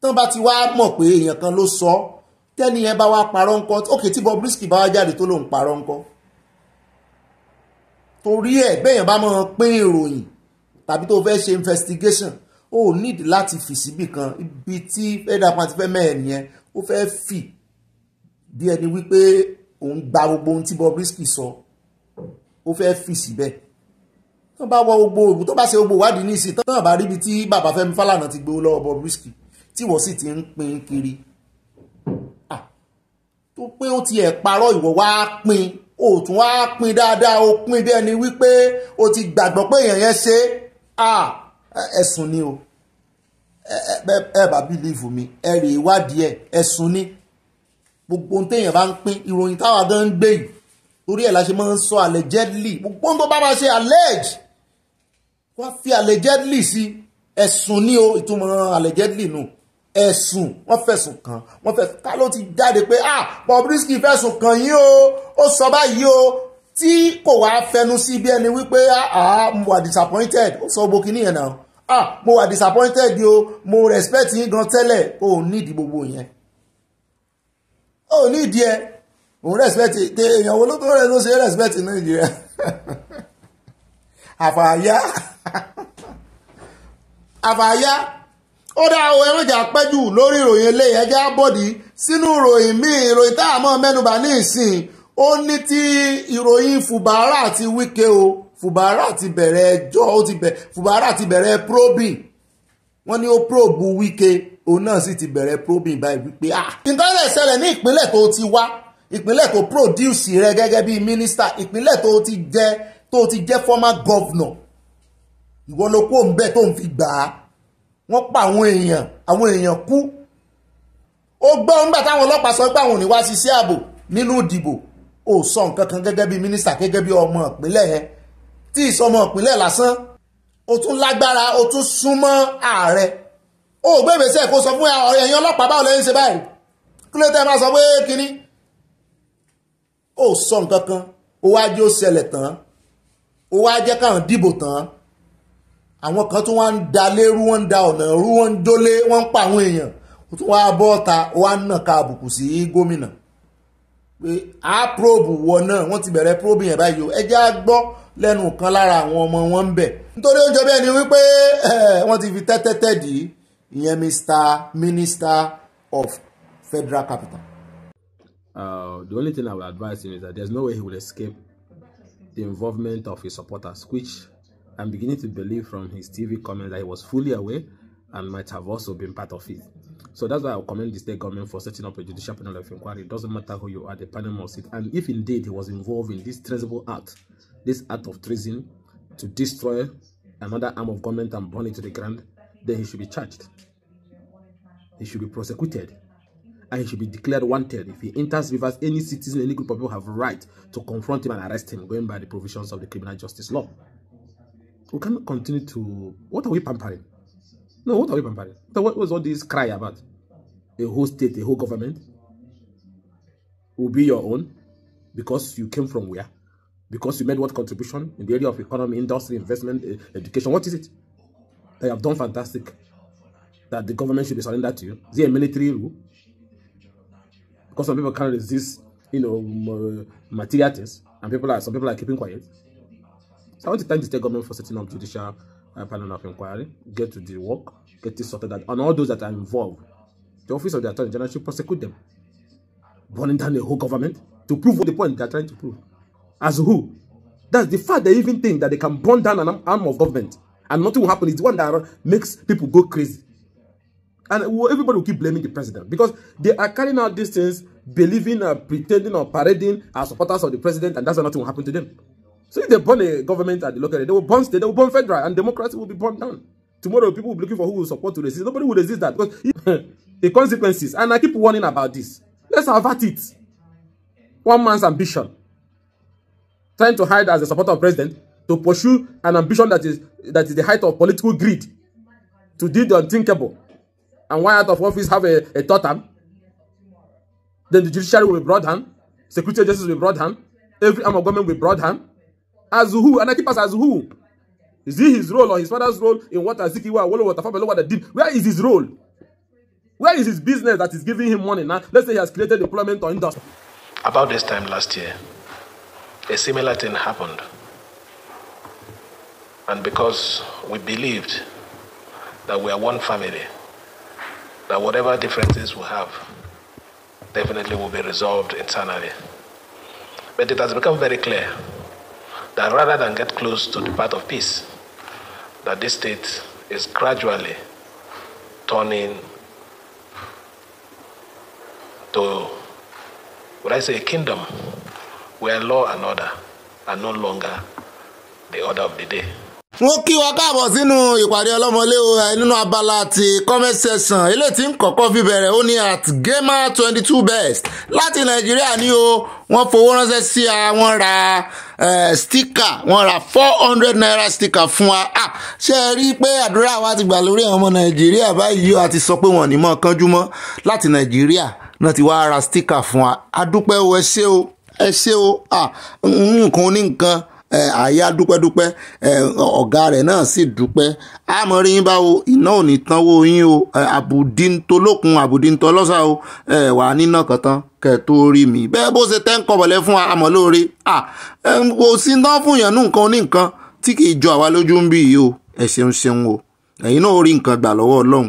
tán bá ti wá mọ̀ pé èèyàn kan ló sọ tẹ́ni yẹn bá wá parọ́ ńkọ́ òkè tí Bobrisky bá wá jáde tó lóun parọ́ ńkọ́ torí ẹ̀ bẹ́yàn bá mọ̀ pín ìròyìn tàbí tó fẹ́ ṣe investigation ó nídìí láti fi síbì kan ibi tí federal pan ti fẹ́ mẹ́rin yẹn ó fẹ́ fì bí ẹni wípé òun gba gbogbo ohun tí Bobrisky sọ ó fẹ́ fì síbẹ̀ tó bá wọ gbogbo òògùn tó bá ṣe gbogbo ìwádìí ní ìsìn tán bá ríbi tí bàbá Fẹ́mi Fálànà ti gbowó lọ́wọ́ Bobrisky tí wọ́n sì ti ń pín kiri tó pé ó ti ẹ̀ parọ́ ìwọ wá pín O tún wá pin dáadáa ó pin bí ẹni wípé ó ti gbàgbọ́ pé èèyàn yẹn ṣe ẹ̀sùn ni o ẹ bá bílíìfù mi ẹ rè ìwádìí ẹ ẹ̀sùn ni gbogbo ohun téèyàn bá ń pín ìròyìn táwa gan ń gbé yìí torí ẹ̀ la ṣe máa ń sọ allegedly gbogbo ohun tó bá máa ṣe allege wá fi allegedly sí ẹ̀sùn ni o ìtumọ̀ allegedly nù. No ẹ̀sùn wọ́n fẹ̀sùn kàn wọ́n fẹ́ ká ló ti jáde pé ah Bobrisky fẹ̀sùn kan yín o ó sọ báyìí o tí kò wá fẹnu sí bí ẹni wípé ah, ah mo wà disappointed ó sọ gbogbo kìíní yẹn náà ah mo wà disappointed o mo respect yín gan tẹ́lẹ̀ o ò nídìí gbogbo yẹn o ò nídìí ẹ òun respect te èèyàn wo ló tó rẹ ló ṣe respect nàìjíríà àfààyà àfààyà ó dá o ẹrọ̀jà pẹ́jù lórí ìròyìn ilé ẹja bọ́dì sínú ìròyìn míì ìròyìn tá a mọ̀ mẹ́nubà ní ìsìn ó ní tí ìròyìn fùbárà àti wíkẹ́ o fùbárà ti bẹ̀rẹ̀ ẹjọ́ ó ti bẹ̀rẹ̀ fùbárà ti bẹ̀rẹ̀ probing wọ́n ní ó probe wíkẹ́ òun náà sì ti bẹ̀rẹ̀ probing báyìí wípé ah. nǹkan lè ṣẹlẹ̀ ní ìpínlẹ̀ tó ti wá ìpínlẹ̀ tó produce rẹ gẹ́gẹ́ bí minister ìpínlẹ̀ tó ti jẹ́ tó ti jẹ́ former governor ìwọ ló kó ń bẹ́ẹ̀ tó ń fi gbà á wọ́n pa àwọn èèyàn àwọn èèyàn kú ó gbọ́ nígbà táwọn ọlọ́pàá sọ pé àwọn ò ní wá ṣiṣẹ́ ààbò nínú ìdìbò ó sọ nǹkan kan gẹ́gẹ́ bí mínísítà gẹ́gẹ́ bí ọmọ ìpínlẹ̀ ẹ tí ìsọmọ ìpínlẹ̀ lásán ó tún lágbára ó tún súnmọ́ ààrẹ ó gbé ìgbésẹ̀ kó sọ fún ẹ̀yin ọlọ́pàá báwo lẹ́yìn ṣe báyìí kí ló tẹ́ máa sọ pé kínní ó sọ nǹkan kan ó wá jẹ́ ó ṣẹlẹ̀ tán ó wá jẹ́ káwọn dìbò tán àwọn kan tún wá ń da lérú wọ́n ń da ọ̀nà rú wọ́n ń dólé wọ́n ń pa àwọn èèyàn ó tún wá bọ́ ta ó wá nà ká àbùkù sí gómìnà pé a probe wọ náà wọ́n ti bẹ̀rẹ̀ probe yẹn báyìí o ẹjẹ́ á gbọ́ lẹ́nu kan lára àwọn ọmọ wọn ń bẹ̀ nítorí oúnjẹ bẹ́ẹ̀ ni wípé eh, wọ́n ti fi tẹ́tẹ́tẹ́ dì í ìyẹn Mr. Minister of Federal Capital. Uh, the only thing I will advise him is that there's no way he will escape the involvement of his supporters, which I'm beginning to believe from his TV comments that he was fully aware and might have also been part of it. So that's why I commend the state government for setting up a judicial panel of inquiry. It doesn't matter who you are, the panel must sit. And if indeed he was involved in this treasonable act, this act of treason to destroy another arm of government and burn it to the ground, then he should be charged. He should be prosecuted. And he should be declared wanted. If he enters Rivers, any citizen, any group of people have right to confront him and arrest him, going by the provisions of the criminal justice law we cannot continue to. What are we pampering? No, what are we pampering? What was all this cry about? A whole state, a whole government will be your own because you came from where? Because you made what contribution in the area of economy, industry, investment, education? What is it? They have done fantastic. That the government should be surrendered to you. Is it a military rule? Because some people can't resist, you know, uh, material things, and people are some people are keeping quiet. So I want to thank the state government for setting up judicial uh, panel of inquiry, get to the work, get this sorted out, and all those that are involved. The office of the attorney general should prosecute them, burning down the whole government to prove what the point they are trying to prove. As who? That's the fact they even think that they can burn down an arm of government and nothing will happen. It's one that makes people go crazy. And everybody will keep blaming the president because they are carrying out these things, believing, and uh, pretending, or parading as supporters of the president, and that's why nothing will happen to them. So if they burn a government at the local, level, they will burn state, they will burn federal, and democracy will be burned down. Tomorrow, people will be looking for who will support to resist. Nobody will resist that because (laughs) the consequences. And I keep warning about this. Let's avert it. One man's ambition, trying to hide as a supporter of president, to pursue an ambition that is that is the height of political greed, to do the unthinkable, and why out of office have a, a third Then the judiciary will be brought down, security justice will be brought down, every arm of government will be brought down. As who? us as who? Is he his role or his father's role in what Azikiwa, Wolo, Watafa, Belowa, did? Where is his role? Where is his business that is giving him money now? Let's say he has created employment or industry. About this time last year, a similar thing happened. And because we believed that we are one family, that whatever differences we have definitely will be resolved internally. But it has become very clear that rather than get close to the path of peace, that this state is gradually turning to, would I say, a kingdom where law and order are no longer the order of the day. wọ́n kí wa káàbọ̀ sínú ìpàdé ọlọ́mọlé o nínú abala ti comment section eléyìí tí ń kọ́kọ́ fi bẹ̀rẹ̀ ó ní at gamer twenty two best láti nàìjíríà ní o wọ́n fowó ránṣẹ́ sí a wọ́n ra stika wọ́n ra four hundred naira stika fún wa ah, ṣé ẹ rí i pé àdúrà wa ti gbà lórí àwọn ọmọ nàìjíríà báyìí ó àti sọ pé wọn ò ní mọ̀ kánjú mọ́ láti nàìjíríà náà ti wá ra stika fún wa adúpẹ́ o ẹ ṣé o ẹ ṣé o ah, nǹkan oníǹkan àyà dúpẹ́dúpẹ́ ọ̀gá rẹ̀ náà sì dúpẹ́ àmọ́ rí yín báwo iná ò ní tanwó yín o àbùdíntolókun àbùdíntolọ́sà o wà nínà kan kẹ̀tó rí mi bẹ́ẹ̀ bó ṣe tẹ́ ń kọ̀bọ̀lẹ́ fún wa àmọ́ lóore kò sí tán fún yàn ní nǹkan oníkan tí kì jọ àwa lójú ń bí yìí o ẹ ṣeun ṣeun o ẹ̀yin náà rí nǹkan gbà lọ́wọ́ ọlọ́run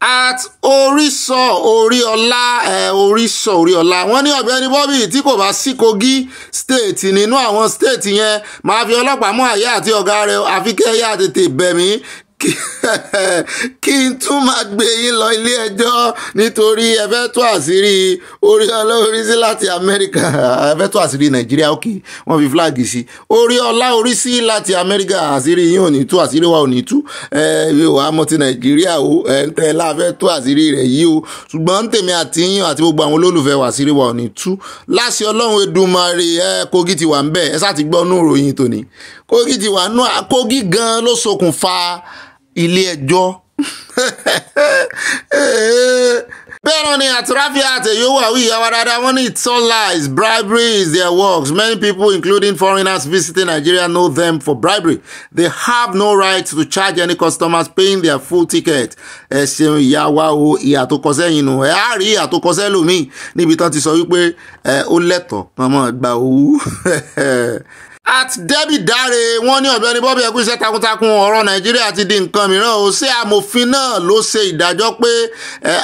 at orísọ oríọlá ẹ orísọ oríọlá wọ́n ní ọ̀gbẹ́ni Bobby tí kò bá sí Kogi state nínú àwọn state yẹn máa fi ọlọ́pàá mú àyà àti ọ̀gá rẹ̀ àfi kẹ́ ẹ̀yà tètè bẹ̀mí (laughs) kí n tún máa gbé yín lọ ilé ẹjọ́ nítorí ẹ fẹ́ tú àṣírí Oríọlá Orísí láti Amẹ́ríkà ẹ fẹ́ tú àṣírí Nàìjíríà òkè wọ́n fi flag sí Oríọlá Orísí láti Amẹ́ríkà àṣírí yín ò ní tú àṣírí wa ò ní tú ẹ wà á mọ ti Nàìjíríà o ẹ ń tẹ́ láfẹ́ tú àṣírí rẹ̀ yìí o ṣùgbọ́n ń tèmi àti yín àti gbogbo àwọn olólùfẹ́ wa àṣírí wa ò ní tú láṣẹ Ọlọ́run Èdùmàrè ẹ Kogi ti wà ń bẹ̀ Kogi ti wà nù Kogi gan ló ṣokùnfà ilé ẹjọ́ (laughs) bẹ́ẹ̀ náà ni àtúráfíà àtẹ̀yẹ́wò àwọn ìyàwó dáadáa wọ́n ní it's all lies bribery is their works many people including foreigners visiting Nigeria know them for bribery they have no right to charge any customers paying their full ticket ẹ ṣeun ìyá wa o ìyà tó kọ sẹ́yìn nù ẹ á rí ìyà tó kọ sẹ́lòmíì níbi tán ti sọ wípé ẹ ó lẹ́tọ̀ọ́ mọ́mọ́ gba owó (laughs) at Debbie Dare wọ́n ní ọ̀gbẹ́ni Bobby ẹkú iṣẹ́ takuntakun ọ̀rọ̀ Nàìjíríà ti di nǹkan mìíràn o ṣé amòfin náà ló ṣe ìdájọ́ pé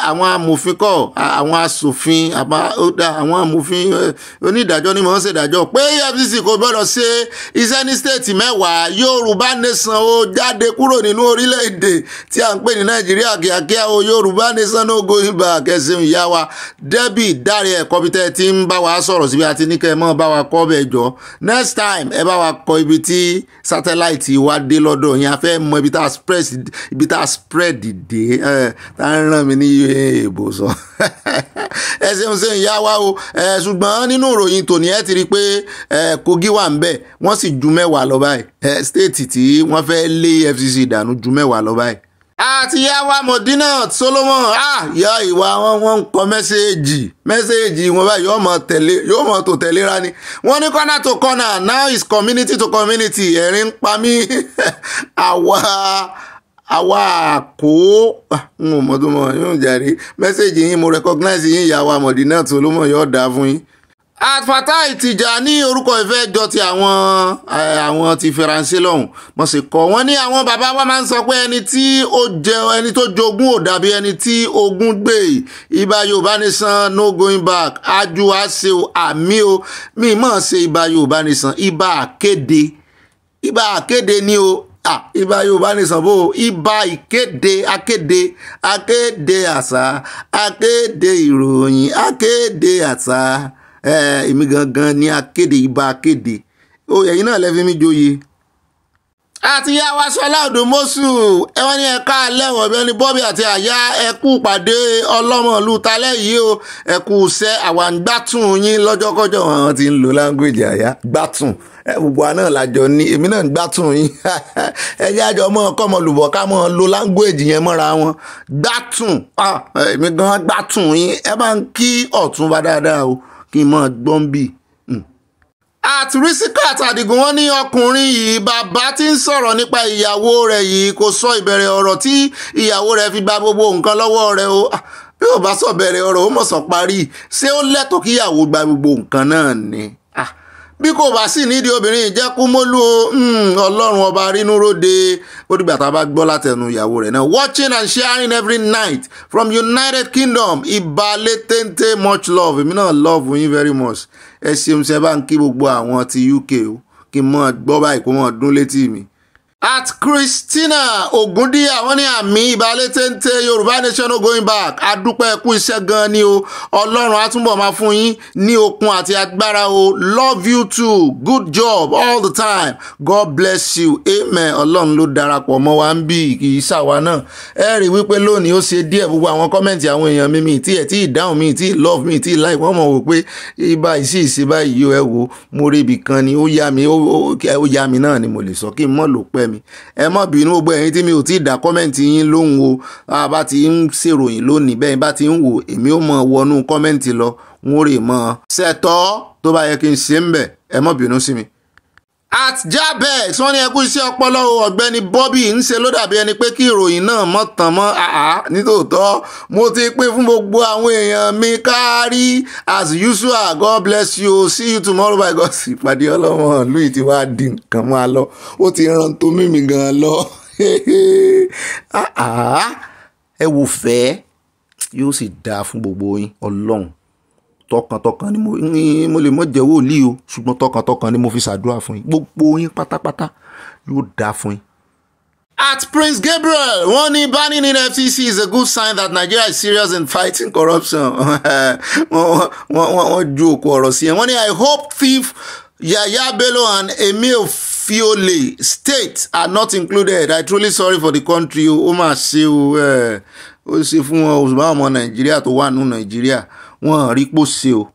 àwọn amòfin kọ́ àwọn asòfin àwọn amòfin onídàájọ́ ni wọ́n ṣe ìdájọ́ pé EFCC kò gbọ́dọ̀ ṣe iṣẹ́ ní stéètì mẹ́wàá Yorùbá nation o jáde kúrò nínú orílẹ̀-èdè tí a ń pè ní Nàìjíríà kíákíá o Yorùbá nation no going back ẹ̀sìn ìyá wa Debbie Dare ẹ̀kọ́ bí tẹ́ ti ń bá wa sọ̀rọ̀ síbi àti ní kẹ́ ẹ mọ́ bá wa kọ́ bẹ́ẹ̀ jọ next time ẹ bá wa kọ ibi tí sátáláìtì wa dé lọ́dọ̀ yẹn a fẹ́ mọ ibi tá a spread ibi tá a spread dé tá a ràn mí ní èèbò sọ (laughs) ẹ ṣeun ṣe ìyá wa o ṣùgbọ́n nínú ìròyìn tòní ẹ ti rí i pé Kogi wà ń bẹ̀ wọ́n sì ju mẹ́wàá lọ báyìí stéètì tí wọ́n fẹ́ lé EFCC dànù ju mẹ́wàá lọ báyìí àti yàwá modina solomon yà ìwà wọn wọn ń kọ mẹ́sẹ́ẹ̀jì mẹ́sẹ́ẹ̀jì wọn báyìí yóò mọ̀ tẹ̀lé yóò mọ̀ tó tẹ̀léra ni wọ́n ní corner to corner now is community to community ẹ̀rín ń pa mí (laughs) àwa àwa àkó n ò mọ̀ tó mọ̀ yóò jàre mẹ́sẹ́ẹ̀jì yín mo recognize yín yàwá modina solomon yóò dáa fún yín Fatai Tijani orúkọ ìfẹ́ jọ ti àwọn eh, àwọn ti faransé lọ́hùn mo sì kọ́ wọ́n ní àwọn bàbá wa máa ń sọ pé ẹni tí ó jẹ ẹni tó jogún ò dàbí ẹni tí ogún gbé ibà Yorùbá nìsan no going back ájú á ṣe àmì o mi mọ̀ ṣe ibà Yorùbá nìsan ibà àkéde ibà àkéde ni o ah ibà yorùbá nìsan bò ibà ìkéde akéde akéde àṣà akéde ìròyìn akéde àṣà èmi gangan ni akéde ibà akéde ó ẹ̀yin náà lẹ́fí mi joyè. àti ya wa sọlá odò mọ́sù ẹ wọ́n ní ẹ̀ka lẹ́wọ̀n ẹ̀bẹ́ ní bọ́bí àti àyà ẹ̀kú pàdé ọlọ́mọlú talẹ́ yìí o ẹ̀kú sẹ́ àwa ń gbátùn yín lọ́jọ́kọ́jọ́ wọn ti ń lo láńgbèjì àyà gbátùn gbogbo àná làjọ ní èmi náà ń gbátùn yín (laughs) ẹ̀yà àjọ mọ́ ọkọ́ mọ́ lùbọ̀ ká mọ́ lo láńgbèjì yẹn mọ́ra wọn gbátùn ah, èmi gan gbátùn yín ẹ máa ń kí ọ̀tún bá dáadáa o kí n máa gbọ́n bì. àtúrísíkà hmm. àtàdìgún wọn ní ọkùnrin yìí bàbá tí ń sọ̀rọ̀ nípa ìyàwó rẹ̀ yìí kò sọ ìbẹ̀rẹ̀ ọ̀rọ̀ tí ìyàwó rẹ̀ fi gba gbogbo nǹkan lọ́wọ́ rẹ̀ o ah, bí ò bá sọ bẹ̀rẹ̀ ọ̀rọ̀ ó mọ̀ sọ parí ṣé ó lẹ́tọ̀ọ́ kíyàwó gba gbogbo nǹkan náà ni bí kò bá sì nídìí obìnrin ìjẹ́kúmólú hmm, ọlọ́run ọba rínú róde ó dìgbà tá a bá gbọ́ látẹnu ìyàwó rẹ̀ náà watching and sharing every night from United Kingdom ìbálẹ̀ téńté much love èmi náà love you very much ẹ ṣeun ṣe bá ń kí gbogbo àwọn ti UK o kí n mọ̀ gbọ́ báyìí kó mọ̀ dún létí mi at christina ogundiya wọ́n ní àmì ìbálẹ̀ téńté yorùbá nation no going back adúpẹ́ ẹkú iṣẹ́ gan ni o ọlọ́run á túbọ̀ máa fún yín ní okun àti agbára o love you too good job all the time god bless you amen ọlọ́run ló darapọ̀ mọ́ wa ń bì kì í ṣàwa náà ẹ rí wípé lónìí ó ṣe díẹ̀ gbogbo àwọn kọ́mẹ̀ntì àwọn èèyàn mi mi tí ẹ̀ tí ì dáhùn mi tí ì love mi tí ì like wọ́n mọ̀ wò pé ibà ìsì ìsì báyìí ẹ wò mo rí ibì kan ni ó yá mi náà ni mo lè sọ kí n mọ̀ lò pẹ́ mi ẹ má bínú gbogbo ẹ̀yin tí mi ò tí ì dá kọ́mẹ́ǹtì yín lóhùn o bá a bá ti ń ṣèròyìn lónìí bẹ́ẹ̀ bá ti ń wò èmi ò mọ̀ wọnú kọ́mẹ́ǹtì lọ n ó rè mọ́ ọ. tó bá yẹ kí n ṣe ń bẹ̀ ẹ má bínú sí mi at jabex wọ́n ní ẹkú iṣẹ́ ọpọlọ ọ̀gbẹ́ni Bobby ń ṣe ló dàbí ẹni pé kí ìròyìn náà mọ̀ tán mọ́ àá nítòótọ́ mo ti pín fún gbogbo àwọn èèyàn mi kárí as usual god bless you see you tomorrow by god sì (laughs) pàdé ọlọ́mọ Louis, yìí ti wá di nǹkan máa lọ ó ti ràn tó mímì gan-an lọ (laughs) ẹ wò fẹ́ yóò sì dáa fún gbogbo yín ọlọ́run tọkàntọkàn ni mo lè mọ jẹ́ wòlíì o ṣùgbọ́n tọkàntọkàn ni mo fi ṣàdúrà fún yín gbogbo yín pátápátá yóò dáa fún yín. At Prince Gabriel, wọ́n ní banning in FCC is a good sign that Nigeria is serious in fighting corruption. (laughs) Wọ́n ju òkú ọ̀rọ̀ sí ẹ̀. Wọ́n ní I hope thief Yaya Bello and Emil Fiole state are not included. I truly sorry for the country. Ó mà ṣe o, ó ṣe fún wọn, òṣùpá ọmọ Nàìjíríà tó wà nù Nàìjíríà wọ́n rí pò ṣe o.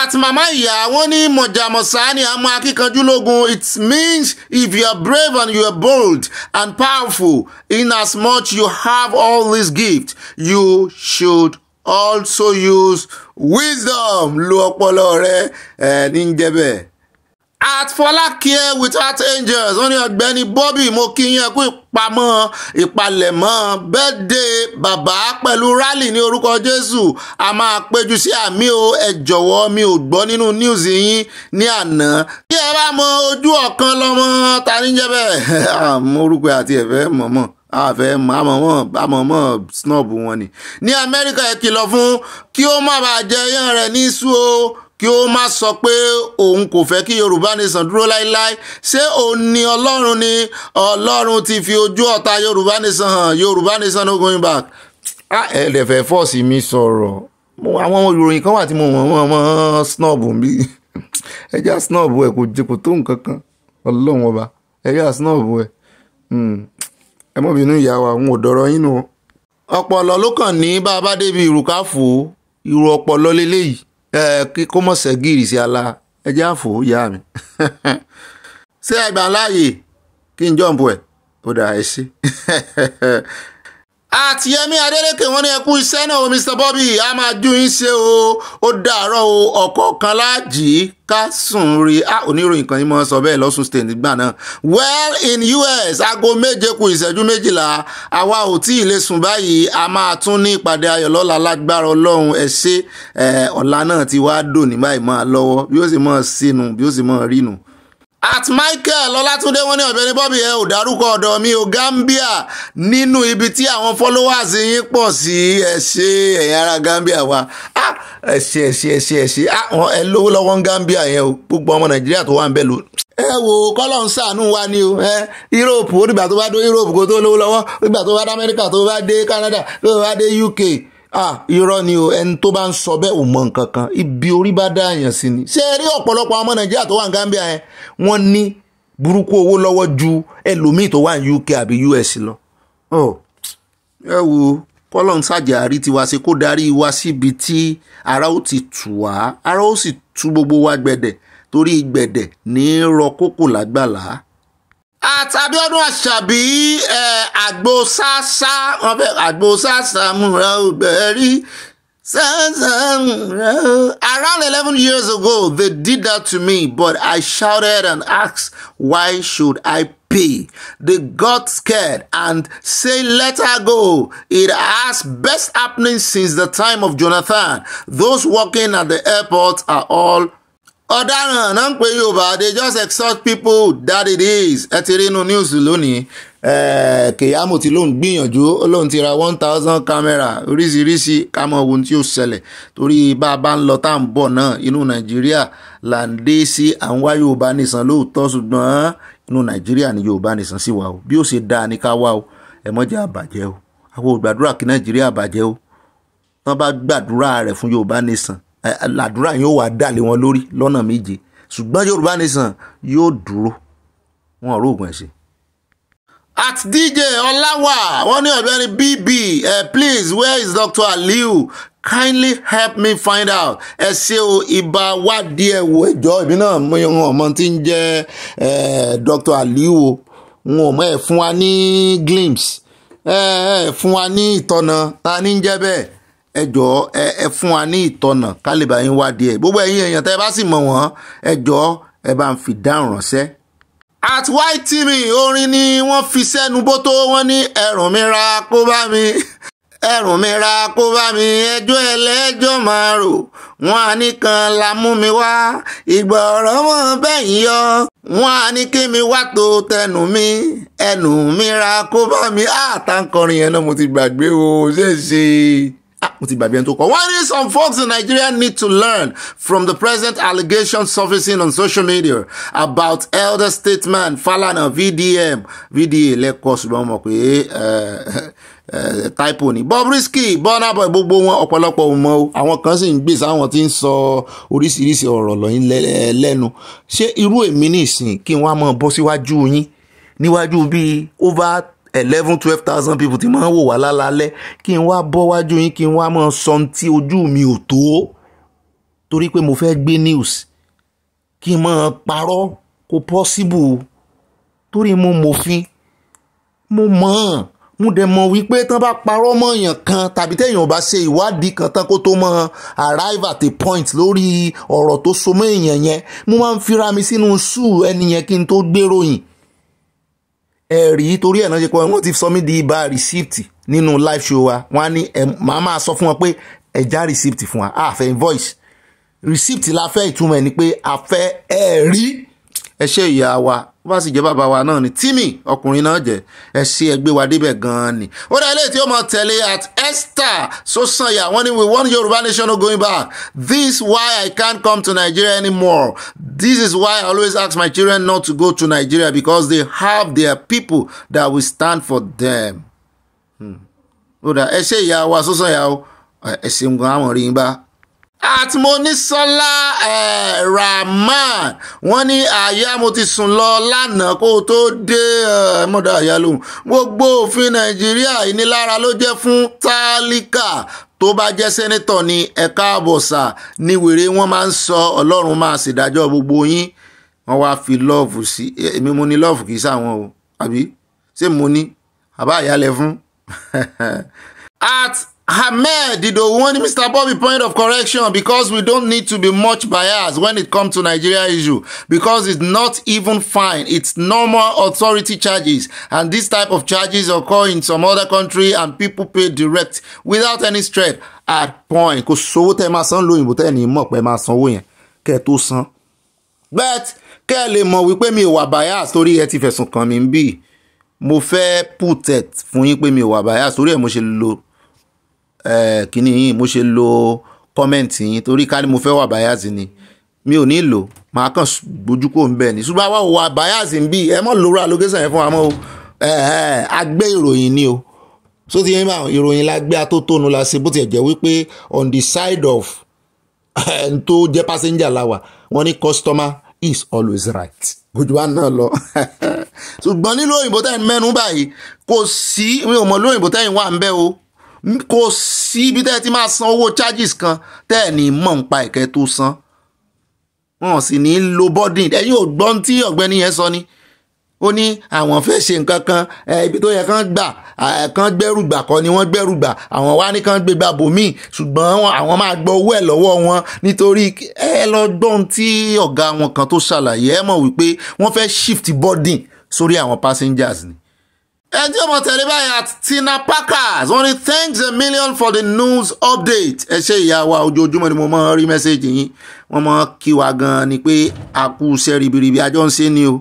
at mama ìyá wọn ní mọ̀jàmọ̀sá ni àmọ́ akíkanjú lógun it means if you are brave and you are bold and powerful in as much you have all these gifts you should also use wisdom lo ọpọlọ rẹ ẹ ní jẹ bẹ́ẹ̀ at Fọlákẹ́ without angels wọ́n ní ọ̀gbẹ́ni Bobby mo kí yín kú ìpamọ́ ìpalẹ̀mọ́ bẹ́ẹ̀dẹ̀ bàbá pẹ̀lú rally ní orúkọ Jésù a máa péjú sí àmì o ẹ jọ̀wọ́ mi ò gbọ́ nínú news yín ní àná. bí ẹ bá mọ ojú ọ̀kan lọ́mọ ta ní jẹ́ bẹ́ẹ̀ (laughs) orúkọ àti ẹ̀fẹ́ mọ̀mọ́ àfẹ́ àmọ̀mọ́ àmọ̀mọ́ snob wọn ni. ní Amẹ́ríkà ẹ kìlọ̀ fún kí ó má bàa jẹ yán rẹ̀ ní sùn o kí ó má sọ pé òun kò fẹ́ kí Yorùbá Nation dúró láéláé ṣé òun ni Ọlọ́run ni Ọlọ́run ti fi ojú ọ̀tá Yorùbá Nation hàn Yorùbá Nation no going back. ẹ lè fẹ́ fọ́ọ̀sì mi sọ̀rọ̀ àwọn ìròyìn kan wà tí mo mọ̀ mọ̀ mọ̀ snob mi ẹja snob ẹ kò jẹ kò tó nǹkan kan Ọlọ́run ọba ẹja snob ẹ hmm. ẹ mọ̀ bínú ìyá wa òun ò dọ̀rọ̀ yín nù. ọ̀pọ̀lọ ló kàn ní bá a bá débi ìrùkà fò ìrù ọ̀pọ̀lọ lélẹ́yìí kí kó mọ̀ sẹ́gìrì sí ala ẹjẹ́ àfò yá mi (laughs) ṣé àgbà láàyè kí n jọ̀ǹbù ẹ̀ ó dà ẹ sí (laughs) àtìyẹmí adélèké wọn ní ẹkú iṣẹ́ náà o Mr Bobby a máa ju yín ṣe o ó dàárọ̀ o ọ̀kọ̀ọ̀kan láàjì ká sùn rí a oníròyìn kan yín mọ́ sọ bẹ́ẹ̀ lọ́sùn state nígbà náà well in US aago méje kù ìṣẹ́jú méjìlá àwa ò tí ì lè sùn báyìí a máa tún ní ìpàdé ayọ̀ lọ́la lágbára ọlọ́run ẹ ṣé ọ̀la náà ti wá dò ní báyìí máa lọ́wọ́ bí ó sì máa sínú bí ó sì máa rínu at michael ọlátúndé wọn ní ọ̀gbẹ́ni bobby ẹ ò dárúkọ ọ̀dọ̀ mi ò gambia nínú ibi tí àwọn followers yín pọ̀ sí ẹ ṣé ẹ̀yin gambia wa ah, ẹ ṣé ẹ ṣé ẹ ṣé ẹ ṣé àwọn ah, ẹ lówó lọ́wọ́ ń gambia yẹn o gbogbo ọmọ nàìjíríà tó wà ń bẹ̀ lò. ẹ wo kọ́lọ̀ ń ṣàánú wa ni o ẹ europe ó dìgbà tó bá dé europe kó tó lówó lọ́wọ́ ó dìgbà tó bá dé amẹ́ríkà tó bá dé canada tó bá dé uk ah irọ́ ni o ẹni tó bá ń sọ bẹ́ẹ̀ ò mọ nǹkan kan ibi orí bá dá àyàn sí ni ṣé ẹ rí ọ̀pọ̀lọpọ̀ àwọn ọmọ nàìjíríà tó wà ní Gambia yẹn wọ́n ní burúkú owó lọ́wọ́ ju ẹlòmíì tó wà ní UK àbí US lọ ẹ wo kọ́lọ́n ṣàjàrí tiwa ṣe kó darí wa síbi tí ara ó ti tù wá ara ó sì tú gbogbo wa gbẹ̀dẹ̀ torí gbẹ̀dẹ̀ ní í rọ kókò lágbàlá. At Abiodun ẹ àgbo ṣáṣá wọn fẹ́ àgbo ṣáṣá múra ògbẹ́rí around eleven years ago they did that to me but I shouted and asked why should I pay they got scared and say let her go it has best happening since the time of Jonathan those working at the airport are all ọ̀daràn náà ń pe yorùbá they just exhort people that it is ẹ ti rí inú news lónìí kèyàmù tí ló ń gbìyànjú lóun ti ra one thousand camera oríṣiríṣi kámọ ohun tí ó ṣẹlẹ̀ torí bá a bá ń lọ tá à ń bọ̀ náà inú nàìjíríà là ń dé sí à yorùbá nìsan lóòótọ́ ṣùgbọ́n inú nàìjíríà ni yorùbá nìsan sì wà o bí ó ṣe dáa ní ká wá o ẹ mọ́jà àbàjẹ́ o àwọn ò kí nàìjíríà bàjẹ́ o wọ́n bá gbàdúrà rẹ̀ fún yorùbá nìsan làdúrà yín ó wà dàlé wọn lórí lọ́nà méje ṣùgbọ́n Yorùbá Nation yóò dúró wọn ò rògùn ẹ̀ at dj ọláwà wọn ní ọ̀gbẹ́ni bb uh, please where is dr aliu kindly help me find out ẹ ṣe o ibà wádìí ẹ wo ẹjọ́ ìbí náà mo yan ọmọ tí ń jẹ́ dr aliu o wọn ò mọ ẹ fún wa ní glimpse ẹ fún wa ní ìtọ́nà ta ni ń jẹ́ bẹ́ẹ̀ ẹ jọ̀ọ́ ẹ ẹ fún wa ní ìtọ́nà kálíbà yín wádìí ẹ̀ gbogbo ẹ̀yin èèyàn tẹ́ ẹ bá sì mọ̀ wọ́n ẹ jọ̀ọ́ ẹ bá ń fi dáhùn ránṣẹ́. at YTV orin ni wọ́n fi sẹ́nu bó tó wọ́n ní ẹ̀rùn mi ra kó bá mi ẹ̀rùn mi ra kó bá mi ẹjọ́ ẹlẹ́jọ́ máa rò wọ́n á ní kan la mú mi wá ìgbà ọ̀rọ̀ mọ́ bẹ́yìn yọ wọ́n á ní kí mi wá tó tẹnu mi ẹnu mi ra kó bá mi àtàkọrin ah, yẹn náà mo ti gbàgbé o ṣèṣe. Ah, mo ti gbàgbé ẹni tó kọ wọ́n ní some folks in Nigeria need to learn from the present allegations surfacing on social media about elder statesman Falana VDM VDA lẹ́kọ̀ọ́ ṣùgbọ́n mo mọ̀ pé eh, eh, eh, typo ni Bobrisky Burna Boy gbogbo wọn ọ̀pọ̀lọpọ̀ ò mọ̀ o àwọn kan sì ń gbé sáwọn tí ń sọ oríṣiríṣi ọ̀rọ̀ lọ́yìn lẹ́nu ṣé irú èmi nìsín kí n wá mọ̀ bọ́ síwájú yín níwájú bíi over eleven twelve thousand people ti máa ń wò wá lálálẹ́ kí n wá bọ́ wájú yín kí n wá máa sọ tí ojú mi ò tó torí pé mo fẹ́ gbé news kí n máa parọ́ kó possible torí mo mòfin mo mọ̀ mo dẹ̀ mọ̀ wípé tán bá parọ́ mọ́ èèyàn kan tàbí téèyàn bá ṣe ìwádìí kan tán kó tó mọ arrive at a point lórí ọ̀rọ̀ tó so mọ́ èèyàn yẹn mo máa ń fira mi sínú ṣùù ẹni yẹn kí n tó gbéròyìn ẹ̀rí torí ẹ̀ náà ṣe pé wọ́n ti sọ mí di ibà receipt nínú live show wa wọ́n á ní ẹ̀ máa máa sọ fún wọn pé ẹ̀já receipt fún wa àfẹ́ invoice receipt la fẹ́ ìtumọ̀ ẹ̀ ni pé àfẹ́ ẹ̀rí ẹ ṣe ìyá wa ó bá sì jẹ́ bàbá wa náà ni tíìmì ọkùnrin náà jẹ́ ẹ ṣe ẹgbẹ́ wa débẹ̀ gan-an ni. ó dá ilé tí ó máa tẹ̀lé at Esther Sosanya wọ́n ní we want Yorùbá nation no going back this why I can't come to Nigeria anymore this is why I always ask my children not to go to Nigeria because they have their people that will stand for them. Hmm. ó dá ẹ ṣe ìyá wa Sosanya o ẹ ṣeun gan-an àwọn rí yín bá àtìmọ́nísọ́lá eh, rahman wọ́n ní àyà mo ti sùn lọ lánàá kó o tó dé eh, mọ́dà àyà lóhùn gbogbo òfin nàìjíríà ìnilára ló jẹ́ fún tálíkà tó bá jẹ́ sẹ́nitọ̀ ní ẹ̀ka àbọ̀sà ni wèrè wọn máa ń sọ ọlọ́run máa ṣèdájọ́ gbogbo yín wọ́n wáá fi lọ́ọ̀fù sí eh, èmi mo ní lọ́ọ̀fù kì í sáwọn o àbí ṣé mo ní àbá àyálẹ̀ fún (laughs) at Ahmed one, Mr. Bobby point of correction because we don't need to be much biased when it comes to Nigeria issue because it's not even fine. It's normal authority charges and this type of charges occur in some other country and people pay direct without any stress at point. Kò sówó tẹ́ máa san lóyìnbó tẹ́ ní mọ̀ pé máa sanwó yẹn kẹ́ tó san. But kẹ́ ẹ lè mọ̀ wípé mi ò wà biased torí ẹ ti fẹ̀sùn kàn mí ń Mo fẹ́ put it fún yín pé mi ò wà biased torí ẹ̀ mo ṣe lo kíní yìí mo ṣe lo kọ́mẹ̀ntì yín torí ká ní mo fẹ́ wà báyàsì ni mi ò ní lò máa kàn gbójú kò ń bẹ̀ ni ṣùgbọ́n àwa wà báyàsì ń bí ẹ mọ̀ lórí allocation yẹn fún wa mọ́ o agbé ìròyìn ni o so ti yẹn máa ìròyìn la gbé atótónu la ṣe bó ti jẹ́ wípé on the side of ẹni tó jẹ́ passenger la wà wọ́n ní customer is always right gbójú wa náà lọ (laughs) ṣùgbọ́n nílò òyìnbó tẹ́yìn mẹ́nu báyìí kò sí mi ò mọ̀ lóyìnbó tẹ́yìn wà ń bẹ́ o kò sí ibi tẹ́ ẹ ti máa san owó charges kan tẹ́ ẹ ní mọ̀ nípa ẹ̀kẹ́ tó san wọn sì ní lo boarding ẹ̀yin ò gbọ́n tí ọ̀gbẹ́ni yẹn sọ ni ó ní àwọn fẹ́ ṣe nǹkan kan ibi tó yẹ kán gbà kán gbẹ́rù gbà kọ́ ni wọ́n gbẹ́rù gbà àwọn wá ní kán gbé gbà bòmíì ṣùgbọ́n àwọn máa gbọ́ owó ẹ̀ lọ́wọ́ wọn nítorí ẹ lọ gbọ́n tí ọ̀gá wọn kan tó ṣàlàyé ẹ mọ̀ wípé wọ́n fẹ́ shift boarding sórí àwọn passengers ni ẹjẹ́ ọmọ tẹ̀lé báyìí at Tina Packers wọ́n ní thanks a million for the news update ẹ ṣe ìyá wa ojoojúmọ́ ni mo máa ń rí mẹ́sẹ̀gì yín wọ́n máa ń kí wa gan ni pé a kú iṣẹ́ ribiribi àjọ ń ṣe ni o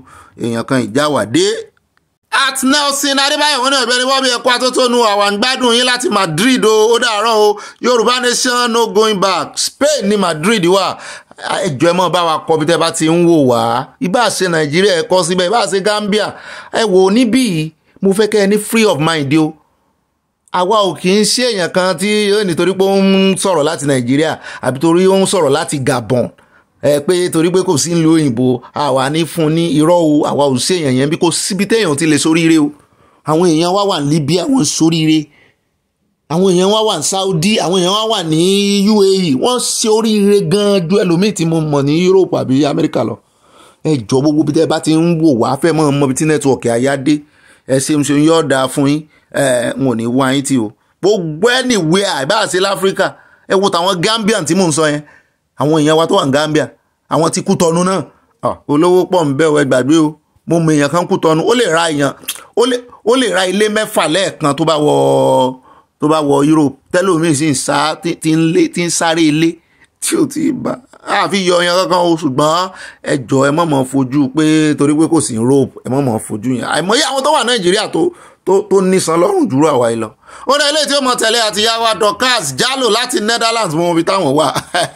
èèyàn kan ìjáwàdé at Nelson Adébáyọ̀ wọ́n ní ọ̀gbẹ́ni wọ́n bí ẹ̀kọ́ atótónu àwọn àgbádùn yín láti Madrid o ó dàárọ̀ o Yorùbá nation no going back Spain ni Madrid wà ẹjọ́ ẹ mọ̀ bá wa kọ́ bí tẹ́ bá ti ń wò wá ibà ṣe Nàìjíríà ẹ̀kọ́ síbẹ̀ ibà ṣe Gambia ẹ wò níbí yìí mo fẹ́ kẹ́ ẹ ní free of mind o àwa ò kì í ṣe èèyàn kan tí nítorí pé ó ń sọ̀rọ̀ láti nàìjíríà àbí torí ó ń sọ̀rọ̀ láti gabon ẹ pé torí pé kò sí ìlú òyìnbó àwa ní fún ní irọ́ o àwa ò sí èèyàn yẹn bí kò síbi téèyàn ti lè soríire o àwọn èèyàn wa wà ní Libya wọ́n soríire àwọn èèyàn wa wà ní Saudi àwọn èèyàn wa wà ní UAE wọ́n ṣe oríire gan-an ju ẹlòmíì tí mo mọ̀ ní Europe àbí Amẹ́ríkà lọ ẹ jọ gbogbo bí tẹ́ bá ti ń wò wá fẹ́ mọ́ ọmọ bí tí nẹ́tíwọ̀kì ayá dé ẹ ṣeun ṣeun yóò dáa fún yín ẹ n ò ní wá yín tì o gbogbo ẹnìwé àìbáà sí láfíríkà ẹ wo tàwọn Gambian tí mò ń sọ yẹn àwọn èèyàn wa tó wà ní Gambia àwọn tí kú tọnu náà olówó pọ̀ ń bẹ̀ ẹ gbàgbé o mo mọ èèyàn kan kú tọnu ó lè ra èèyàn ó lè ra ilé mẹ́fà lẹ́ẹ̀kan tó bá wọ tó bá wọ Europe tẹ́lómi sì ń sáré ilé tí ò tí ì bá àfi yọ ọyàn kankan o ṣùgbọ́n ẹ jọ ẹ mọ̀ mọ̀ fojú pé torí pé kò sí rope ẹ mọ̀ mọ̀ fojú yẹn àìmọye àwọn tó wà nàìjíríà tó tó tó nísan lọ́rùn jùlọ àwa yìí lọ. ó dá ilé tí ó mọ tẹ̀lé àti ìyá wa Dorcas Jallow láti Netherlands mọ ibi táwọn wà.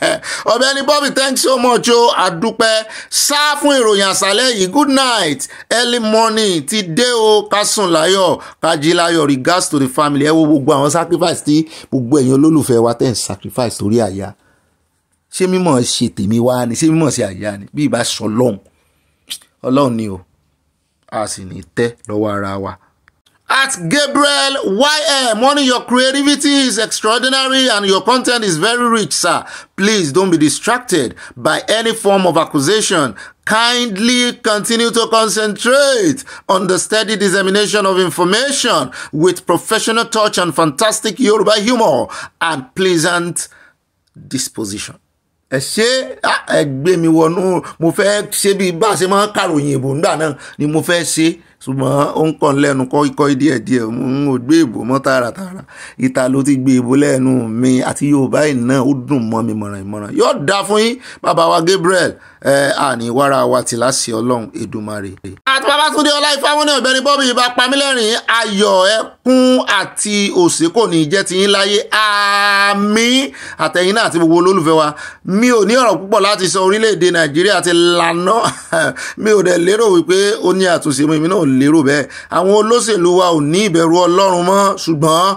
(laughs) ọ̀bẹ́ni Bobby thanks so much o àdúpẹ́ sá fún ìròyìn àṣálẹ́ yìí good night early morning ti dé o ká sùn láyọ̀ ká láyọ̀ regards to the family ẹ wo gbogbo àwọn sacrifice tí gbogbo ẹ̀yin olólùfẹ́ wa tẹ̀ ń sacrifice torí àyà ṣé mímọ̀ ṣe tèmi wá ni ṣé mímọ̀ ṣe àyà ni bí ìbá sọ lọ́hùn ọlọ́run ni o a sì ní tẹ́ lọ́wọ́ ara wa. At Gabriel YM, morning your creativity is extraordinary and your content is very rich, sir. Please don't be distracted by any form of accusation. Kindly continue to concentrate on the steady dissemination of information with professional touch and fantastic Yoruba humor and pleasant disposition ẹ ṣe ẹ gbé mi wọnú mo fẹ́ ṣe bí bá a ṣe máa ń kàròyìn ìbò ńgbà náà ni mo fẹ́ ṣe ṣùgbọ́n ó ń kàn lẹ́nu kọ́ ikọ́ díẹ̀ díẹ̀ n ò gbé ìbò mọ́ tààràtààrà ìta ló ti gbé ìbò lẹ́nu mi àti Yorùbá yìí náà ó dùn mọ́ mi mọ̀ràn ìmọ̀ràn yóò dáa fún yín bàbá wa Gabriel ẹ àní wàrà wa ti láṣẹ ọlọ́run Èdùmàrè. àti Babátúndé Ọláìfáwọ́nì Ọ̀gbẹ́ni Bobby ibà pamílẹ́rìn ayọ̀ ẹkún àti òsè kò ní jẹ́ tiyín láyé àmín àtẹ̀yìn náà àti gbogbo olólùfẹ́ wa mi ò ní ọ̀rọ̀ púpọ̀ láti sọ orílẹ̀-èdè Nàìjíríà ti lànà (laughs) mi ò dẹ̀ lérò wípé ó ní àtúnṣe mọ́ èmi náà lérò bẹ́ẹ̀ àwọn olóṣèlú wa ò ní ìbẹ̀rù ọlọ́run mọ́ ṣùgbọ́n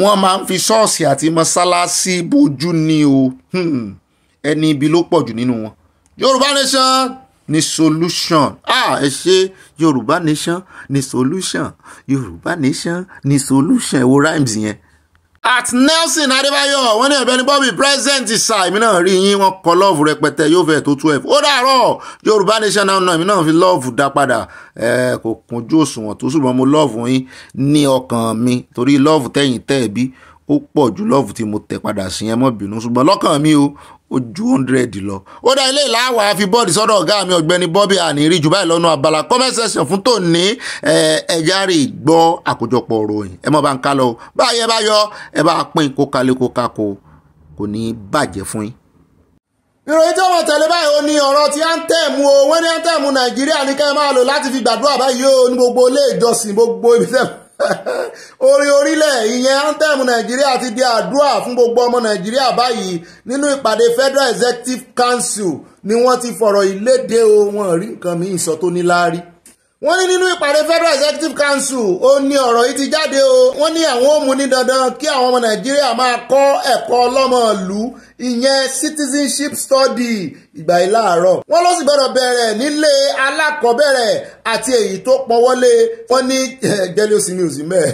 wọ́n máa ń fi ṣọ́ọ̀ṣì àti mọ́ṣáláṣí bojú ni o hmm. ẹni ibi ló pọ̀ jù nínú wọn yorùbá nation ni solution ah ẹ ṣe yorùbá nation ni solution yorùbá nation ni solution ẹ wo rhymes yẹn at nelson adébáyọ̀ wọ́n ní ọ̀gbẹ́ni bobby president ṣá èmi náà rí yín wọ́n kọ lọ́ọ̀fù rẹpẹtẹ yóò fẹ́ tó twelve ó dàárọ̀ yorùbá nation náà náà èmi náà fi lọ́ọ̀fù dá padà ẹ kò kúnjú òṣùwọ̀n tó ṣùgbọ́n mo lọ́ọ̀fù yín ní ọkàn mi torí lọ́ọ̀fù tẹ̀yìn tẹ̀ bí ó pọ̀ ju lọ́ọ̀fù tí mo tẹ̀ padà sí ẹ mọ́ bínú ṣùgbọ́n lọ́kàn mi o ó hundred lọ. ó dá ilé ìlàwọ̀ àfi bọ́ọ̀dì sọ́dọ̀ ọ̀gá mi ọ̀gbẹ́ni Bobby aniri jù báyìí lọ́nà abala comment section fún tòní ẹ̀já rè gbọ́ àkójọpọ̀ ròyìn ẹ mọ̀ bá ń ká lọ báyẹ̀ bá yọ ẹ bá pín kó kalẹ̀ kó kakò kò ní bàjẹ́ fún yín ìròyìn tí wọ́n tẹ̀lé báyìí ó ní ọ̀rọ̀ tí anthem o wọ́n ní nàìjíríà ní kẹ́ máa lò láti fi gbàdúrà báyìí ó ní gbogbo ilé ìjọsìn gbogbo ibi (laughs) orin orílẹ̀ ìyẹn anthem nàìjíríà ti di àdúrà fún gbogbo ọmọ nàìjíríà báyìí nínú ìpàdé federal executive council ni wọ́n ti fọ̀rọ̀ ìlédè o wọn rí nǹkan míì sọ tó ní láárí wọ́n ní nínú ìpàdé federal executive council ó ní ọ̀rọ̀ yìí ti jáde o wọ́n ní àwọn ó mú ní dandan kí àwọn ọmọ nàìjíríà máa kọ́ ẹ̀kọ́ ọlọ́mọlú ìyẹn citizenship study ìgbà yìí láàárọ̀ wọ́n ló sì gbọ́dọ̀ bẹ̀rẹ̀ nílé alákọ̀ọ́bẹ̀rẹ̀ àti èyí tó pọ́wọ́lé wọ́n ní eh, gẹ́lẹ́ òsì ní òsì mẹ́ẹ̀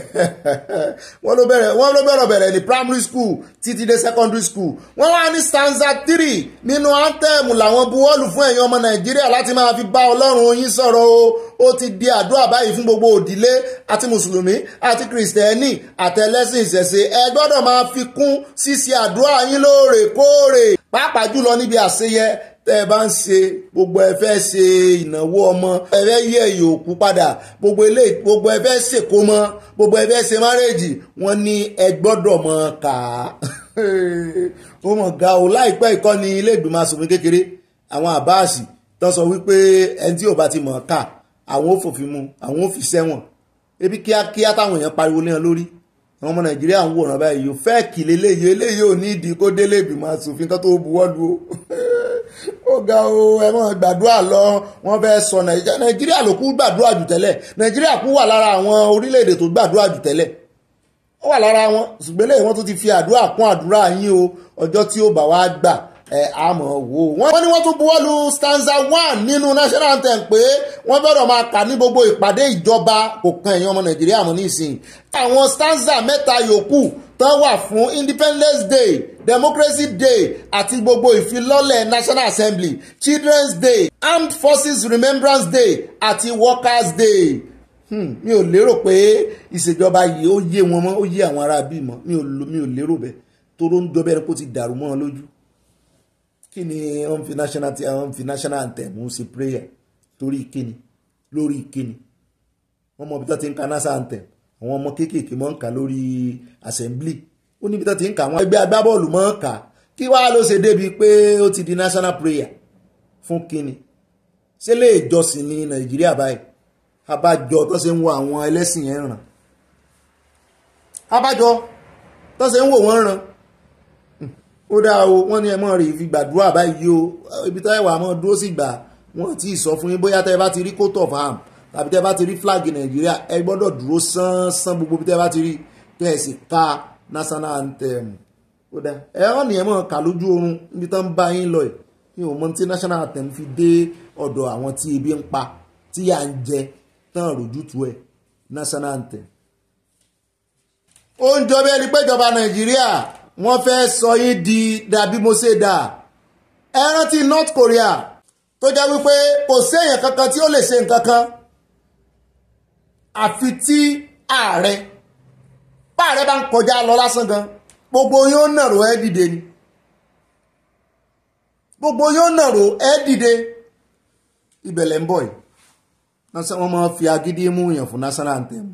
wọ́n ló bẹ̀rẹ̀ wọ́n ló bẹ̀rẹ̀ bẹ̀rẹ̀ ní primary school títí dé secondary school wọ́n wá ní stanza three nínú anthem làwọn buwọ́lù fún ẹ̀yin ọmọ nàìjíríà láti máa fi bá ọlọ́run yín sọ̀rọ̀ o ó ti di àdúrà báyìí fún gbogbo òdílé àti mùsùlùmí àti kìrìsìtẹ́nì àtẹlẹ́sìn ìṣẹ̀ṣe ẹ gbọ́dọ̀ máa fi kún ṣíṣe àdúrà yín lóòrèk lóòrèkóòrè pàápàá jùlọ níbi àṣeyẹ tẹ́ ẹ bá ń ṣe gbogbo ẹ fẹ́ ṣe ìnáwó ọmọ ẹ fẹ́ yẹ ìyókù padà gbogbo ilé gbogbo ẹ fẹ́ ṣèkó mọ́ gbogbo ẹ fẹ́ ṣe márèjì wọ́n ní ẹ gbọ́dọ̀ mọ kà á (laughs) ó mọ̀ ga o láìpẹ́ ìkọ́ni ilé ìgbìmọ̀ asòfin kékeré àwọn àbáàsì tó sọ wípé ẹni tí ò bá ti mọ̀ ká àwọn ò fòfin mu àwọn ò fi sẹ́wọ̀n ebi kíákíá táwọn èèyàn pariwo léèyàn lórí àwọn ọmọ nàìjíríà ń wòran báyìí yóò fẹ́ kì léléyìí eléyìí ò ní ìdí kó délé ìgbìmọ̀ asòfin tó buwọ́ o ó (laughs) ga o ẹ mọ̀ gbàdúrà lọ wọ́n fẹ́ sọ nàìjíríà nàìjíríà ló kú gbàdúrà jù tẹ́lẹ̀ nàìjíríà kú wà lára àwọn orílẹ̀-èdè tó gbàdúrà jù tẹ́lẹ̀ ó wà lára wọn ṣùgbọ́n lẹ́yìn wọn tó ti fi àdúrà kún àdúrà yín o ọjọ́ tí ó bá wá gbà àmọ́ wo. wọ́n ní wọ́n tún buwọ́ lu stanza one nínú national anthem pé wọ́n bẹ̀rẹ̀ máa kà ní gbogbo ìpàdé ìjọba kò kan èèyàn ọmọ nàìjíríà mọ́ nísìnyí. àwọn stanza mẹ́ta yòókù tán wà fún independence day democracy day àti gbogbo ìfilọ́lẹ̀ national assembly children's day armed forces remembrance day àti workers day hmm, mi ò lérò pé ìṣèjọba yìí ó yé wọn mọ́ ó yé àwọn aráabí mọ́ mi ò lérò bẹ́ẹ̀ toró ń jọ bẹ́ẹ̀ kó ti dàrú mọ́ ọ lójú kí ni wọ́n fi national ti wọ́n fi national anthem ń ṣe prayer torí kíni lórí kíni wọ́n mọ ibi tó ti ń ka national anthem àwọn ọmọ kéékèèké mọ́ ń kà lórí assembly ó níbi tó ti ń kà àwọn ẹgbẹ́ agbábọ́ọ̀lù mọ́ ń kà kí wàá ló ṣe débi pé ó ti di national prayer fún kíni ṣé lè jọsìn ní nàìjíríà báyìí abájọ tó ṣe ń wo àwọn ẹlẹ́sìn yẹn ràn abájọ tó ṣe ń wò wọ́n ràn ó dáa o wọ́n ní ẹ mọ̀ rè fi gbàdúrà báyìí o ibi táyà wà mọ́ dúró sì gbà wọ́n ti sọ fún yín bóyá tẹ́ bá ti rí coat of tàbí tẹ́ bá ti rí flag nàìjíríà ẹ gbọ́dọ̀ dúró sánsán gbogbo bí tẹ́ bá ti rí tẹ́ ẹ sì ka national anthem ó dáa ẹ ọ́ ní ẹ mọ̀ kà lójú oorun níbi tán bá yín lọ yìí mi ò mọ tí national anthem fi dé ọ̀dọ̀ àwọn tí ebi ń pa tí yà ń jẹ tán rojútu ẹ̀ national anthem. ó ń jọ bí ẹni pé ìjọba nàìjíríà wọ́n fẹ́ sọ yín di dàbí mo ṣe dà ẹ rántí North Korea tó jẹ́ wípé kò séèyàn kankan tí ó lè ṣe nǹkan kan àfi tí ààrẹ páàrẹ bá ń kọjá lọ lásán gan gbogbo yóò nàró ẹ dìde ni gbogbo yóò nàró ẹ dìde ìbẹ̀lẹ̀ ń bọ̀ yìí wọ́n máa fi agídí mú yàn fún national anthem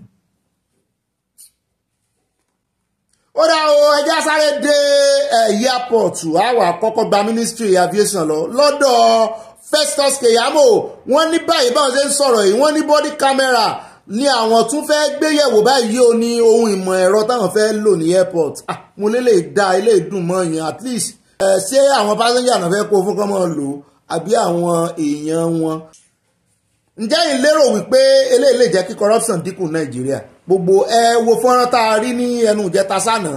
ó dá o ẹja sáré dé airport àwa àkọ́kọ́ gba ministry aviation lọ lọ́dọ̀ Festus Keyamo wọ́n ní báyìí báwọn ṣe ń sọ̀rọ̀ yìí wọ́n ní body camera ní àwọn tún fẹ́ gbéyẹ̀wò báyìí ó ní ohun ìmọ̀ ẹ̀rọ táwọn fẹ́ lò ní airport ah mo lè lè da ilé ìdùnmọ̀ yẹn at least ṣé àwọn pásẹ́njà náà fẹ́ kó fún kọ́mọ lò àbí àwọn èèyàn wọn ǹjẹ́ ìlérò wípé eléyìí lè jẹ́ kí corruption dínkù Nàìjíríà gbogbo ẹ wo fọ́nrán tá a rí ní ẹnu ìjẹta sànà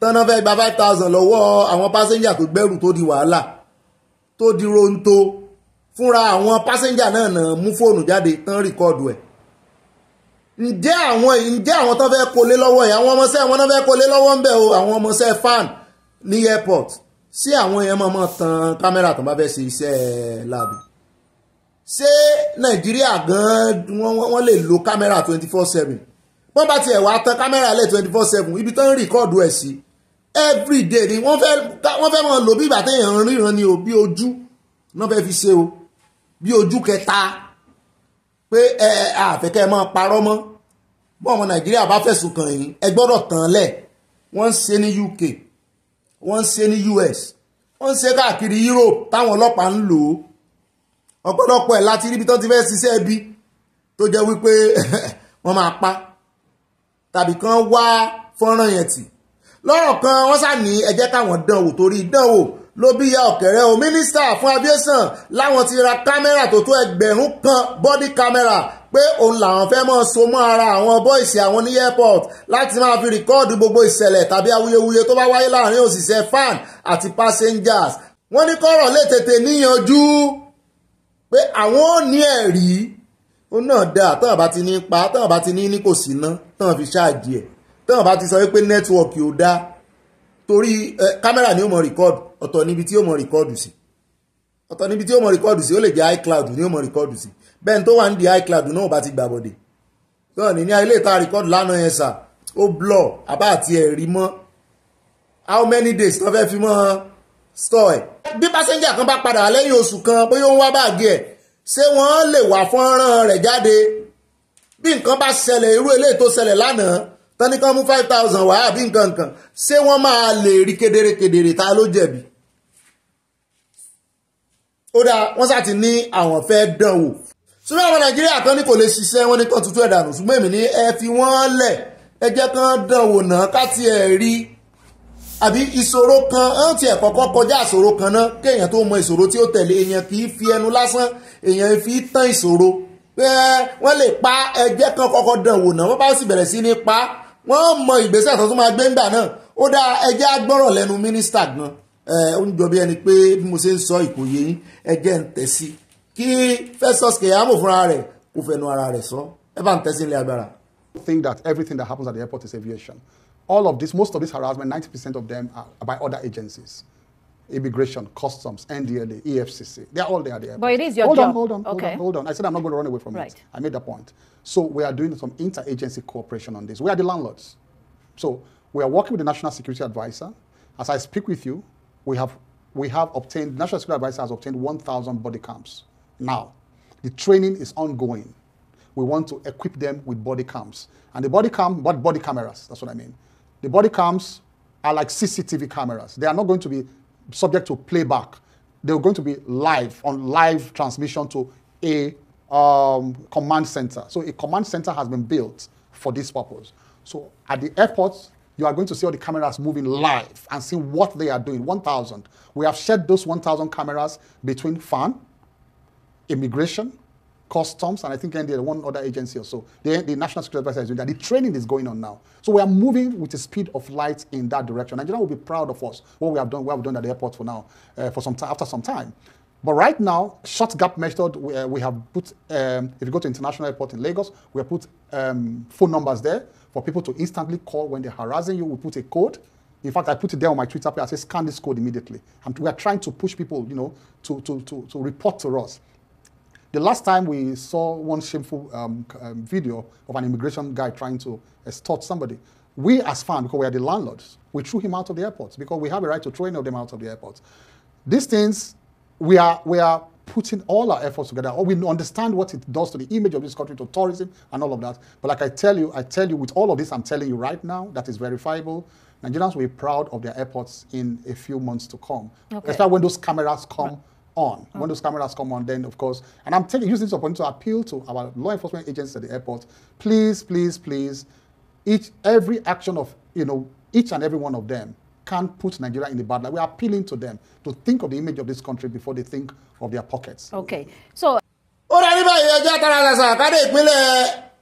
tọ́nà fẹ́ gba five thousand lọ́wọ́ àwọn pásẹ́njà tó gbẹ́rù tó di wàhálà tó di ronto fúnra àwọn pásẹ́njà náà nà mú fóònù jáde tán rìkọ́ọ̀dù ẹ̀ ǹjẹ́ àwọn ǹjẹ́ àwọn tán fẹ́ kólé lọ́wọ́ ẹ̀ àwọn ọmọọṣẹ́ wọn náà fẹ́ kólé lọ́wọ́ ń bẹ̀ o àwọn ọmọọṣẹ́ fan ní airport sí àwọn èèyàn mọ̀ọ́mọ́ tan kámẹ́rà tó bá fẹ́ ṣe iṣẹ́ láàbì ṣé nàìjíríà gan-an wọ́n lè lo kámẹ́rà twenty four seven wọ́n bá tiẹ̀ wá tan kámẹ́rà lẹ̀ twenty four seven ibi tán ń rìkọ́ọ̀dù ẹ̀ sí everyday ni wọ́n fẹ́ mọ̀ lò bí ìgbà téèyàn ń ríran ni o bí ojú náà fẹ́ fi ṣe o bí ojú kẹta pé ẹ àfẹ́kẹ́ máa parọ́ mọ́ bọ́ ọmọ nàìjíríà bá fẹ̀sùn kàn yín ẹ gbọ́dọ̀ tàn lẹ̀ wọ́n ń ṣe ní UK wọ́n ń ṣe ní US wọ́n ń ṣe káàkiri Europe táwọn ọlọ́pàá ń lò ó ọ̀pọ̀lọpọ̀ ẹ̀ láti ríbi tán ti fẹ́ ṣiṣẹ́ bí tó jẹ́ wípé (laughs) wọ́n máa pa tàbí kan wá fọ́nrán yẹn tì lọ́rọ̀ kan wọ́n sá ní ẹ káwọn dánwò torí dánwò ló bí ya ọ̀kẹ́rẹ́ o mínísítà fún aviation láwọn ti ra kámẹ́rà tó tó ẹgbẹ̀rún kan bọ́dí kámẹ́rà pé òun làwọn fẹ́ mọ́ so mọ́ ara àwọn bọ́ìsì àwọn ní airport láti máa fi rìkọ́ọ̀dù gbogbo ìṣẹ̀lẹ̀ tàbí awuyewuye tó bá wáyé láàrin òṣìṣẹ́ fan àti passengers wọ́n ní kọ́rọ̀ lè tètè níyanjú pé àwọn ò ní ẹ̀rí ó náà dáa táwọn bá ti ní pa táwọn bá ti ní ní kò sí ná táwọn fi ṣáàjì ẹ̀ táwọn bá ti sọ wípé nẹ́tíwọ̀kì ò dáa torí kámẹ́rà ni ó mọ rìkọ́ọ̀dù ọ̀tọ̀ níbi tí ó mọ rìkọ́ọ̀dù sí ọ̀tọ̀ níbi tí ó mọ rìkọ́ọ̀dù sí ó lè jẹ́ iCloud ni ó mọ rìkọ́ọ̀dù sí bẹ́ẹ̀ tó wà ní di iCloud náà bá ti gbàbọ̀dé náà ní ní ilé ìta rìkọ́ọ̀dù lánàá yẹn sà ó blọ̀ àbá àti ẹ̀rí mọ́ how many days tó fẹ́ fi mọ́ store ẹ̀ bí pásẹ́njà kan bá padà lẹ́yìn oṣù kan bóyá ó ń wá báàgì ẹ̀ ṣé wọ́n lè wá fọ́nrán rẹ̀ jáde bí nǹkan bá ṣẹlẹ̀ irú eléyìí tó ṣẹlẹ̀ lánàá tẹ́nìkan mú five thousand wá àbí nǹkan nǹkan ṣé wọ́n máa lè rí kedere kedere ta ló jẹ̀bi ó dáa wọ́n sá ti ní àwọn fẹ́ dán wò ṣùgbọ́n àwọn nàìjíríà kan ní kò lè ṣiṣẹ́ wọn ní kan tuntun ẹ̀dànù ṣùgbọ́n èmi ní ẹ fi wọ́n lẹ̀ ẹ jẹ́ kán dán wò náà ká tiẹ̀ rí àbí ìṣòro kan hàn tiẹ̀ kọ́kọ́ kọjá ìṣòro kan náà kéèyàn tó mọ ìṣòro tí ó tẹ̀lé èèyàn kì í fi ẹnu lásán èèyàn fi tán ìṣòro wọ́n lè pa ẹgbẹ́ kan kọ́kọ́ dàn wò náà wọ́n bá sì bẹ̀rẹ̀ sí ní pa wọ́n mọ ìgbésẹ̀ tó tún máa gbé ńgbà náà ó dá ẹjẹ́ agbọ́rọ̀ lẹ́nu mínísítà gan ó ń jọ bí ẹni pé bí mo ṣe ń sọ ìkòyè yín ẹjẹ́ ń tẹ̀sí kí Festus Keyamo fúnra rẹ̀ kò fẹnu ara rẹ̀ sọ ẹ bá ń tẹ̀sí ilé agbára. I think that everything that happens at the airport is aviation. all of this, most of this harassment, 90% of them are by other agencies. Immigration, customs, NDLA, EFCC. They're all there. There. but it is your hold job. On, hold on, hold okay. on, hold on. I said I'm not going to run away from right. it. I made the point. So we are doing some interagency cooperation on this. We are the landlords. So we are working with the National Security Advisor. As I speak with you, we have, we have obtained, National Security Advisor has obtained 1,000 body cams now. The training is ongoing. We want to equip them with body cams. And the body cam, body cameras, that's what I mean the body cams are like CCTV cameras. They are not going to be subject to playback. They're going to be live on live transmission to a um, command center. So a command center has been built for this purpose. So at the airport, you are going to see all the cameras moving live and see what they are doing. 1,000. We have shared those 1,000 cameras between FAN, immigration, Customs, and I think NDA, one other agency or so. The, the National Security Advisor is doing that. The training is going on now. So we are moving with the speed of light in that direction. Nigeria will be proud of us, what we have done, what we've done at the airport for now, uh, for some time, after some time. But right now, short gap method, we, uh, we have put, um, if you go to international airport in Lagos, we have put um, phone numbers there for people to instantly call when they're harassing you. We put a code. In fact, I put it there on my Twitter page. I say, scan this code immediately. And we are trying to push people, you know, to, to, to, to report to us. The last time we saw one shameful um, um, video of an immigration guy trying to extort somebody, we as fans, because we are the landlords, we threw him out of the airport because we have a right to throw any of them out of the airport. These things, we are, we are putting all our efforts together, or we understand what it does to the image of this country, to tourism, and all of that. But like I tell you, I tell you with all of this, I'm telling you right now that is verifiable. Nigerians will be proud of their airports in a few months to come, okay. especially when those cameras come. Right on. Okay. When oh. those cameras come on, then of course, and I'm taking using this opportunity to appeal to our law enforcement agents at the airport. Please, please, please, each every action of you know each and every one of them can't put Nigeria in the bad light. We're appealing to them to think of the image of this country before they think of their pockets. Okay, so.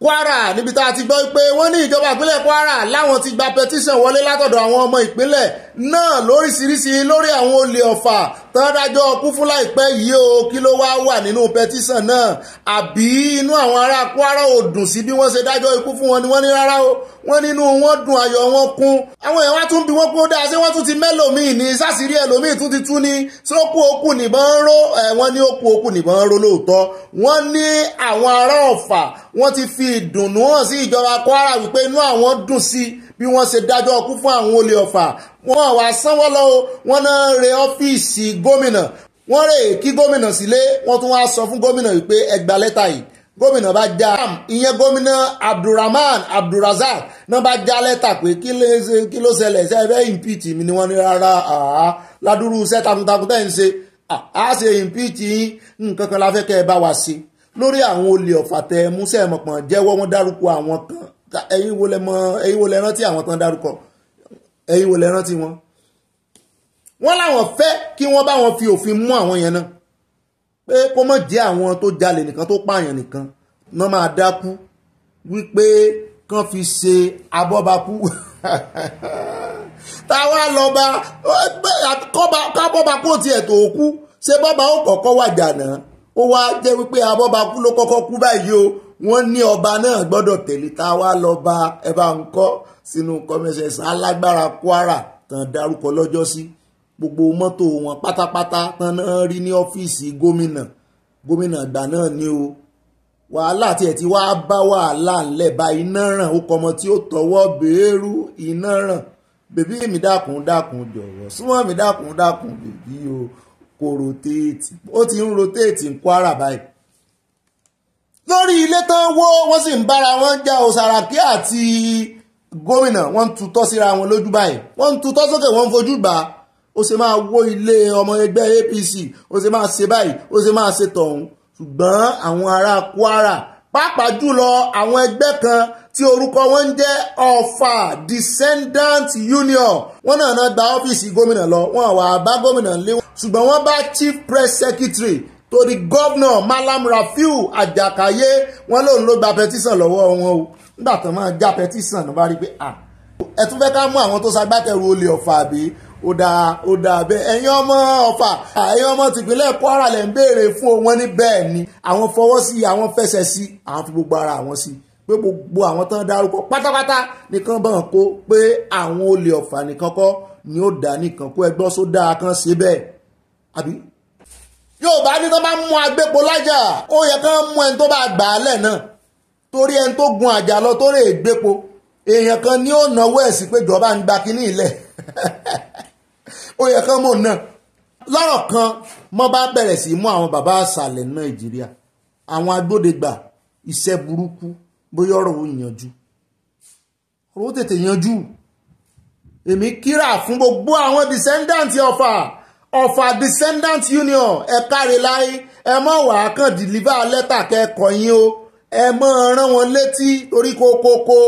Kwara níbi tá a ti gbọ́ pé wọ́n ní ìjọba ìpínlẹ̀ Kwara láwọn ti gba petition wọlé látọ̀dọ̀ àwọn ọmọ ìpínlẹ̀ náà lóríṣiríṣi lórí àwọn olè ọ̀fà tán dájọ́ kú fún láìpẹ́ yìí o kí ló wá wà nínú pẹtísàn náà àbí inú àwọn ará Kwara ò dùn sí bí wọ́n ṣe dájọ́ ikú fún wọn ni wọ́n ní rárá o wọ́n nínú wọn dùn ayọ̀ wọn kún àwọn èèyàn wá tún bí wọ́n kún ó dáa ṣé wọ́n tún ti mẹ́lòmíì ní sásìrí ẹlòmíì tún ti tú ní ṣé ó kú okù nìbọn ń ró wọ́n ní ó kú okù nìbọn ń ró lóòótọ́ wọ́n ní àwọn ará Ọ̀fà wọ́n ti fi ìdùnnú hàn sí ìjọba Kwara wípé inú àwọn dùn sí i bí wọ́n ṣe dájọ́ ọkú fún àwọn olè ọ̀fà wọ́n wá sanwó lọ́wọ́ wọ́n náà re ọ́fíìsì gómìnà wọ́n rè kí gómìnà sílé wọ́n tún wá sọ fún gómìnà wípé ẹgbà lẹ́tà yìí gómìnà bá já ìyẹn gómìnà abdulrahman abdulrazak náà bá já lẹ́tà pé kí ló ṣẹlẹ̀ ṣe fẹ́ impeach mi ni wọ́n ní rárá àá ládùúrú iṣẹ́ takuntakun tẹ́ ń ṣe àá ṣe impeach yín nǹkan kan la fẹ́ kẹ́ ẹ bá wa ṣe lórí àwọn olè ọ̀fà tẹ̀ mú sẹ́ẹ̀mọ̀pọ̀n jẹ́wọ́ wọn dárúkọ àwọn kan ẹ̀yin wo lẹ mọ̀ ẹ̀yin wo lẹ rántí àwọn tán dárúkọ ẹ̀yin wo lẹ rántí wọn wọ́n láwọn fẹ́ kí wọ́n bá wọn fi òfin mú àwọn yẹn náà pé kó má jẹ́ àwọn tó jalè nìkan tó pààyàn nìkan náà máa dákú wípé kán fi ṣe abọ́bakú (laughs) táwa lọ́ba kábọ́bakú tiẹ̀ tó kú ṣé bọ́ba ó kọ́kọ́ wàjà náà ó wá jẹ́ wípé abọ́bakú ló kọ́kọ́ kú báyìí o wọ́n ní ọba náà gbọ́dọ̀ tẹ̀lé tá a wá lọ bá ẹ bá ń kọ́ sínú kọ́mẹ́sẹ̀sì alágbára Kwara tán dárúkọ lọ́jọ́ sí gbogbo mọ́tò wọn pátápátá tán náà rí ní ọ́fíìsì gómìnà gómìnà àgbà náà ni o wàhálà tí ẹ ti wá bá wàhálà ńlẹ̀ bá iná ràn ó kọ́mọ tí ó tọwọ́ béèrú iná ràn bèbí mi dákun dákun jọ̀wọ́ súnmọ́ mi dákun dákun bèbí o kò rotéètì ó ti ń rotéètì ń Kwara báyìí lórí ilé tán wó wọ́n sì ń bára wọn já o Sàràkí àti gómìnà wọ́n ń tutọ́ síra wọn lójú báyìí wọ́n ń tutọ́ sókè wọ́n ń fojú bá ó ṣe máa wó ilé ọmọ ẹgbẹ́ APC ó ṣe máa ṣe báyìí ó ṣe máa ṣe tọ̀hún ṣùgbọ́n àwọn ará Kwara pàápàá jùlọ àwọn ẹgbẹ́ kan tí orúkọ wọn ń jẹ́ Ọ̀fà Descendant Union wọ́n náà náà gba ọ́fíìsì gómìnà lọ wọ́n wá bá gómìnà lé wọn ṣùgbọ́n wọ́n bá Chief Press Secretary to the Malam Rafiu Ajakaye wọn lòun ló gba petition lọ́wọ́ wọn o nígbà tó máa já petition ló bá rí pé ah ẹ tún fẹ́ ká mú àwọn tó ṣagbátẹrù olè ọ̀fà àbí ó dáa ó dáa bẹ́ẹ̀ ẹ̀yin ọmọ ọ̀fà ẹ̀yin ọmọ tìpínlẹ̀ Kwara lẹ̀ ń béèrè fún wọn ní bẹ́ẹ̀ ni àwọn fọwọ́ sí àwọn fẹsẹ̀ sí àwọn fi gbogbo ara àwọn sí pé gbogbo àwọn tán dárúkọ pátápátá nìkan bá wọn kó pé àwọn olè ọ̀fà nìkan kọ́ ni ó dá nìkan kó ẹgbọ́n sódà kan ṣe bẹ́ẹ̀ àbí yóò bá ní tó bá mú agbépo lájà ó yẹ kí wọ́n mú ẹni tó bá gbà á lẹ̀ náà torí ẹni tó gun àjà lọ tó rè gbépo èèyàn kan ní ó náwó ẹ̀ sí pé ìjọba ń gba kínní ilẹ̀ (laughs) ó yẹ kán mọ̀ náà lọ́rọ̀ kan mo bá bẹ̀rẹ̀ sí mú àwọn bàbá àṣàlẹ̀ Nàìjíríà àwọn agbódegbà iṣẹ́ burúkú bóyá ọ̀rọ̀ ò yanjú ọ̀rọ̀ ó tètè yanjú èmi kíra fún gbogbo àwọn descendant Ọ̀fà Of Ọ̀fà Descendant Union ẹ káre láyé ẹ mọ̀ wá kàn dìlíbà letter kẹ́kọ̀ọ́ yín o ẹ mọ̀ rán wọn létí torí kókókó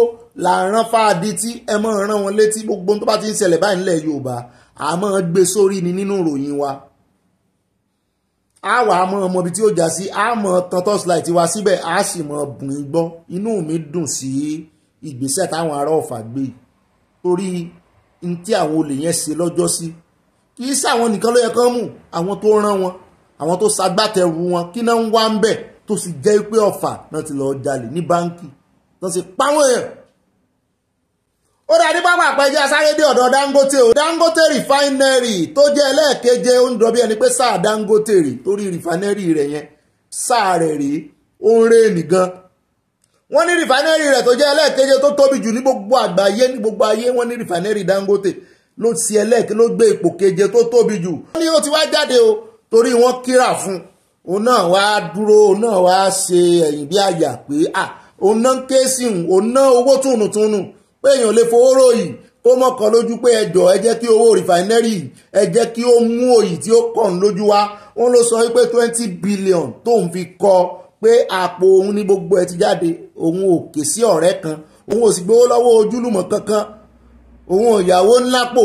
là ń rán fáadé tí ẹ mọ̀ rán wọn létí gbogbo tó bá ti ń ṣẹlẹ̀ báyìí nílẹ̀ Yorùbá a mọ̀ gbé sórí ni nínú ìròyìn wa a wà á mọ̀ ọmọ ibi tí ó já sí a mọ̀ tan torchlight wa síbẹ̀ a sì mọ̀ bùn gbọ́ inú mi dùn sí ìgbésẹ̀ táwọn ará Ọ̀fà gbé torí n tí àwọn olè yẹn ṣe lọ́jọ́ sí. Si kì í ṣe àwọn nìkan ló yẹ kán mú àwọn tó rán wọn àwọn tó ṣagbátẹrù wọn kí náà ń wá ń bẹ̀ tó sì jẹ́ pé ọ̀fà náà ti lọ́ọ́ jalè ní báńkì náà sì pa wọ́n èèyàn. ó dá ní pápá àpẹjẹ asáré dé ọ̀dọ̀ Dangote o Dangote refinery tó jẹ́ ẹlẹ́ẹ̀keje ó ń dọ̀ bí ẹni pé sáà Dangote rè torí refinery rẹ̀ yẹn sáà rẹ̀ rèé ó ń rè nìgan wọ́n ní refinery rẹ̀ tó jẹ́ ẹlẹ́ẹ̀keje tó tóbi jù ní gbogbo àgbáyé ní gbogbo ayé wọ́n ní refinery Dangote ló ti ẹlẹ́ẹ̀kẹ́ ló gbé ipò keje tó tóbi jù. wọ́n ní ó ti wá jáde o torí wọ́n kíra fún un òun náà wá dúró òun náà wá ṣe ẹ̀yìn bí àyà pé à òun náà ń ké sí òun òun náà owó túnùtúnù pé èèyàn lè fowó ròyìn kó mọ̀kàn lójú pé ẹjọ́ ẹ jẹ́ kí owó rìfàìnẹ́rì ẹ jẹ́ kí ó mú òyì tí ó kàn lójú wa wọ́n ló sọ wípé twenty billion tóun fi kọ pé àpò òun ní gbogbo ẹ ti jáde òun ò ké sí ọ̀rẹ́ kan òun ò sì gbowó lọ́wọ́ ojúlùmọ̀ kankan òun ò yàwó ńlápò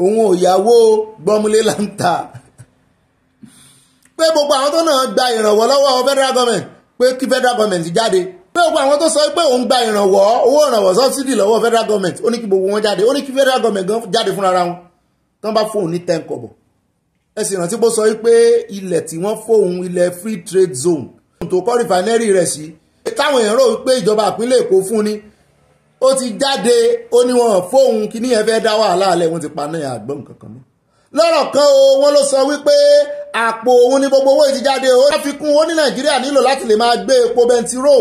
òun ò yàwó gbọmúlé láǹtà pé gbogbo àwọn tó náà gba ìrànwọ́ lọ́wọ́ federal government pé kí federal government jáde pé gbogbo àwọn tó sọ pé òun gba ìrànwọ́ owó ìrànwọ́ subsidy lọ́wọ́ federal government ó ní kí gbogbo wọn jáde ó ní kí federal government gan jáde fúnra wọn tán bá fóun ní ten kọ̀bọ̀ ẹ sì rántí pé sọ pé ilẹ̀ tí wọ́n fóun ilẹ̀ free trade zone tó kọ́ rìfánẹ́rì rẹ̀ sí táwọn èèyàn rò pé ìjọba ìpínlẹ̀ Èkó fún ni ó ti jáde ó ní wọn fóun kíní yẹn fẹ́ẹ́ dá wàhálà alẹ́ wọn ti paná yẹn àgbọ̀n kankan mọ́ lọ́rọ̀ kan o wọ́n ló sọ wípé àpò òun ni gbogbo owó ti jáde o láfikún ó ní nàìjíríà nílò láti lè máa gbé epo bẹntiró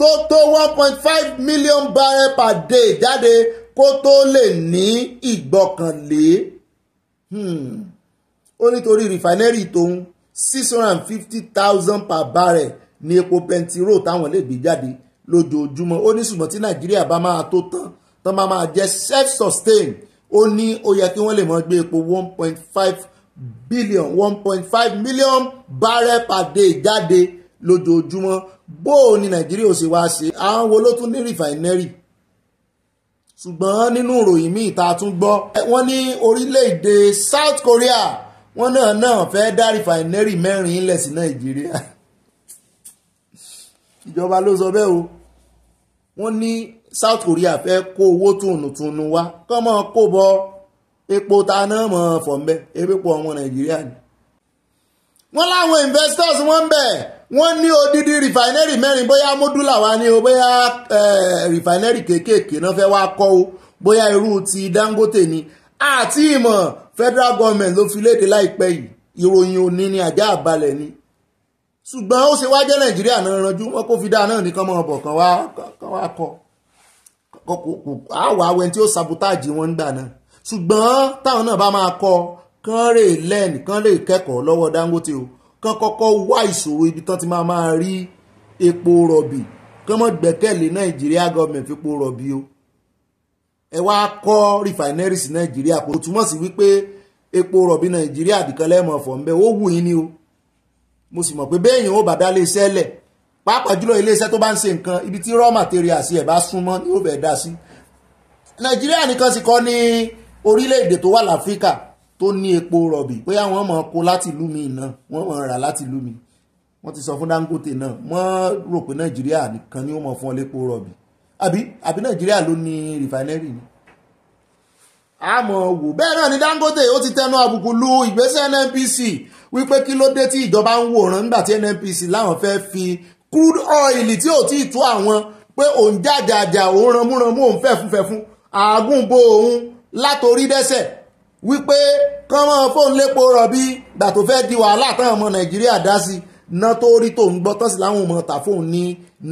tó tó one point five million barrel per day jáde kó tó lè ní ìgbọ́kànlé hmm. ó nítorí rìfánẹ́rì tóun six hundred and fifty thousand per barrel ní epo bẹntiró táwọn lè gbé jáde lójoojúmọ́ ó ní ṣùgbọ́n tí nàìjíríà bá máa tó tán tán bá máa jẹ́ self-sustained ó ní ó yẹ kí wọ́n lè máa gbé epo one point five billion one point five million barrel per day jáde lójoojúmọ́ bó o ní nàìjíríà ò sì wá ṣe àwọn wo ló tún ní rìfàìnẹ́rì ṣùgbọ́n nínú ìròyìn míì tá tún gbọ́ wọ́n ní orílẹ̀-èdè South Korea wọ́n náà náà fẹ́ dá rìfàìnẹ́rì mẹ́rin ilẹ̀ sí nàìjíríà (laughs) ìjọba ló sọ bẹ́ẹ̀ o wọ́n ní South Korea fẹ́ kó owó tùnùtùnù wá kọ́ mọ́ kó bọ epo ta náà mọ̀ fọ̀m̀bẹ́ epo ọmọ Nàìjíríà ni. wọ́n láwọn investors wọ́n ń bẹ̀ wọ́n ní odidi refinery mẹ́rin bóyá módúlà wa ni o bóyá eh, refinery kéékèèké náà fẹ́ wá kọ́ o bóyá irú ti Dangote ni àti ìmọ̀ federal government ló fi léde láìpẹ́ yìí ìròyìn òní ni ajá àbálẹ̀ ni ṣùgbọ́n ó ṣe wá jẹ́ nàìjíríà náà ranjú wọn kó fi dáa náà nìkan mọ́ ọ̀bọ̀ kan wá kan wá kọ àwọ̀ awẹ́ tí ó sabotage wọn ń gbà náà ṣùgbọ́n táwọn náà bá máa kọ kán lè lẹ́ẹ̀n kán lè kẹ́kọ̀ọ́ lọ́wọ́ Dangote o kán kọ́kọ́ wá ìṣòro ibi tán ti máa máa rí epo rọ̀bì kán mọ́ gbẹ́kẹ̀lé nàìjíríà gọ́ọ̀mẹ̀ntì epo rọ̀bì o ẹ wá kọ́ refineries nàìjíríà kò túmọ̀ sí wípé epo rọ̀bì nàìjíríà dìkan lẹ́ẹ̀mọ̀ ọ̀fọ̀ ń bẹ ó wù yín ni o mo sì mọ̀ pé béèyàn ó bàbá ilé iṣẹ́ lẹ̀ pàápàá jùlọ ilé iṣẹ́ tó bá ń ṣe nǹkan ibi tí raw materials ẹ̀ bá súnmọ́ ni ó fẹ́ dá sí. nàìjíríà nìkan sì kọ́ ní orílẹ̀-èdè tó wà láfíríkà tó ní epo rọ̀bì bóyá wọ́n mọ̀ kó láti ìlú mi náà wọ́n mọ̀ rà láti ìlú mi wọ́n ti sọ fún Dangote náà wọ́n rò pé nàìjíríà nìkan ni ó mọ̀ fún ọ lépo rọ̀bì àbí àbí nàìjíríà ló ní rìfánẹ́rì ni àmọ́ wò bẹ́ẹ̀ náà ni Dangote ó ti tẹnu àbùkù lu ìgbésẹ̀ NNPC wípé kí ló dé tí ìjọba ń wòran nígbà tí NNPC láwọn fẹ́ fi crude oil tí ò tí ì tó àwọn pé òun jàjàjà òun ranmúranmú òun fẹ́ fún fẹ́ fún àágùn bo òun látòrí dẹ́sẹ̀ wípé kán mọ́ fóun lépo rọ̀bì gbà tó fẹ́ di wàhálà táwọn ọmọ Nàìjíríà dá sí ná tó rí tòun gbọ́ tán sí láwọn ọmọ tà fóun ní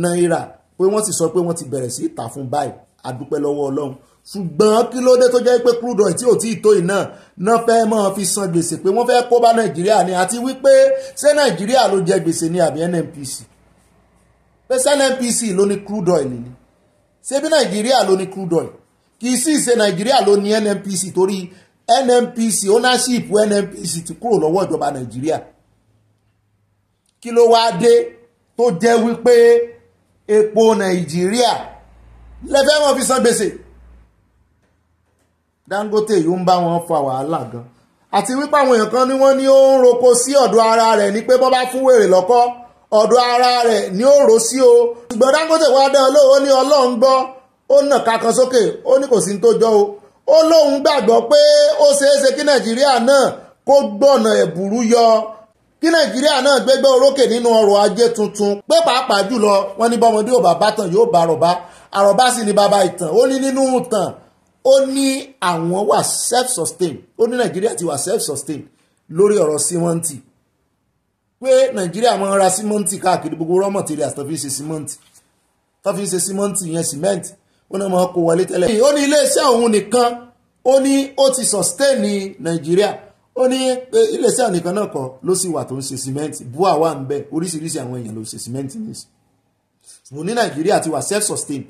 náírà pé wọ́n sì sọ pé wọ́n ti bẹ̀rẹ̀ sí ìtà fún báyìí a dúpẹ́ lọ́wọ́ Ọlọ́run ṣùgbọ́n kí ló dé tó jẹ́ pé crude oil tí ò tí ì tó iná náà fẹ́ máa fi san gbèsè pé wọ́n fẹ́ kó bá nàìjíríà ni àti wípé ṣé nàìjíríà ló jẹ gbèsè ní àbí nnpc pé ṣé nnpc ló ní crude oil ni ṣé bí nàìjíríà ló ní crude oil kì í sì ṣe nàìjíríà ló ní nnpc torí nnpc ownership nnpc ti kúrò lọ́wọ́ ìjọba nàìjíríà kí ló wáá dé tó jẹ́ wípé epo nàìjíríà lẹ́fẹ́ wọn fi san gbèsè. Dangote yìí ń bá wọn fa wàhálà gan àti wípé àwọn èèyàn kan ni wọ́n ní ó ń roko sí ọ̀dọ̀ ara rẹ̀ ni pé bọ́ bá fún wèrè lọ́kọ́ ọ̀dọ̀ ara rẹ̀ ni ó rò sí o ṣùgbọ́n Dangote wá dán olówó ní ọlọ́run gbọ́ ó nà kankan sókè ó ní kò sí ní tó jọ o ó lóun gbàgbọ́ pé ó ṣeéṣe kí Nàìjíríà náà kó gbọ̀nà ẹ̀bùrú yọ kí nàìjíríà náà gbégbé orókè nínú ọrọ̀ ajé tuntun pé pàápàá jùlọ wọn ní bọ́mọdé ò bá bá yóò bá àrọ̀bá àrọ̀bá sì ni bàbá ìtàn ó ní nínú ìtàn ó ní àwọn wà self-sustained ó ní nàìjíríà ti wà self-sustained lórí ọ̀rọ̀ símọ́ǹtì pé nàìjíríà máa ń ra símọ́ǹtì káàkiri gbogbo raw materials tó fi ń ṣe símọ́ǹtì tó fi ń ṣe símọ́ǹtì yẹn símẹ́ǹtì ó náà máa kó wọlé tẹ́lẹ̀. ó ní iléeṣẹ́ òun nìkan ó ní ó ti sustain ní nàìjíríà ó ní pé iléeṣẹ́ òun nìkan náà kọ́ ló sì wà tó ń ṣe símẹ́ǹtì bua wà ń bẹ oríṣiríṣi àwọn èèyàn ló ṣe símẹ́ǹtì nìyí. mo ní nàìjíríà ti wà self-sustained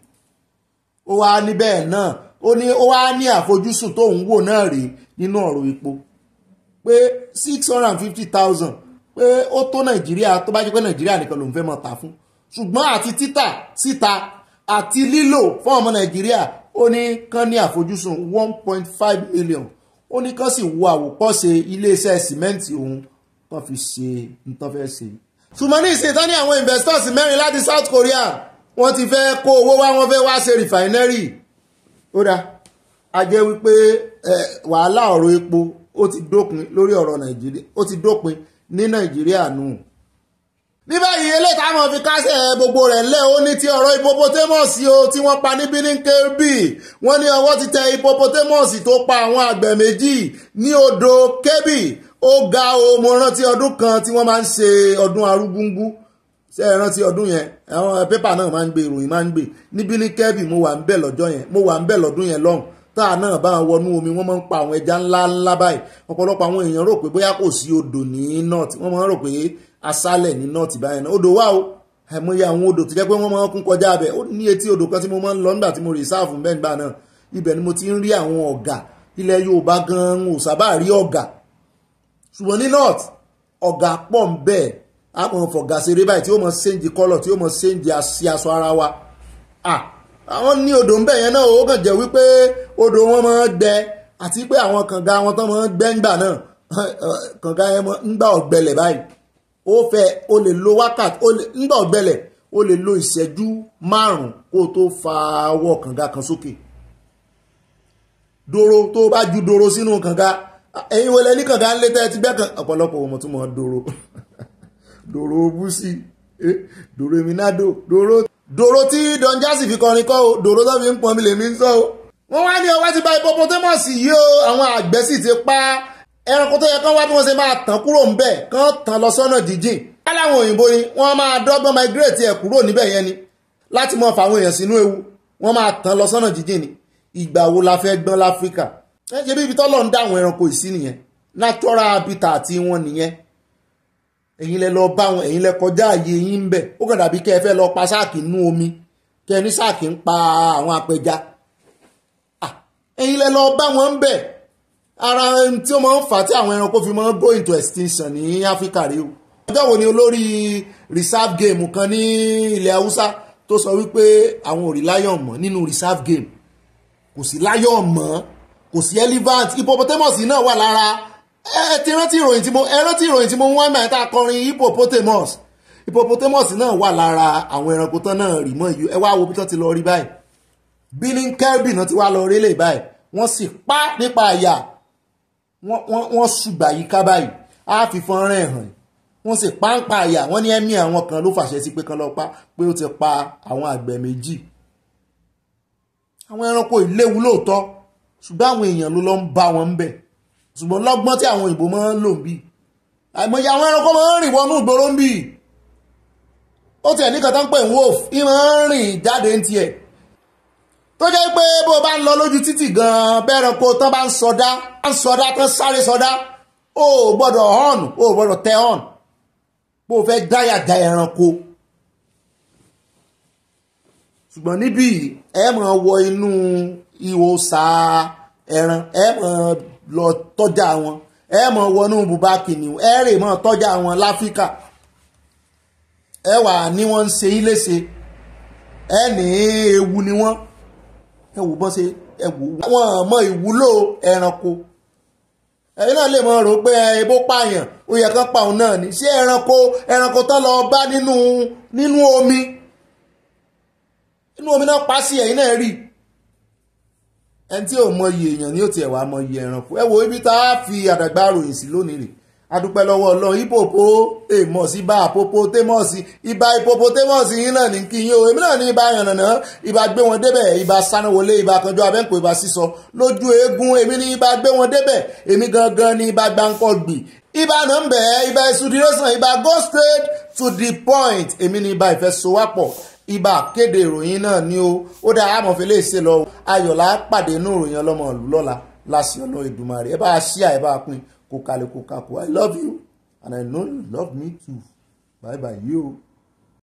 ó wá níbẹ̀ náà ó ní ó wá ní àfojúsùn tó ń wò náà rèé nínú ọ̀rọ̀ epo pé six hundred and fifty thousand pé ó tó nàìjíríà tó bá jẹ́ pé nàìjíríà nìkan ló ń fẹ́ máa tà fún ṣùgbọ́n àti títà síta àti lílò fún ọmọ nàìjíríà ó ní kán ní àfojúsùn one point five million ó ní kán sì wo àwòkọ́ṣe iléeṣẹ́ sìmẹ́ǹtì òun kan fi ṣe nǹkan fẹ́ ṣe. ṣùgbọ́n ní ìsìn tán ní àwọn investors mẹ́rin láti South Korea wọ́n ti fẹ́ kó owó wá wọ́n fẹ́ wá ṣe rìfàìnẹ́rì ó dáa a jẹ́ wípé wàhálà ọ̀rọ̀ epo ó ti dópin lórí ọ̀rọ̀ nàìjíríà ó ti dópin ní nàìjíríà nù. ní báyìí eléyìí táwọn fi kásẹ̀ gbogbo rẹ̀ lẹ́ ó ní ti ọ̀rọ̀ hippopotamus o tí wọ́n pa ní birnin wọ́n ní ọwọ́ ti tẹ hippopotamus tó pa àwọn àgbẹ̀ méjì ní odò Kebbi ó ga o mo rántí ọdún kan tí wọ́n máa ń ṣe ọdún arúgbúngbú ṣé ẹ rántí ọdún yẹn àwọn pépà náà máa ń gbé ìròyìn máa ń gbé níbí ní kẹ́bì mo wà ń bẹ̀ lọ́jọ́ yẹn mo wà ń bẹ̀ lọ́dún yẹn lọ́hùn tá a náà bá wọnú omi wọ́n máa ń pa àwọn ẹja ńlá ńlá báyìí ọ̀pọ̀lọpọ̀ àwọn èèyàn rò pé bóyá kò sí odò ní north wọ́n máa ń rò pé aṣálẹ̀ ní north báyìí náà odò wà o àìmọye àwọn odò tó jẹ́ pé wọ́n máa ń kún kọjá abẹ ó ní etí odò kan tí mo máa ń lọ nígbà tí mo rìsáàfù bẹ́ẹ̀gbà náà ibẹ̀ ni mo ti ń rí àwọn ọ̀gà ilẹ̀ Yorùbá gan-an ò sábà rí ọ̀gà ṣùgbọ́n ní north ọ̀gà pọ̀ ń bẹ́ẹ̀ a mọ̀ fọ̀gà ṣeré báyìí tí ó mọ̀ ṣéǹjì kọ́lọ̀ tí ó mọ̀ ṣéǹjì àṣì aṣọ ara wa àwọn ní odò ń bẹ̀ yẹn náà ó kàn jẹ́ wípé odò wọn máa ń gbẹ àti pé àwọn kànga wọn tán máa ń gbẹ́ ńgbà náà (laughs) kànga yẹn ń gbà ọ̀gbẹlẹ̀ báyìí ó fẹ́ o lè lo wákàtí ń gbà ọ̀gbẹlẹ̀ o lè lo ìṣẹ́jú márùn-ún kó o tó fa ọwọ́ kànga kan sókè dòrò tó bá ju dòrò sínú kànga ẹ̀yin wọlé ní kànga ńlẹ́tẹ̀ ti gbẹ́ kan ọ̀pọ̀lọpọ̀ ọmọ tó mọ̀ ọ́ dòrò (laughs) dòrò búsì eh, dòrò eminado dòrò dòrò tí Don Jazzy fi kọrin kọ́ o dòrò tó fi ń pọnmi lèmi ń sọ o. wọ́n wá ní ọwọ́ ti ba hippopotamus yìí o àwọn àgbẹ̀ sì ti pa ẹranko tó yẹ kán wá bí wọ́n ṣe máa tàn kúrò ń bẹ̀ kán tàn lọ sọ́nà jíjìn. aláwọn òyìnbó ni wọ́n máa dọ́gbọ́n migrate ẹ̀ kúrò níbẹ̀ yẹn ni láti mọ fà àwọn èèyàn sínú ewu wọ́n máa tàn lọ sọ́nà jíjìn ni ìgbà wo la fẹ́ gbọ́n láfíríkà ẹ ṣe bí ibi tọ́lọ́ ń dá àwọn ẹranko ìsí nìyẹn natural habitat wọn nìyẹn ẹ̀yin lẹ lọ bá wọn ẹ̀yin lẹ kọjá àyè yín ń bẹ̀ ó kàn dàbí kẹ́ ẹ fẹ́ lọ pa sáàkì nú omi kẹ́ ẹ ní sáàkì ń pa àwọn apẹja ẹ̀yin lẹ lọ bá wọn ń bẹ̀ ara tí ó máa ń fà tí àwọn ẹranko fi máa ń go into extinction ní áfíríkà rèé o ọjọ́ wo ni olórí reserve game kan ní ilẹ̀ haúsá tó sọ wípé àwọn ò rí lion mọ́ nínú reserve game kò sí lion mọ́ kò sí elephant hippopotamus náà wà lára ẹ ti rántí ìròyìn tí mo ẹ rántí ìròyìn tí mo ń wá mẹ́rin tá a kọrin hippopotamus hippopotamus náà wà lára àwọn ẹranko tán náà rí mọ́ ẹ wá wo bí tán ti lọ rí báyìí Bílín Kẹ́lbì náà ti wá lọ rélé báyìí wọ́n sì pa nípa àyà wọ́n ṣùgbà yìí ká báyìí á fi fọ́nrán ẹ̀ hàn wọ́n sì pa ń pa àyà wọ́n ní ẹ̀mí àwọn kan ló fàṣẹ sí pé kan lọ pa pé ó ti pa àwọn àgbẹ̀ méjì àwọn ẹranko ìléwu lóòótọ́ ṣùgbọ́n àwọn èèyàn ló lọ ń bá wọn ń bẹ̀ ṣùgbọ́n lọ́gbọ́n tí àwọn òyìnbó máa ń lò ń bì àìmọye àwọn ẹranko máa ń rìn wọnú ìgboro ń bì ó tiẹ̀ ní kàtà ń pè wolf í máa ń rìn jáde ń tiẹ̀ tó jẹ́ pé bó o bá ń lọ lójú títì gan-an bẹ́ẹ̀ranko tán bá ń sọdá bá ń sọdá tán sáré sọdá o ò gbọ́dọ̀ hàn o ò gbọ́dọ̀ tẹ hàn bó o fẹ́ dáyà da ẹranko ṣùgbọ́n níbí ẹ máa wọ inú ihò sáà ẹran ẹ máa lọ tọ́jà wọn ẹ mọ̀ wọnú bùbá kìnìún ẹ rè mọ̀ tọ́jà wọn láfíríkà ẹ wà ní wọ́n ń ṣe ilé ṣe ẹ ní ewu ni wọ́n ẹ wò bọ́n ṣe ẹ wò wọ́n mọ ìwúlò ẹranko ẹ̀yin náà lè mọ̀ rò pé ebó pààyàn ó yẹ kán pa òun náà ní ṣé ẹranko ẹranko tán lọ bá nínú nínú omi nínú omi náà pa sí ẹ̀yin náà rí i ẹni tí ò mọyì èèyàn ni ó tiẹ̀ wá mọyì ẹranko ẹ wo ibi tá a fi àdàgbà ròyìn sí lónìí rè adúpẹ́ lọ́wọ́ ọlọ́run ìpòpò èèmọ̀ sí bá àpòpò témọ̀sí ìbá ìpòpò témọ̀sí yín náà ní kí yín o èmi náà ní ìbá yànnànà ìbá gbé wọn débẹ̀ ìbá sanáwọlé ìbá kanjọ́ abẹ́ǹkó ìbá sísọ lójú eégún èmi ní ìbá gbé wọn débẹ̀ èmi gangan ní ìbá gbáǹkọ́ gbì ìbá náà ń bẹ̀ ìbá ìsúdìrọ́sàn ìbá go straight to the point èmi ní ìbá ìfẹ́ sowápọ̀ ibà kéde ìròyìn náà ni ó ó dáa àmọ̀fẹ́ lè ṣe lọ ayọ̀lá pàdé inú ìròyìn ọlọ́mọ ìlú lọ́la lásìkò ọ̀nà Èdùmàrè ẹ bá a ṣíà ẹ bá a pín kó kalẹ̀ kó kakó I love you and I know you love me too bye bye you.